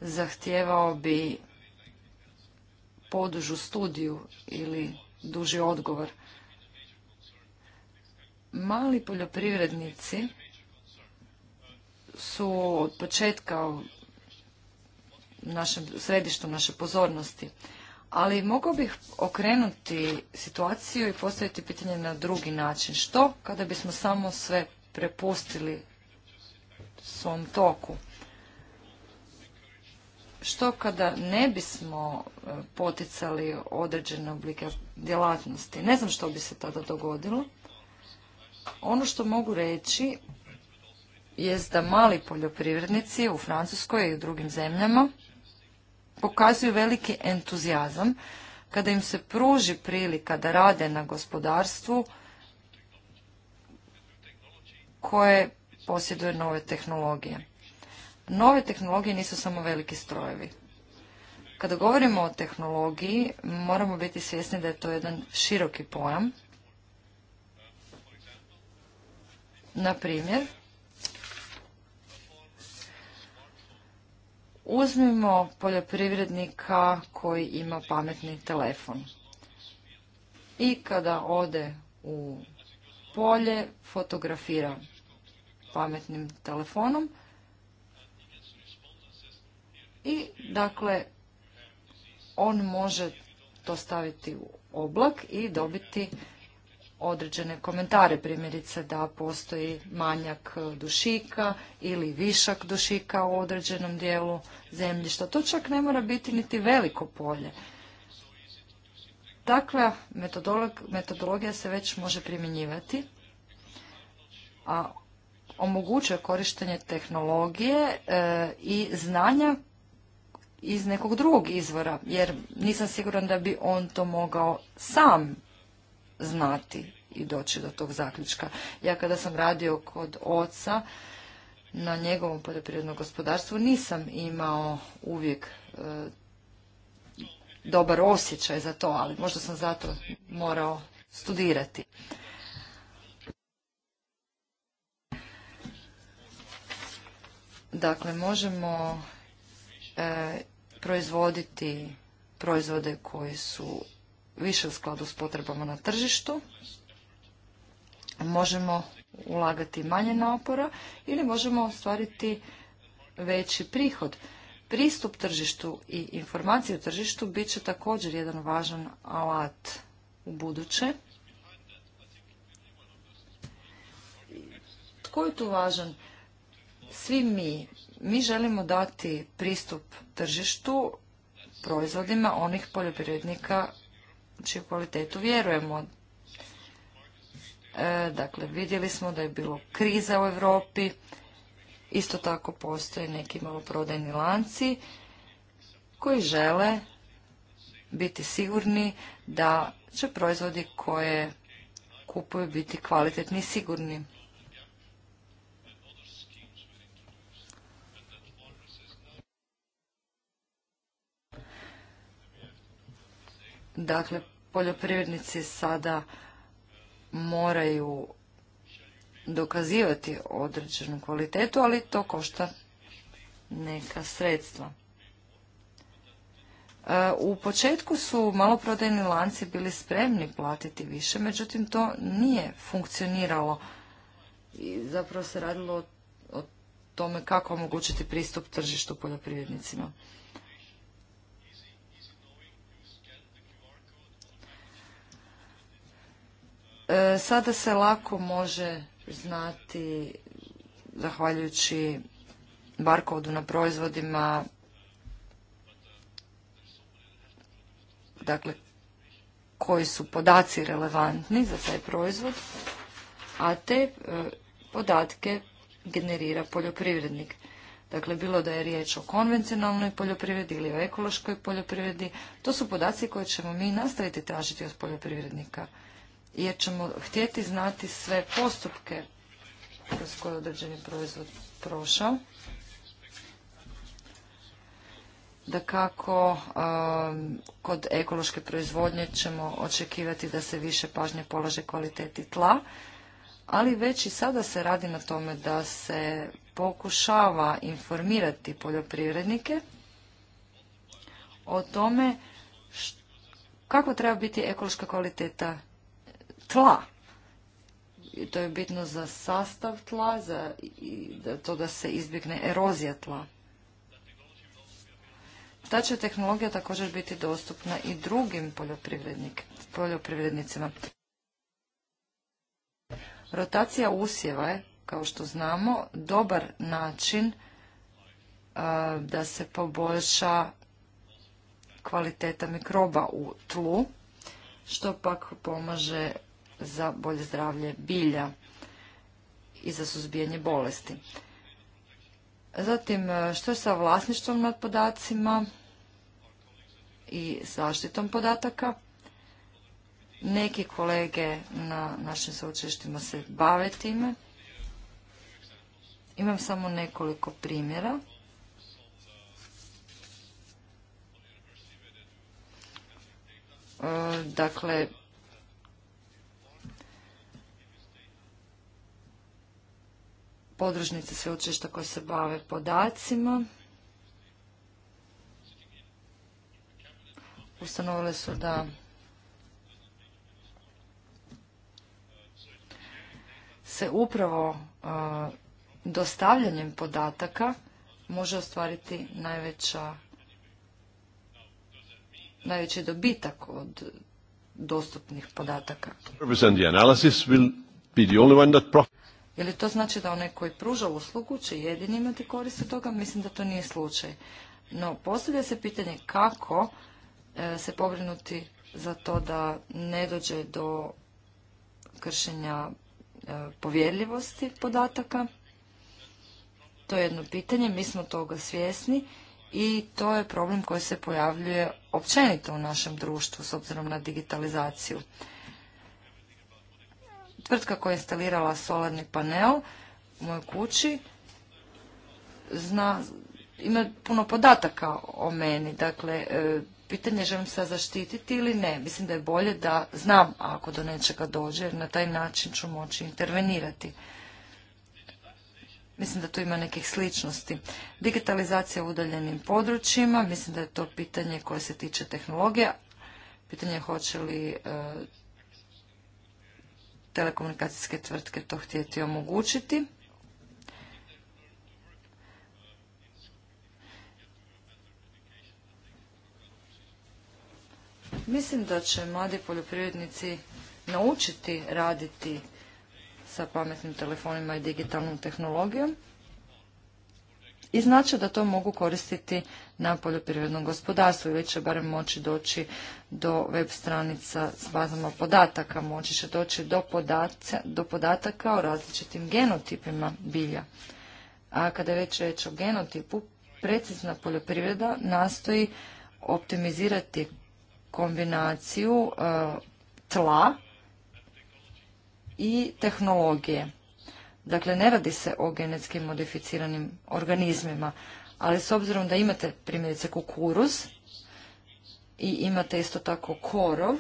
[SPEAKER 4] zahtijevao bi podužu studiju ili duži odgovor. Mali poljoprivrednici su od početka u našem središtu naše pozornosti. Ali mogao bih okrenuti situaciju i postaviti pitanje na drugi način. Što kada bismo samo sve prepustili svom toku. Što kada ne bismo e, poticali određene oblike djelatnosti? Ne znam što bi se tada dogodilo. Ono što mogu reći je da mali poljoprivrednici u Francuskoj i u drugim zemljama pokazuju veliki entuzijazam kada im se pruži prilika da rade na gospodarstvu koje posjeduje nove tehnologije. Nove tehnologije nisu samo veliki strojevi. Kada govorimo o tehnologiji, moramo biti svjesni da je to jedan široki pojam. Na primjer, uzmimo poljoprivrednika koji ima pametni telefon. I kada ode u polje, fotografira pametnim telefonom. I dakle, on može to staviti u oblak i dobiti određene komentare, primjerice da postoji manjak dušika ili višak dušika u određenom dijelu zemljišta. To čak ne mora biti niti veliko polje. Dakle, metodologija se već može primjenjivati, a omogućuje korištenje tehnologije e, i znanja iz nekog drugog izvora, jer nisam siguran da bi on to mogao sam znati i doći do tog zaključka. Ja kada sam radio kod oca na njegovom poljoprivrednom gospodarstvu nisam imao uvijek e, dobar osjećaj za to, ali možda sam zato morao studirati. Dakle, možemo e, proizvoditi proizvode koji su više u skladu s potrebama na tržištu, možemo ulagati manje napora ili možemo ostvariti veći prihod. Pristup tržištu i informacije o tržištu bit će također jedan važan alat u buduće. Tko je tu važan? svi mi, mi želimo dati pristup tržištu proizvodima onih poljoprivrednika čiju kvalitetu vjerujemo. E, dakle, vidjeli smo da je bilo kriza u Europi, isto tako postoje neki maloprodajni lanci koji žele biti sigurni da će proizvodi koje kupuju biti kvalitetni i sigurni. Dakle, poljoprivrednici sada moraju dokazivati određenu kvalitetu, ali to košta neka sredstva. E, u početku su maloprodajni lanci bili spremni platiti više, međutim to nije funkcioniralo i zapravo se radilo o tome kako omogućiti pristup tržištu poljoprivrednicima. E, sada se lako može znati, zahvaljujući barkodu na proizvodima, dakle, koji su podaci relevantni za taj proizvod, a te e, podatke generira poljoprivrednik. Dakle, bilo da je riječ o konvencionalnoj poljoprivredi ili o ekološkoj poljoprivredi, to su podaci koje ćemo mi nastaviti tražiti od poljoprivrednika jer ćemo htjeti znati sve postupke kroz koje je određeni proizvod prošao. Da kako um, kod ekološke proizvodnje ćemo očekivati da se više pažnje polaže kvaliteti tla, ali već i sada se radi na tome da se pokušava informirati poljoprivrednike o tome kako treba biti ekološka kvaliteta tla. I to je bitno za sastav tla, za to da se izbjegne erozija tla. Ta će tehnologija također biti dostupna i drugim poljoprivrednicima. Rotacija usjeva je, kao što znamo, dobar način da se poboljša kvaliteta mikroba u tlu, što pak pomaže za bolje zdravlje bilja i za suzbijanje bolesti. Zatim, e, što je sa vlasništvom nad podacima i zaštitom podataka? Neki kolege na našim sveučilištima se bave time. Imam samo nekoliko primjera. E, dakle, podružnice sveučilišta koje se bave podacima. Ustanovile su da se upravo dostavljanjem podataka može ostvariti najveća najveći dobitak od dostupnih podataka. Je li to znači da onaj koji pruža uslugu će jedini imati korist od toga? Mislim da to nije slučaj. No, postavlja se pitanje kako e, se pobrinuti za to da ne dođe do kršenja e, povjerljivosti podataka. To je jedno pitanje, mi smo toga svjesni i to je problem koji se pojavljuje općenito u našem društvu s obzirom na digitalizaciju tvrtka koja je instalirala solarni panel u mojoj kući zna, ima puno podataka o meni. Dakle, e, pitanje je želim se zaštititi ili ne. Mislim da je bolje da znam ako do nečega dođe, jer na taj način ću moći intervenirati. Mislim da tu ima nekih sličnosti. Digitalizacija u udaljenim područjima, mislim da je to pitanje koje se tiče tehnologija. Pitanje je hoće li e, telekomunikacijske tvrtke to htjeti omogućiti. Mislim da će mladi poljoprivrednici naučiti raditi sa pametnim telefonima i digitalnom tehnologijom i znači da to mogu koristiti na poljoprivrednom gospodarstvu ili će barem moći doći do web stranica s bazama podataka, moći će doći do, do podataka o različitim genotipima bilja. A kada je već reč o genotipu, precizna poljoprivreda nastoji optimizirati kombinaciju e, tla i tehnologije. Dakle, ne radi se o genetski modificiranim organizmima ali s obzirom da imate primjerice kukuruz i imate isto tako korov,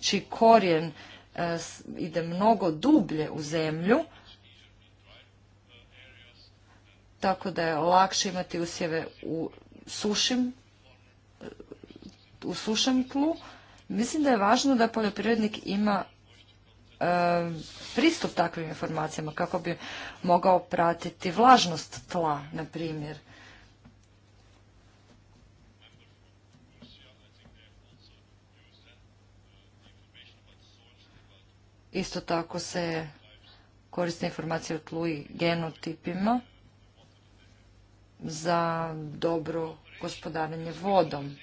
[SPEAKER 4] čiji korijen e, ide mnogo dublje u zemlju, tako da je lakše imati usjeve u sušim e, u sušem tlu. Mislim da je važno da poljoprivrednik ima pristup takvim informacijama kako bi mogao pratiti vlažnost tla, na primjer. Isto tako se koriste informacije o tlu i genotipima za dobro gospodarenje vodom.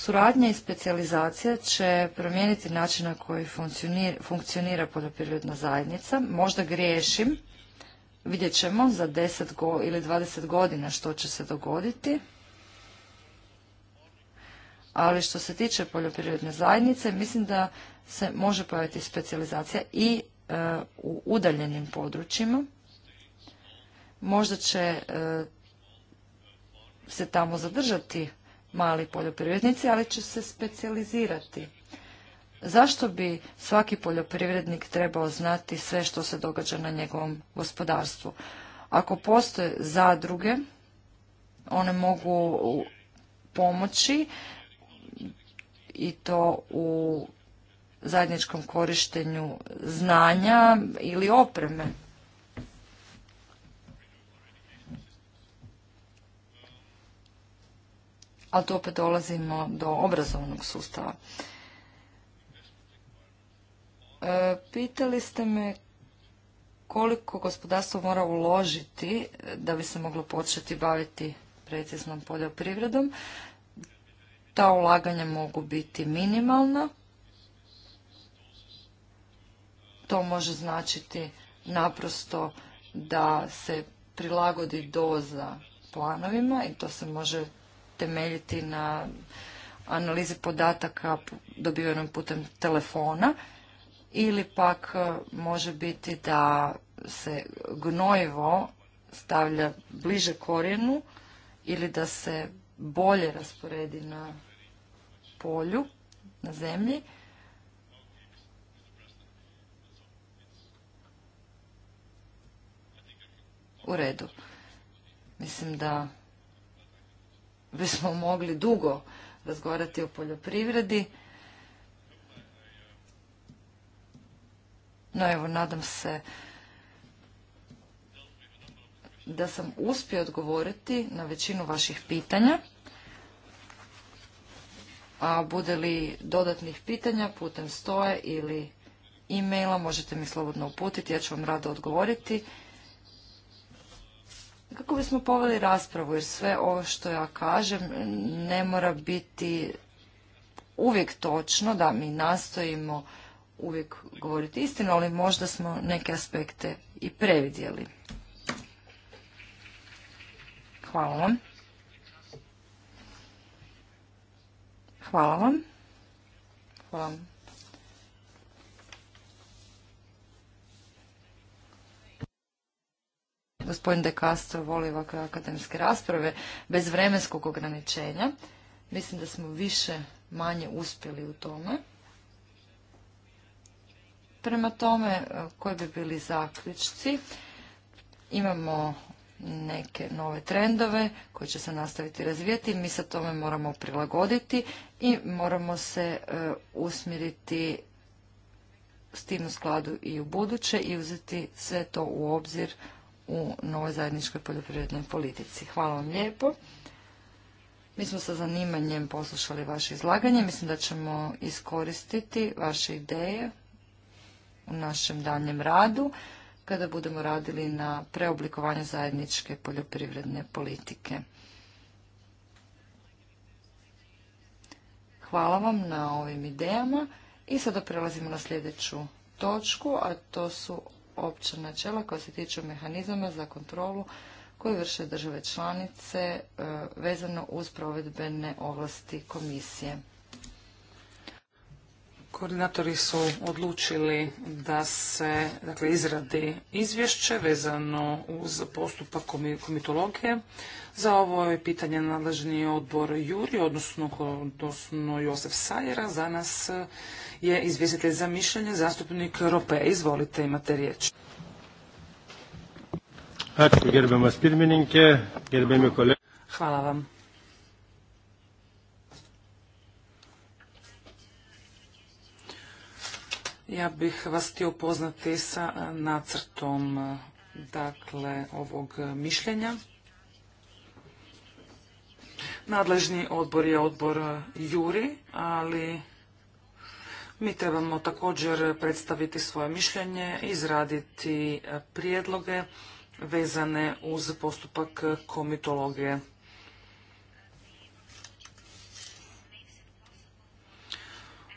[SPEAKER 4] Suradnja i specijalizacija će promijeniti način na koji funkcionira poljoprivredna zajednica. Možda griješim, vidjet ćemo za 10 ili 20 godina što će se dogoditi. Ali što se tiče poljoprivredne zajednice, mislim da se može pojaviti specijalizacija i e, u udaljenim područjima. Možda će e, se tamo zadržati mali poljoprivrednici, ali će se specijalizirati. Zašto bi svaki poljoprivrednik trebao znati sve što se događa na njegovom gospodarstvu? Ako postoje zadruge, one mogu pomoći i to u zajedničkom korištenju znanja ili opreme A tu opet dolazimo do obrazovnog sustava. E, pitali ste me koliko gospodarstvo mora uložiti da bi se moglo početi baviti preciznom poljoprivredom. Ta ulaganja mogu biti minimalna. To može značiti naprosto da se prilagodi doza planovima i to se može temeljiti na analizi podataka dobivenom putem telefona ili pak e, može biti da se gnojivo stavlja bliže korijenu ili da se bolje rasporedi na polju, na zemlji. U redu. Mislim da bismo mogli dugo razgovarati o poljoprivredi. No evo, nadam se da sam uspio odgovoriti na većinu vaših pitanja. A bude li dodatnih pitanja putem stoje ili e-maila možete mi slobodno uputiti, ja ću vam rado odgovoriti kako bismo poveli raspravu, jer sve ovo što ja kažem ne mora biti uvijek točno, da mi nastojimo uvijek govoriti istinu, ali možda smo neke aspekte i previdjeli. Hvala vam. Hvala vam. Hvala vam gospodin De Castro voli ovakve akademske rasprave, bez vremenskog ograničenja. Mislim da smo više manje uspjeli u tome. Prema tome, e, koji bi bili zaključci? Imamo neke nove trendove koji će se nastaviti razvijati. Mi se tome moramo prilagoditi i moramo se e, usmjeriti s tim u skladu i u buduće i uzeti sve to u obzir u novoj zajedničkoj poljoprivrednoj politici. Hvala vam lijepo. Mi smo sa zanimanjem poslušali vaše izlaganje. Mislim da ćemo iskoristiti vaše ideje u našem danjem radu kada budemo radili na preoblikovanju zajedničke poljoprivredne politike. Hvala vam na ovim idejama i sada prelazimo na sljedeću točku, a to su opća načela koja se tiču mehanizama za kontrolu koje vrše države članice e, vezano
[SPEAKER 2] uz provedbene ovlasti komisije. Koordinatori su odlučili da se dakle, izradi izvješće vezano uz postupak komitologije. Za ovo je pitanje nadležni odbor Juri, odnosno, odnosno Josef Sajera. Za nas je izvjestitelj za mišljenje zastupnik Rope. Izvolite, imate riječ. Hvala vam. Ja bih vas htio upoznati sa e, nacrtom e, dakle, ovog mišljenja. Nadležni odbor je odbor Juri, ali mi trebamo također predstaviti svoje mišljenje, izraditi e, prijedloge vezane uz postupak komitologije.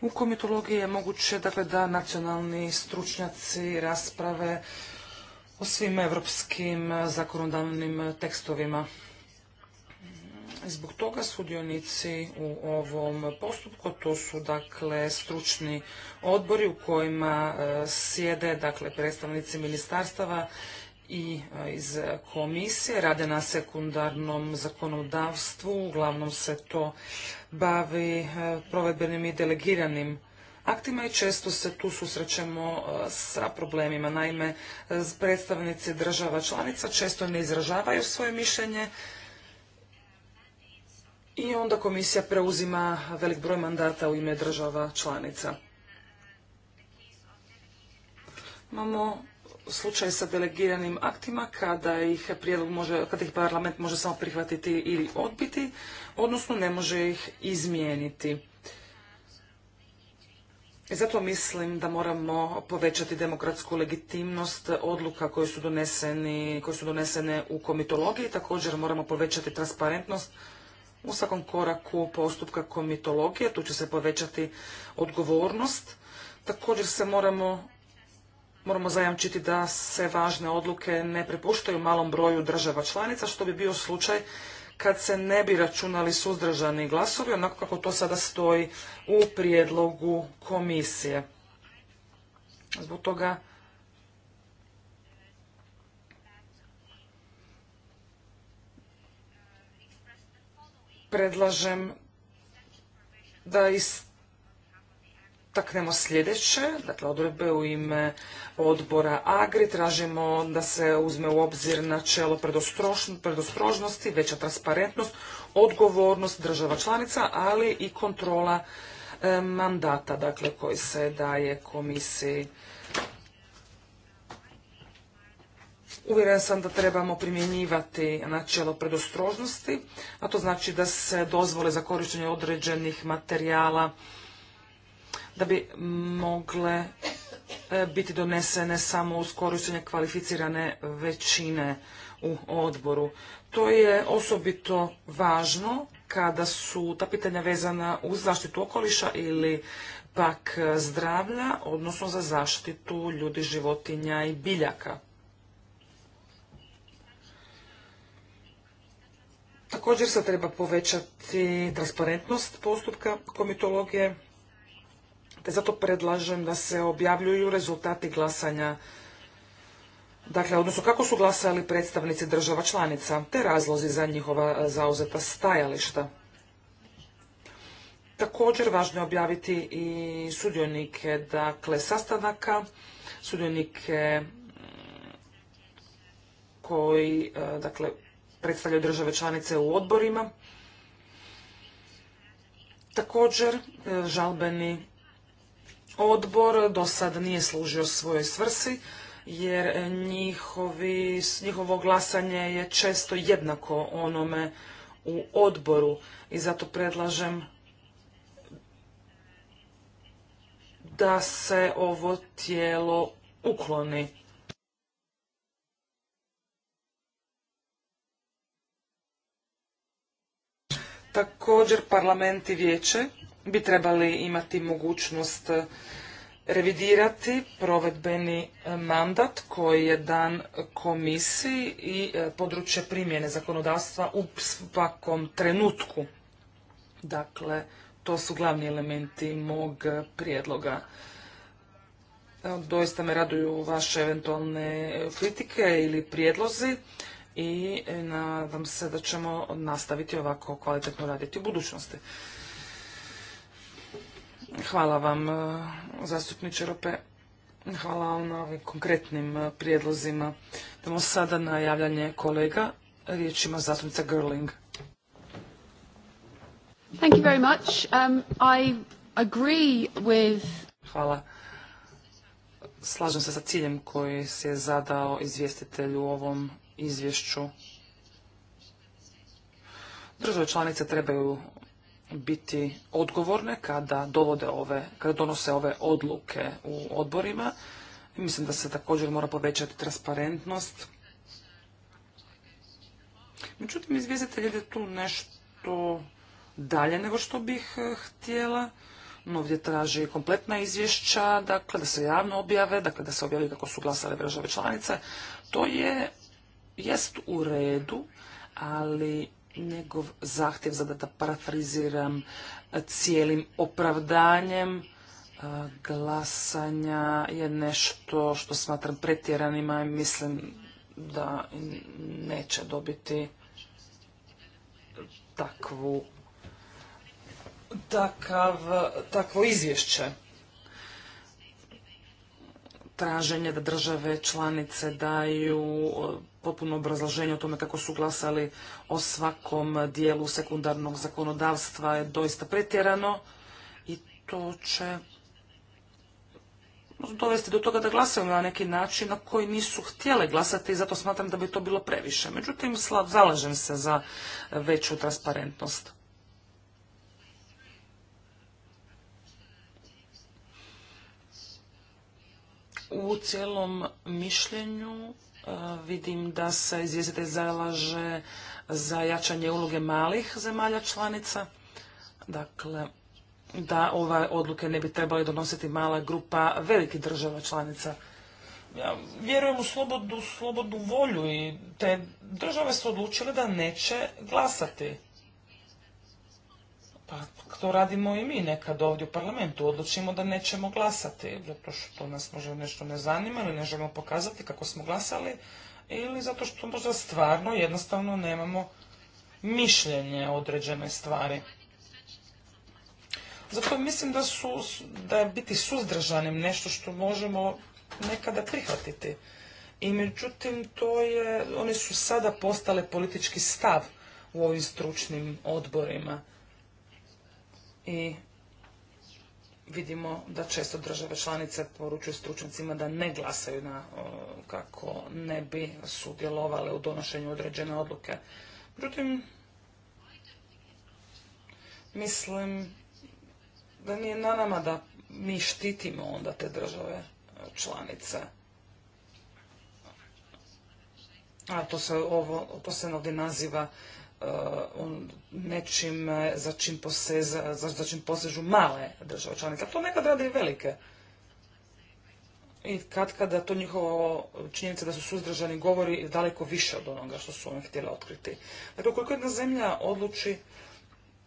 [SPEAKER 2] U komitologiji je moguće dakle, da nacionalni stručnjaci rasprave o svim evropskim zakonodavnim tekstovima. Zbog toga sudionici u ovom postupku, to su dakle stručni odbori u kojima e, sjede dakle predstavnici ministarstava i e, iz komisije. Rade na sekundarnom zakonodavstvu, uglavnom se to bavi e, provedbenim i delegiranim aktima i često se tu susrećemo e, sa problemima. Naime, predstavnici država članica često ne izražavaju svoje mišljenje i onda komisija preuzima velik broj mandata u ime država članica. Imamo slučaj sa delegiranim aktima kada ih prijedlog može, kada ih parlament može samo prihvatiti ili odbiti, odnosno ne može ih izmijeniti. I zato mislim da moramo povećati demokratsku legitimnost odluka koje su, doneseni, koje su donesene u komitologiji. Također moramo povećati transparentnost u svakom koraku postupka komitologije. Tu će se povećati odgovornost. Također se moramo Moramo zajamčiti da se važne odluke ne prepuštaju malom broju država članica, što bi bio slučaj kad se ne bi računali suzdržani glasovi, onako kako to sada stoji u prijedlogu komisije. Zbog toga predlažem da iz taknemo sljedeće, dakle odredbe u ime odbora AGRI, tražimo da se uzme u obzir načelo predostrožnosti, veća transparentnost, odgovornost država članica, ali i kontrola e, mandata, dakle, koji se daje komisiji. Uvjeren sam da trebamo primjenjivati načelo predostrožnosti, a to znači da se dozvole za korištenje određenih materijala da bi mogle e, biti donesene samo uz korištenje kvalificirane većine u odboru. To je osobito važno kada su ta pitanja vezana uz zaštitu okoliša ili pak zdravlja, odnosno za zaštitu ljudi, životinja i biljaka. Također se treba povećati transparentnost postupka komitologije, te zato predlažem da se objavljuju rezultati glasanja Dakle, odnosno kako su glasali predstavnici država članica, te razlozi za njihova e, zauzeta stajališta. Također važno je objaviti i sudionike, dakle, sastanaka, sudionike mm, koji, e, dakle, predstavljaju države članice u odborima. Također, e, žalbeni odbor do sada nije služio svojoj svrsi jer njihovi, njihovo glasanje je često jednako onome u odboru i zato predlažem da se ovo tijelo ukloni. Također parlament i vijeće bi trebali imati mogućnost e, revidirati provedbeni e, mandat koji je dan komisiji i e, područje primjene zakonodavstva u svakom trenutku. Dakle, to su glavni elementi mog prijedloga. Doista me raduju vaše eventualne kritike ili prijedlozi i nadam se da ćemo nastaviti ovako kvalitetno raditi u budućnosti. Hvala vam, e, zastupniče Rope. Hvala vam na ovim konkretnim e, prijedlozima. Idemo sada na javljanje kolega. Riječ ima zastupnica Gerling.
[SPEAKER 3] Thank you very much. Um, I agree
[SPEAKER 2] Hvala. Slažem se sa ciljem koji se je zadao izvjestitelj u ovom izvješću. Države članice trebaju biti odgovorne kada dovode ove, kada donose ove odluke u odborima. Mislim da se također mora povećati transparentnost. Međutim, izvjestitelj ide tu nešto dalje nego što bih eh, htjela. No, ovdje traži kompletna izvješća, dakle, da se javno objave, dakle, da se objavi kako su glasale države članice. To je, jest u redu, ali njegov zahtjev za da da parafriziram cijelim opravdanjem e, glasanja je nešto što smatram pretjeranima i mislim da neće dobiti takvu takvo izvješće traženje da države članice daju e, potpuno obrazloženje o tome kako su glasali o svakom dijelu sekundarnog zakonodavstva je doista pretjerano i to će dovesti do toga da glasaju na neki način na koji nisu htjele glasati i zato smatram da bi to bilo previše. Međutim, zalažem se za veću transparentnost. U cijelom mišljenju e, vidim da se izvjestitelj zalaže za jačanje uloge malih zemalja članica. Dakle, da ove odluke ne bi trebali donositi mala grupa velikih država članica. Ja vjerujem u slobodu, slobodu volju i te države su odlučile da neće glasati. Pa to radimo i mi nekad ovdje u parlamentu. Odlučimo da nećemo glasati, zato što nas možda nešto ne zanima ili ne želimo pokazati kako smo glasali, ili zato što možda stvarno jednostavno nemamo mišljenje o određenoj stvari. Zato mislim da su, da je biti suzdržanim nešto što možemo nekada prihvatiti. I međutim, to je, oni su sada postale politički stav u ovim stručnim odborima i vidimo da često države članice poručuju stručnicima da ne glasaju na, kako ne bi sudjelovale u donošenju određene odluke. Međutim, mislim da nije na nama da mi štitimo onda te države članice. A to se, ovo, to se ovdje naziva Uh, nečim uh, za čim, posežu male države članice. To nekad radi i velike. I kad kada to njihovo činjenica da su suzdržani govori daleko više od onoga što su oni htjeli otkriti. Dakle, ukoliko jedna zemlja odluči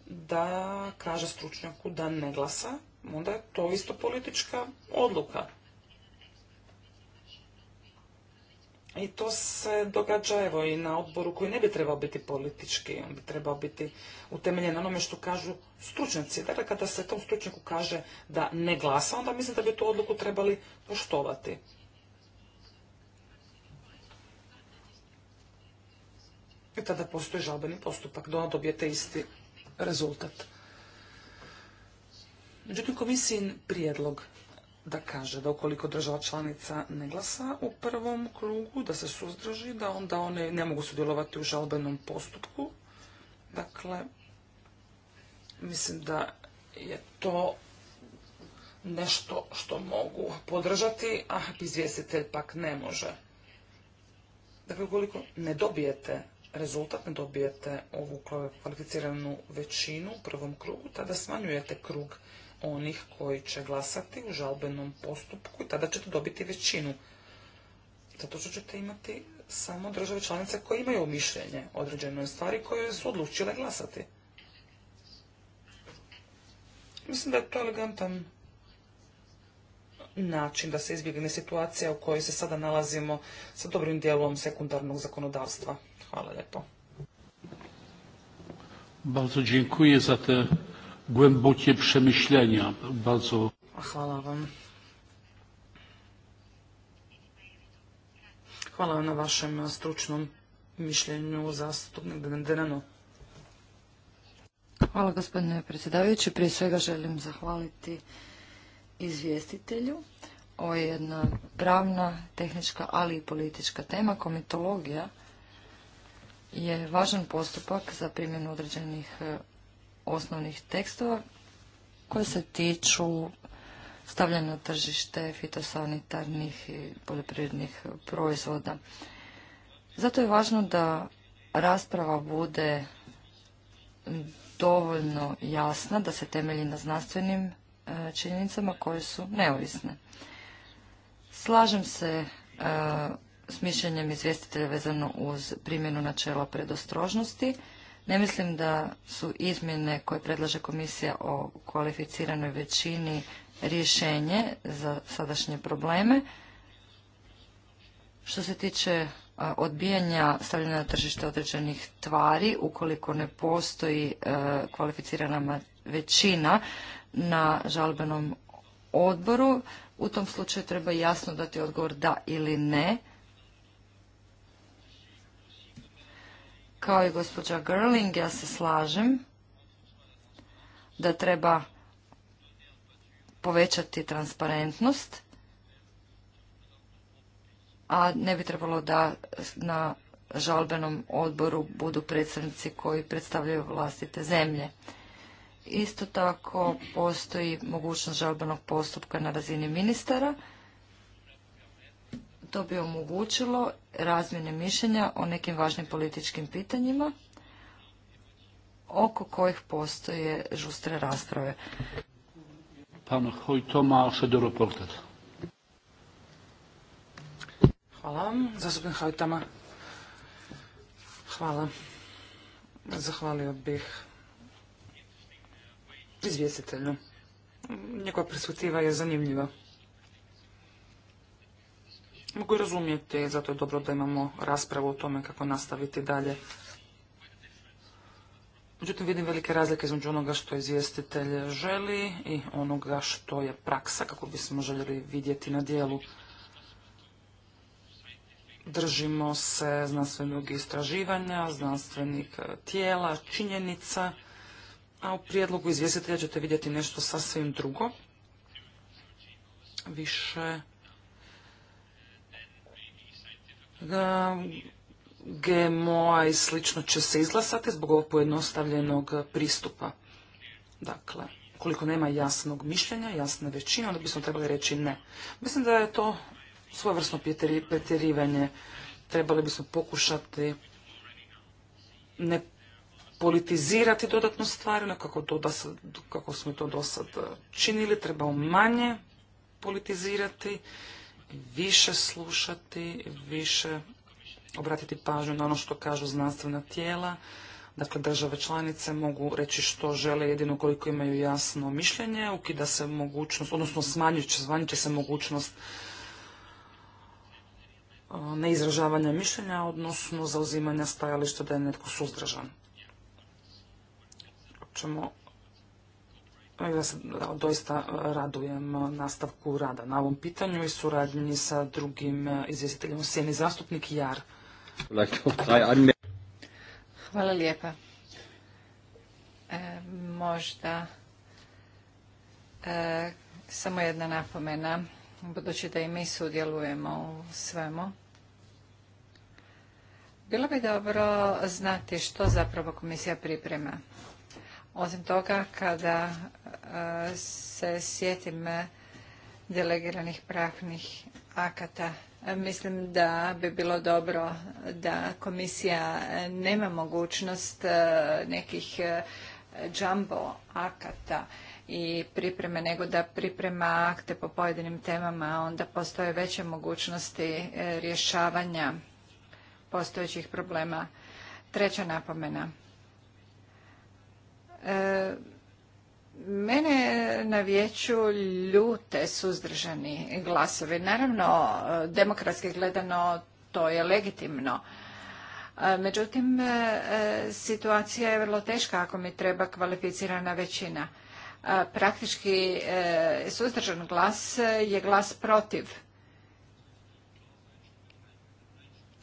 [SPEAKER 2] da kaže stručnjaku da ne glasa, onda je to isto politička odluka. I to se događa evo i na odboru koji ne bi trebao biti politički, on bi trebao biti utemeljen na onome što kažu stručnjaci. Dakle, kada se tom stručnjaku kaže da ne glasa, onda mislim da bi tu odluku trebali poštovati. I tada postoji žalbeni postupak, da dobijete isti rezultat. Međutim, komisijin prijedlog da kaže da ukoliko država članica ne glasa u prvom krugu, da se suzdrži, da onda one ne mogu sudjelovati u žalbenom postupku. Dakle, mislim da je to nešto što mogu podržati, a izvjestitelj pak ne može. Dakle, ukoliko ne dobijete rezultat, ne dobijete ovu kvalificiranu većinu u prvom krugu, tada smanjujete krug onih koji će glasati u žalbenom postupku i tada ćete dobiti većinu. Zato što ćete imati samo države članice koje imaju mišljenje određenoj stvari koje su odlučile glasati. Mislim da je to elegantan način da se izbjegne situacija u kojoj se sada nalazimo sa dobrim dijelom sekundarnog zakonodavstva. Hvala lijepo
[SPEAKER 1] głębokie przemyślenia. Bardzo.
[SPEAKER 2] Hvala vam. Hvala vam na vašem stručnom mišljenju zastupnik Denano.
[SPEAKER 4] Hvala gospodine predsjedavajući. Prije svega želim zahvaliti izvjestitelju. Ovo je jedna pravna, tehnička, ali i politička tema. Komitologija je važan postupak za primjenu određenih osnovnih tekstova koje se tiču stavljanja na tržište fitosanitarnih i poljoprivrednih proizvoda. Zato je važno da rasprava bude dovoljno jasna, da se temelji na znanstvenim e, činjenicama koje su neovisne. Slažem se e, s mišljenjem izvjestitelja vezano uz primjenu načela predostrožnosti ne mislim da su izmjene koje predlaže komisija o kvalificiranoj većini rješenje za sadašnje probleme. Što se tiče odbijanja stavljanja na tržište određenih tvari, ukoliko ne postoji e, kvalificirana većina na žalbenom odboru, u tom slučaju treba jasno dati odgovor da ili ne Kao i gospođa Gerling, ja se slažem da treba povećati transparentnost, a ne bi trebalo da na žalbenom odboru budu predstavnici koji predstavljaju vlastite zemlje. Isto tako postoji mogućnost žalbenog postupka na razini ministara to bi omogućilo razmjene mišljenja o nekim važnim političkim pitanjima oko kojih
[SPEAKER 2] postoje
[SPEAKER 1] žustre rasprave. Hvala
[SPEAKER 2] vam, hajtama. Hvala. Zahvalio bih izvjestitelju. Njegova perspektiva je zanimljiva mogu razumjeti, zato je dobro da imamo raspravu o tome kako nastaviti dalje. Međutim, vidim velike razlike između onoga što izvjestitelj želi i onoga što je praksa, kako bismo željeli vidjeti na dijelu. Držimo se znanstvenog istraživanja, znanstvenih tijela, činjenica, a u prijedlogu izvjestitelja ćete vidjeti nešto sasvim drugo. Više GMO-a i slično će se izglasati zbog ovog pojednostavljenog pristupa. Dakle, koliko nema jasnog mišljenja, jasne većine, onda bismo trebali reći ne. Mislim da je to svojevrsno pretjerivanje. Trebali bismo pokušati ne politizirati dodatno stvari, ono kako, to da kako smo to do sad činili, trebamo manje politizirati više slušati, više obratiti pažnju na ono što kažu znanstvena tijela. Dakle, države članice mogu reći što žele jedino koliko imaju jasno mišljenje, ukida se mogućnost, odnosno smanjit će, se mogućnost e, neizražavanja mišljenja, odnosno zauzimanja stajališta da je netko suzdržan. Hoćemo ja se doista e, radujem nastavku rada na ovom pitanju i suradnji sa drugim e, izvjestiteljem u sjeni zastupnik Jar. Hvala lijepa.
[SPEAKER 3] E, možda samo jedna napomena, budući da i mi sudjelujemo u svemu. Bilo bi dobro znati što zapravo komisija priprema osim toga, kada e, se sjetim delegiranih pravnih akata, e, mislim da bi bilo dobro da komisija nema mogućnost e, nekih jumbo akata i pripreme, nego da priprema akte po pojedinim temama, onda postoje veće mogućnosti rješavanja postojećih problema. Treća napomena – E, mene na vijeću ljute suzdržani glasovi. Naravno, demokratski gledano to je legitimno. E, međutim, e, situacija je vrlo teška ako mi treba kvalificirana većina. Praktički suzdržan glas je glas protiv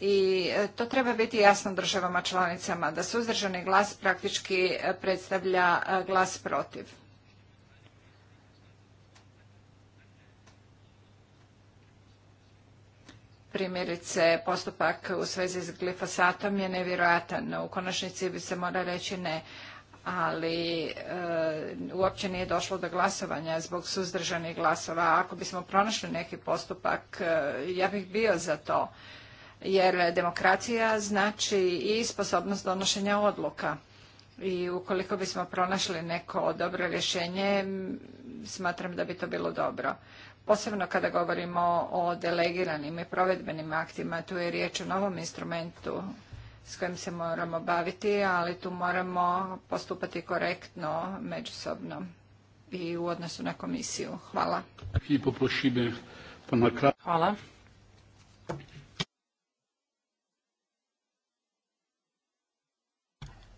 [SPEAKER 3] i e, to treba biti jasno državama članicama da suzdržani glas praktički e, predstavlja e, glas protiv. Primjerice, postupak u svezi s glifosatom je nevjerojatan. U konačnici bi se mora reći ne, ali uopće nije došlo do glasovanja zbog suzdržanih glasova. Ako bismo pronašli neki postupak, ja bih bio za to jer demokracija znači i sposobnost donošenja odluka. I ukoliko bismo pronašli neko dobro rješenje, smatram da bi to bilo dobro. Posebno kada govorimo o delegiranim i provedbenim aktima, tu je riječ o novom instrumentu s kojim se moramo baviti, ali tu moramo postupati korektno međusobno i u odnosu na komisiju. Hvala.
[SPEAKER 1] Hvala.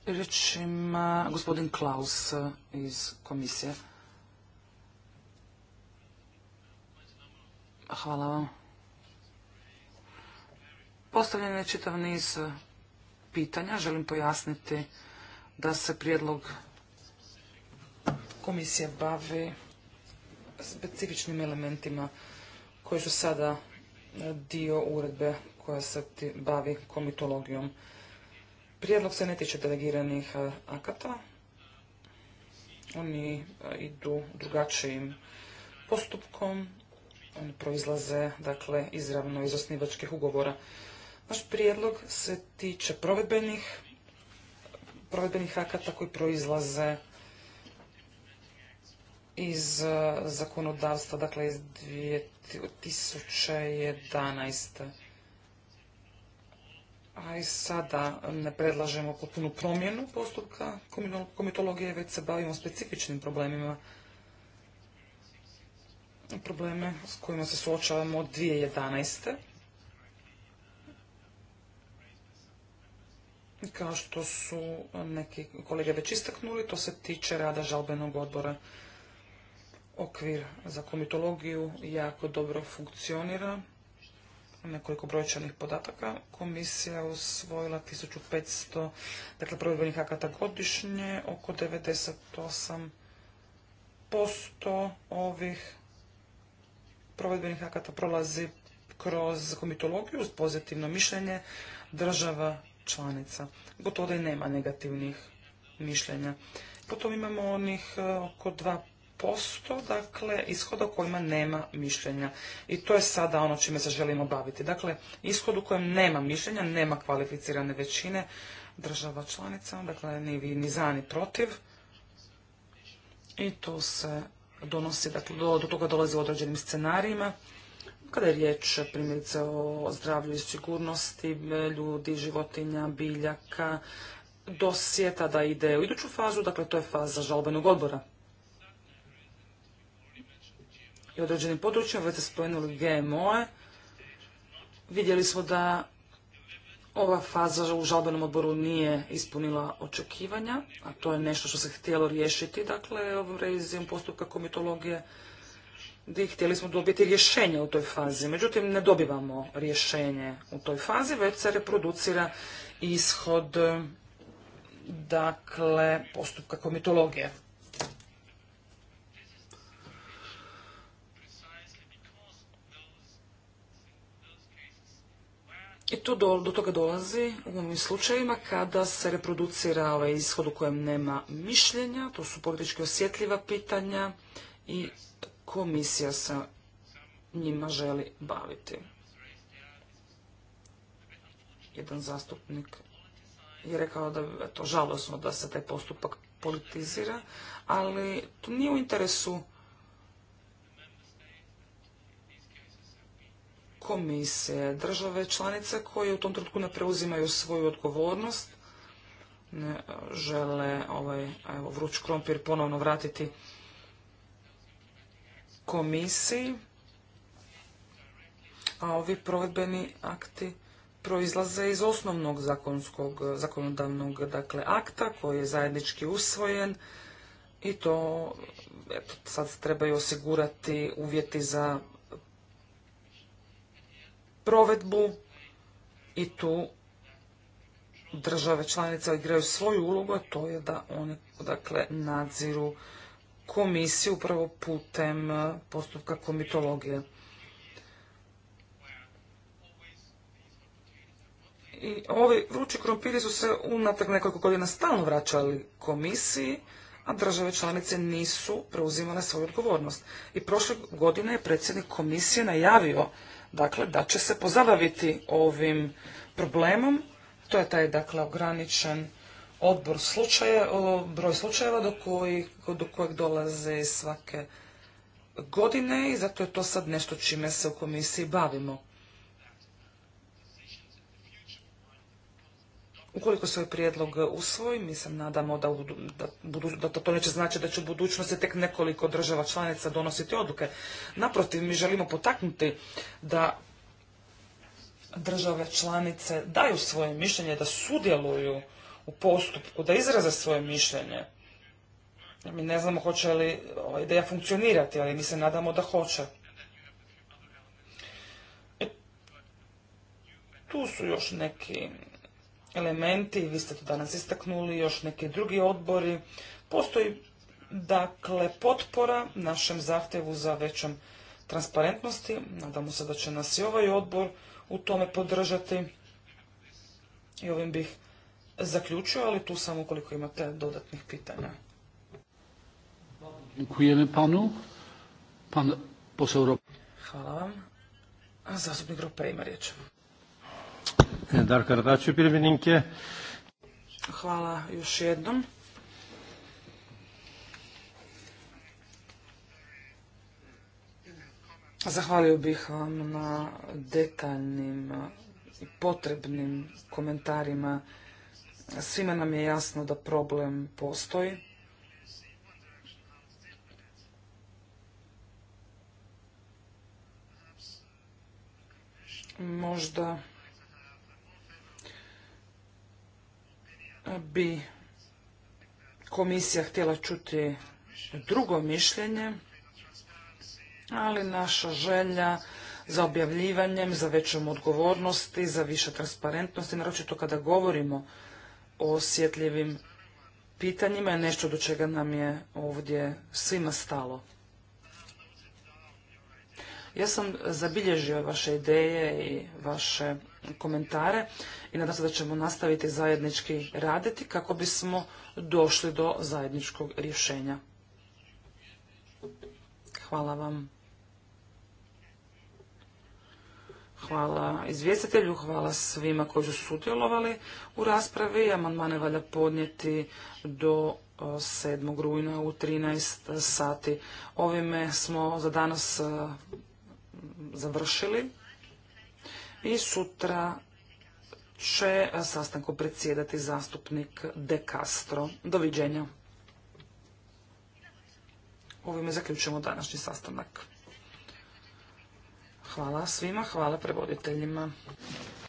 [SPEAKER 2] Riječ ima gospodin Klaus e, iz komisije. Hvala vam. Postavljen je čitav niz e, pitanja. Želim pojasniti da se prijedlog komisije bavi specifičnim elementima koji su sada e, dio uredbe koja se bavi komitologijom. Prijedlog se ne tiče delegiranih e, akata. Oni e, idu drugačijim postupkom. Oni proizlaze, dakle, izravno iz osnivačkih ugovora. Naš prijedlog se tiče provedbenih, provedbenih akata koji proizlaze iz e, zakonodavstva, dakle iz 2011. A i sada ne predlažemo potpunu promjenu postupka komitologije, već se bavimo specifičnim problemima. Probleme s kojima se suočavamo od 2011. Kao što su neki kolege već istaknuli, to se tiče rada žalbenog odbora. Okvir za komitologiju jako dobro funkcionira nekoliko brojčanih podataka. Komisija usvojila 1500 dakle, provedbenih akata godišnje, oko 98% ovih provedbenih akata prolazi kroz komitologiju uz pozitivno mišljenje država članica. Gotovo da i nema negativnih mišljenja. Potom imamo onih e, oko posto dakle, ishod o kojima nema mišljenja. I to je sada ono čime se želimo baviti. Dakle, ishod u kojem nema mišljenja, nema kvalificirane većine država članica, dakle, ni vi, ni za, ni protiv. I to se donosi, dakle, do, do toga dolazi u određenim scenarijima. Kada je riječ primjerice o zdravlju i sigurnosti ljudi, životinja, biljaka, dosjeta da ide u iduću fazu, dakle to je faza žalbenog odbora i određenim područjima, već ste spomenuli GMO-e. Vidjeli smo da ova faza u žalbenom odboru nije ispunila očekivanja, a to je nešto što se htjelo riješiti, dakle, ovom revizijom postupka komitologije, gdje htjeli smo dobiti rješenje u toj fazi. Međutim, ne dobivamo rješenje u toj fazi, već se reproducira ishod, dakle, postupka komitologije. I tu do, do toga dolazi u ovim slučajima kada se reproducira ovaj ishod u kojem nema mišljenja, to su politički osjetljiva pitanja i komisija se njima želi baviti. Jedan zastupnik je rekao da je to žalosno da se taj postupak politizira, ali to nije u interesu komisije. Države članice koje u tom trenutku ne preuzimaju svoju odgovornost, ne žele ovaj evo, vruć krompir ponovno vratiti komisiji, a ovi provedbeni akti proizlaze iz osnovnog zakonskog, zakonodavnog dakle, akta koji je zajednički usvojen i to eto, sad trebaju osigurati uvjeti za provedbu i tu države članice igraju svoju ulogu, a to je da oni dakle nadziru komisiju upravo putem e, postupka komitologije. I ovi vrući krompiri su se unatak nekoliko godina stalno vraćali komisiji, a države članice nisu preuzimale svoju odgovornost. I prošle godine je predsjednik komisije najavio dakle, da će se pozabaviti ovim problemom. To je taj, dakle, ograničen odbor slučaje, broj slučajeva do, koji, do kojeg dolaze svake godine i zato je to sad nešto čime se u komisiji bavimo. Ukoliko se prijedlog usvoji, mi se nadamo da, to neće znači da će u budućnosti tek nekoliko država članica donositi odluke. Naprotiv, mi želimo potaknuti da države članice daju svoje mišljenje, da sudjeluju u postupku, da izraze svoje mišljenje. Mi ne znamo hoće li ova ideja funkcionirati, ali mi se nadamo da hoće. E, tu su još neki elementi, vi ste to danas istaknuli, još neki drugi odbori. Postoji dakle potpora našem zahtjevu za većom transparentnosti. Nadamo se da će nas i ovaj odbor u tome podržati. I ovim bih zaključio, ali tu samo ukoliko imate dodatnih pitanja.
[SPEAKER 1] panu. Pan
[SPEAKER 2] Hvala vam. Zastupnik Rob ima riječ.
[SPEAKER 1] E,
[SPEAKER 2] Hvala još jednom. Zahvalio bih vam na detaljnim i potrebnim komentarima. Svima nam je jasno da problem postoji. Možda bi komisija htjela čuti drugo mišljenje, ali naša želja za objavljivanjem, za većom odgovornosti, za više transparentnosti, naročito kada govorimo o osjetljivim pitanjima je nešto do čega nam je ovdje svima stalo. Ja sam zabilježio vaše ideje i vaše komentare i nadam se da ćemo nastaviti zajednički raditi kako bismo došli do zajedničkog rješenja. Hvala vam. Hvala izvjestitelju, hvala svima koji su sudjelovali u raspravi. Amandmane valja podnijeti do 7. E, rujna u 13 sati. Ovime smo za danas e, završili i sutra će sastanku predsjedati zastupnik De Castro. Doviđenja. Ovime zaključujemo današnji sastanak. Hvala svima, hvala prevoditeljima.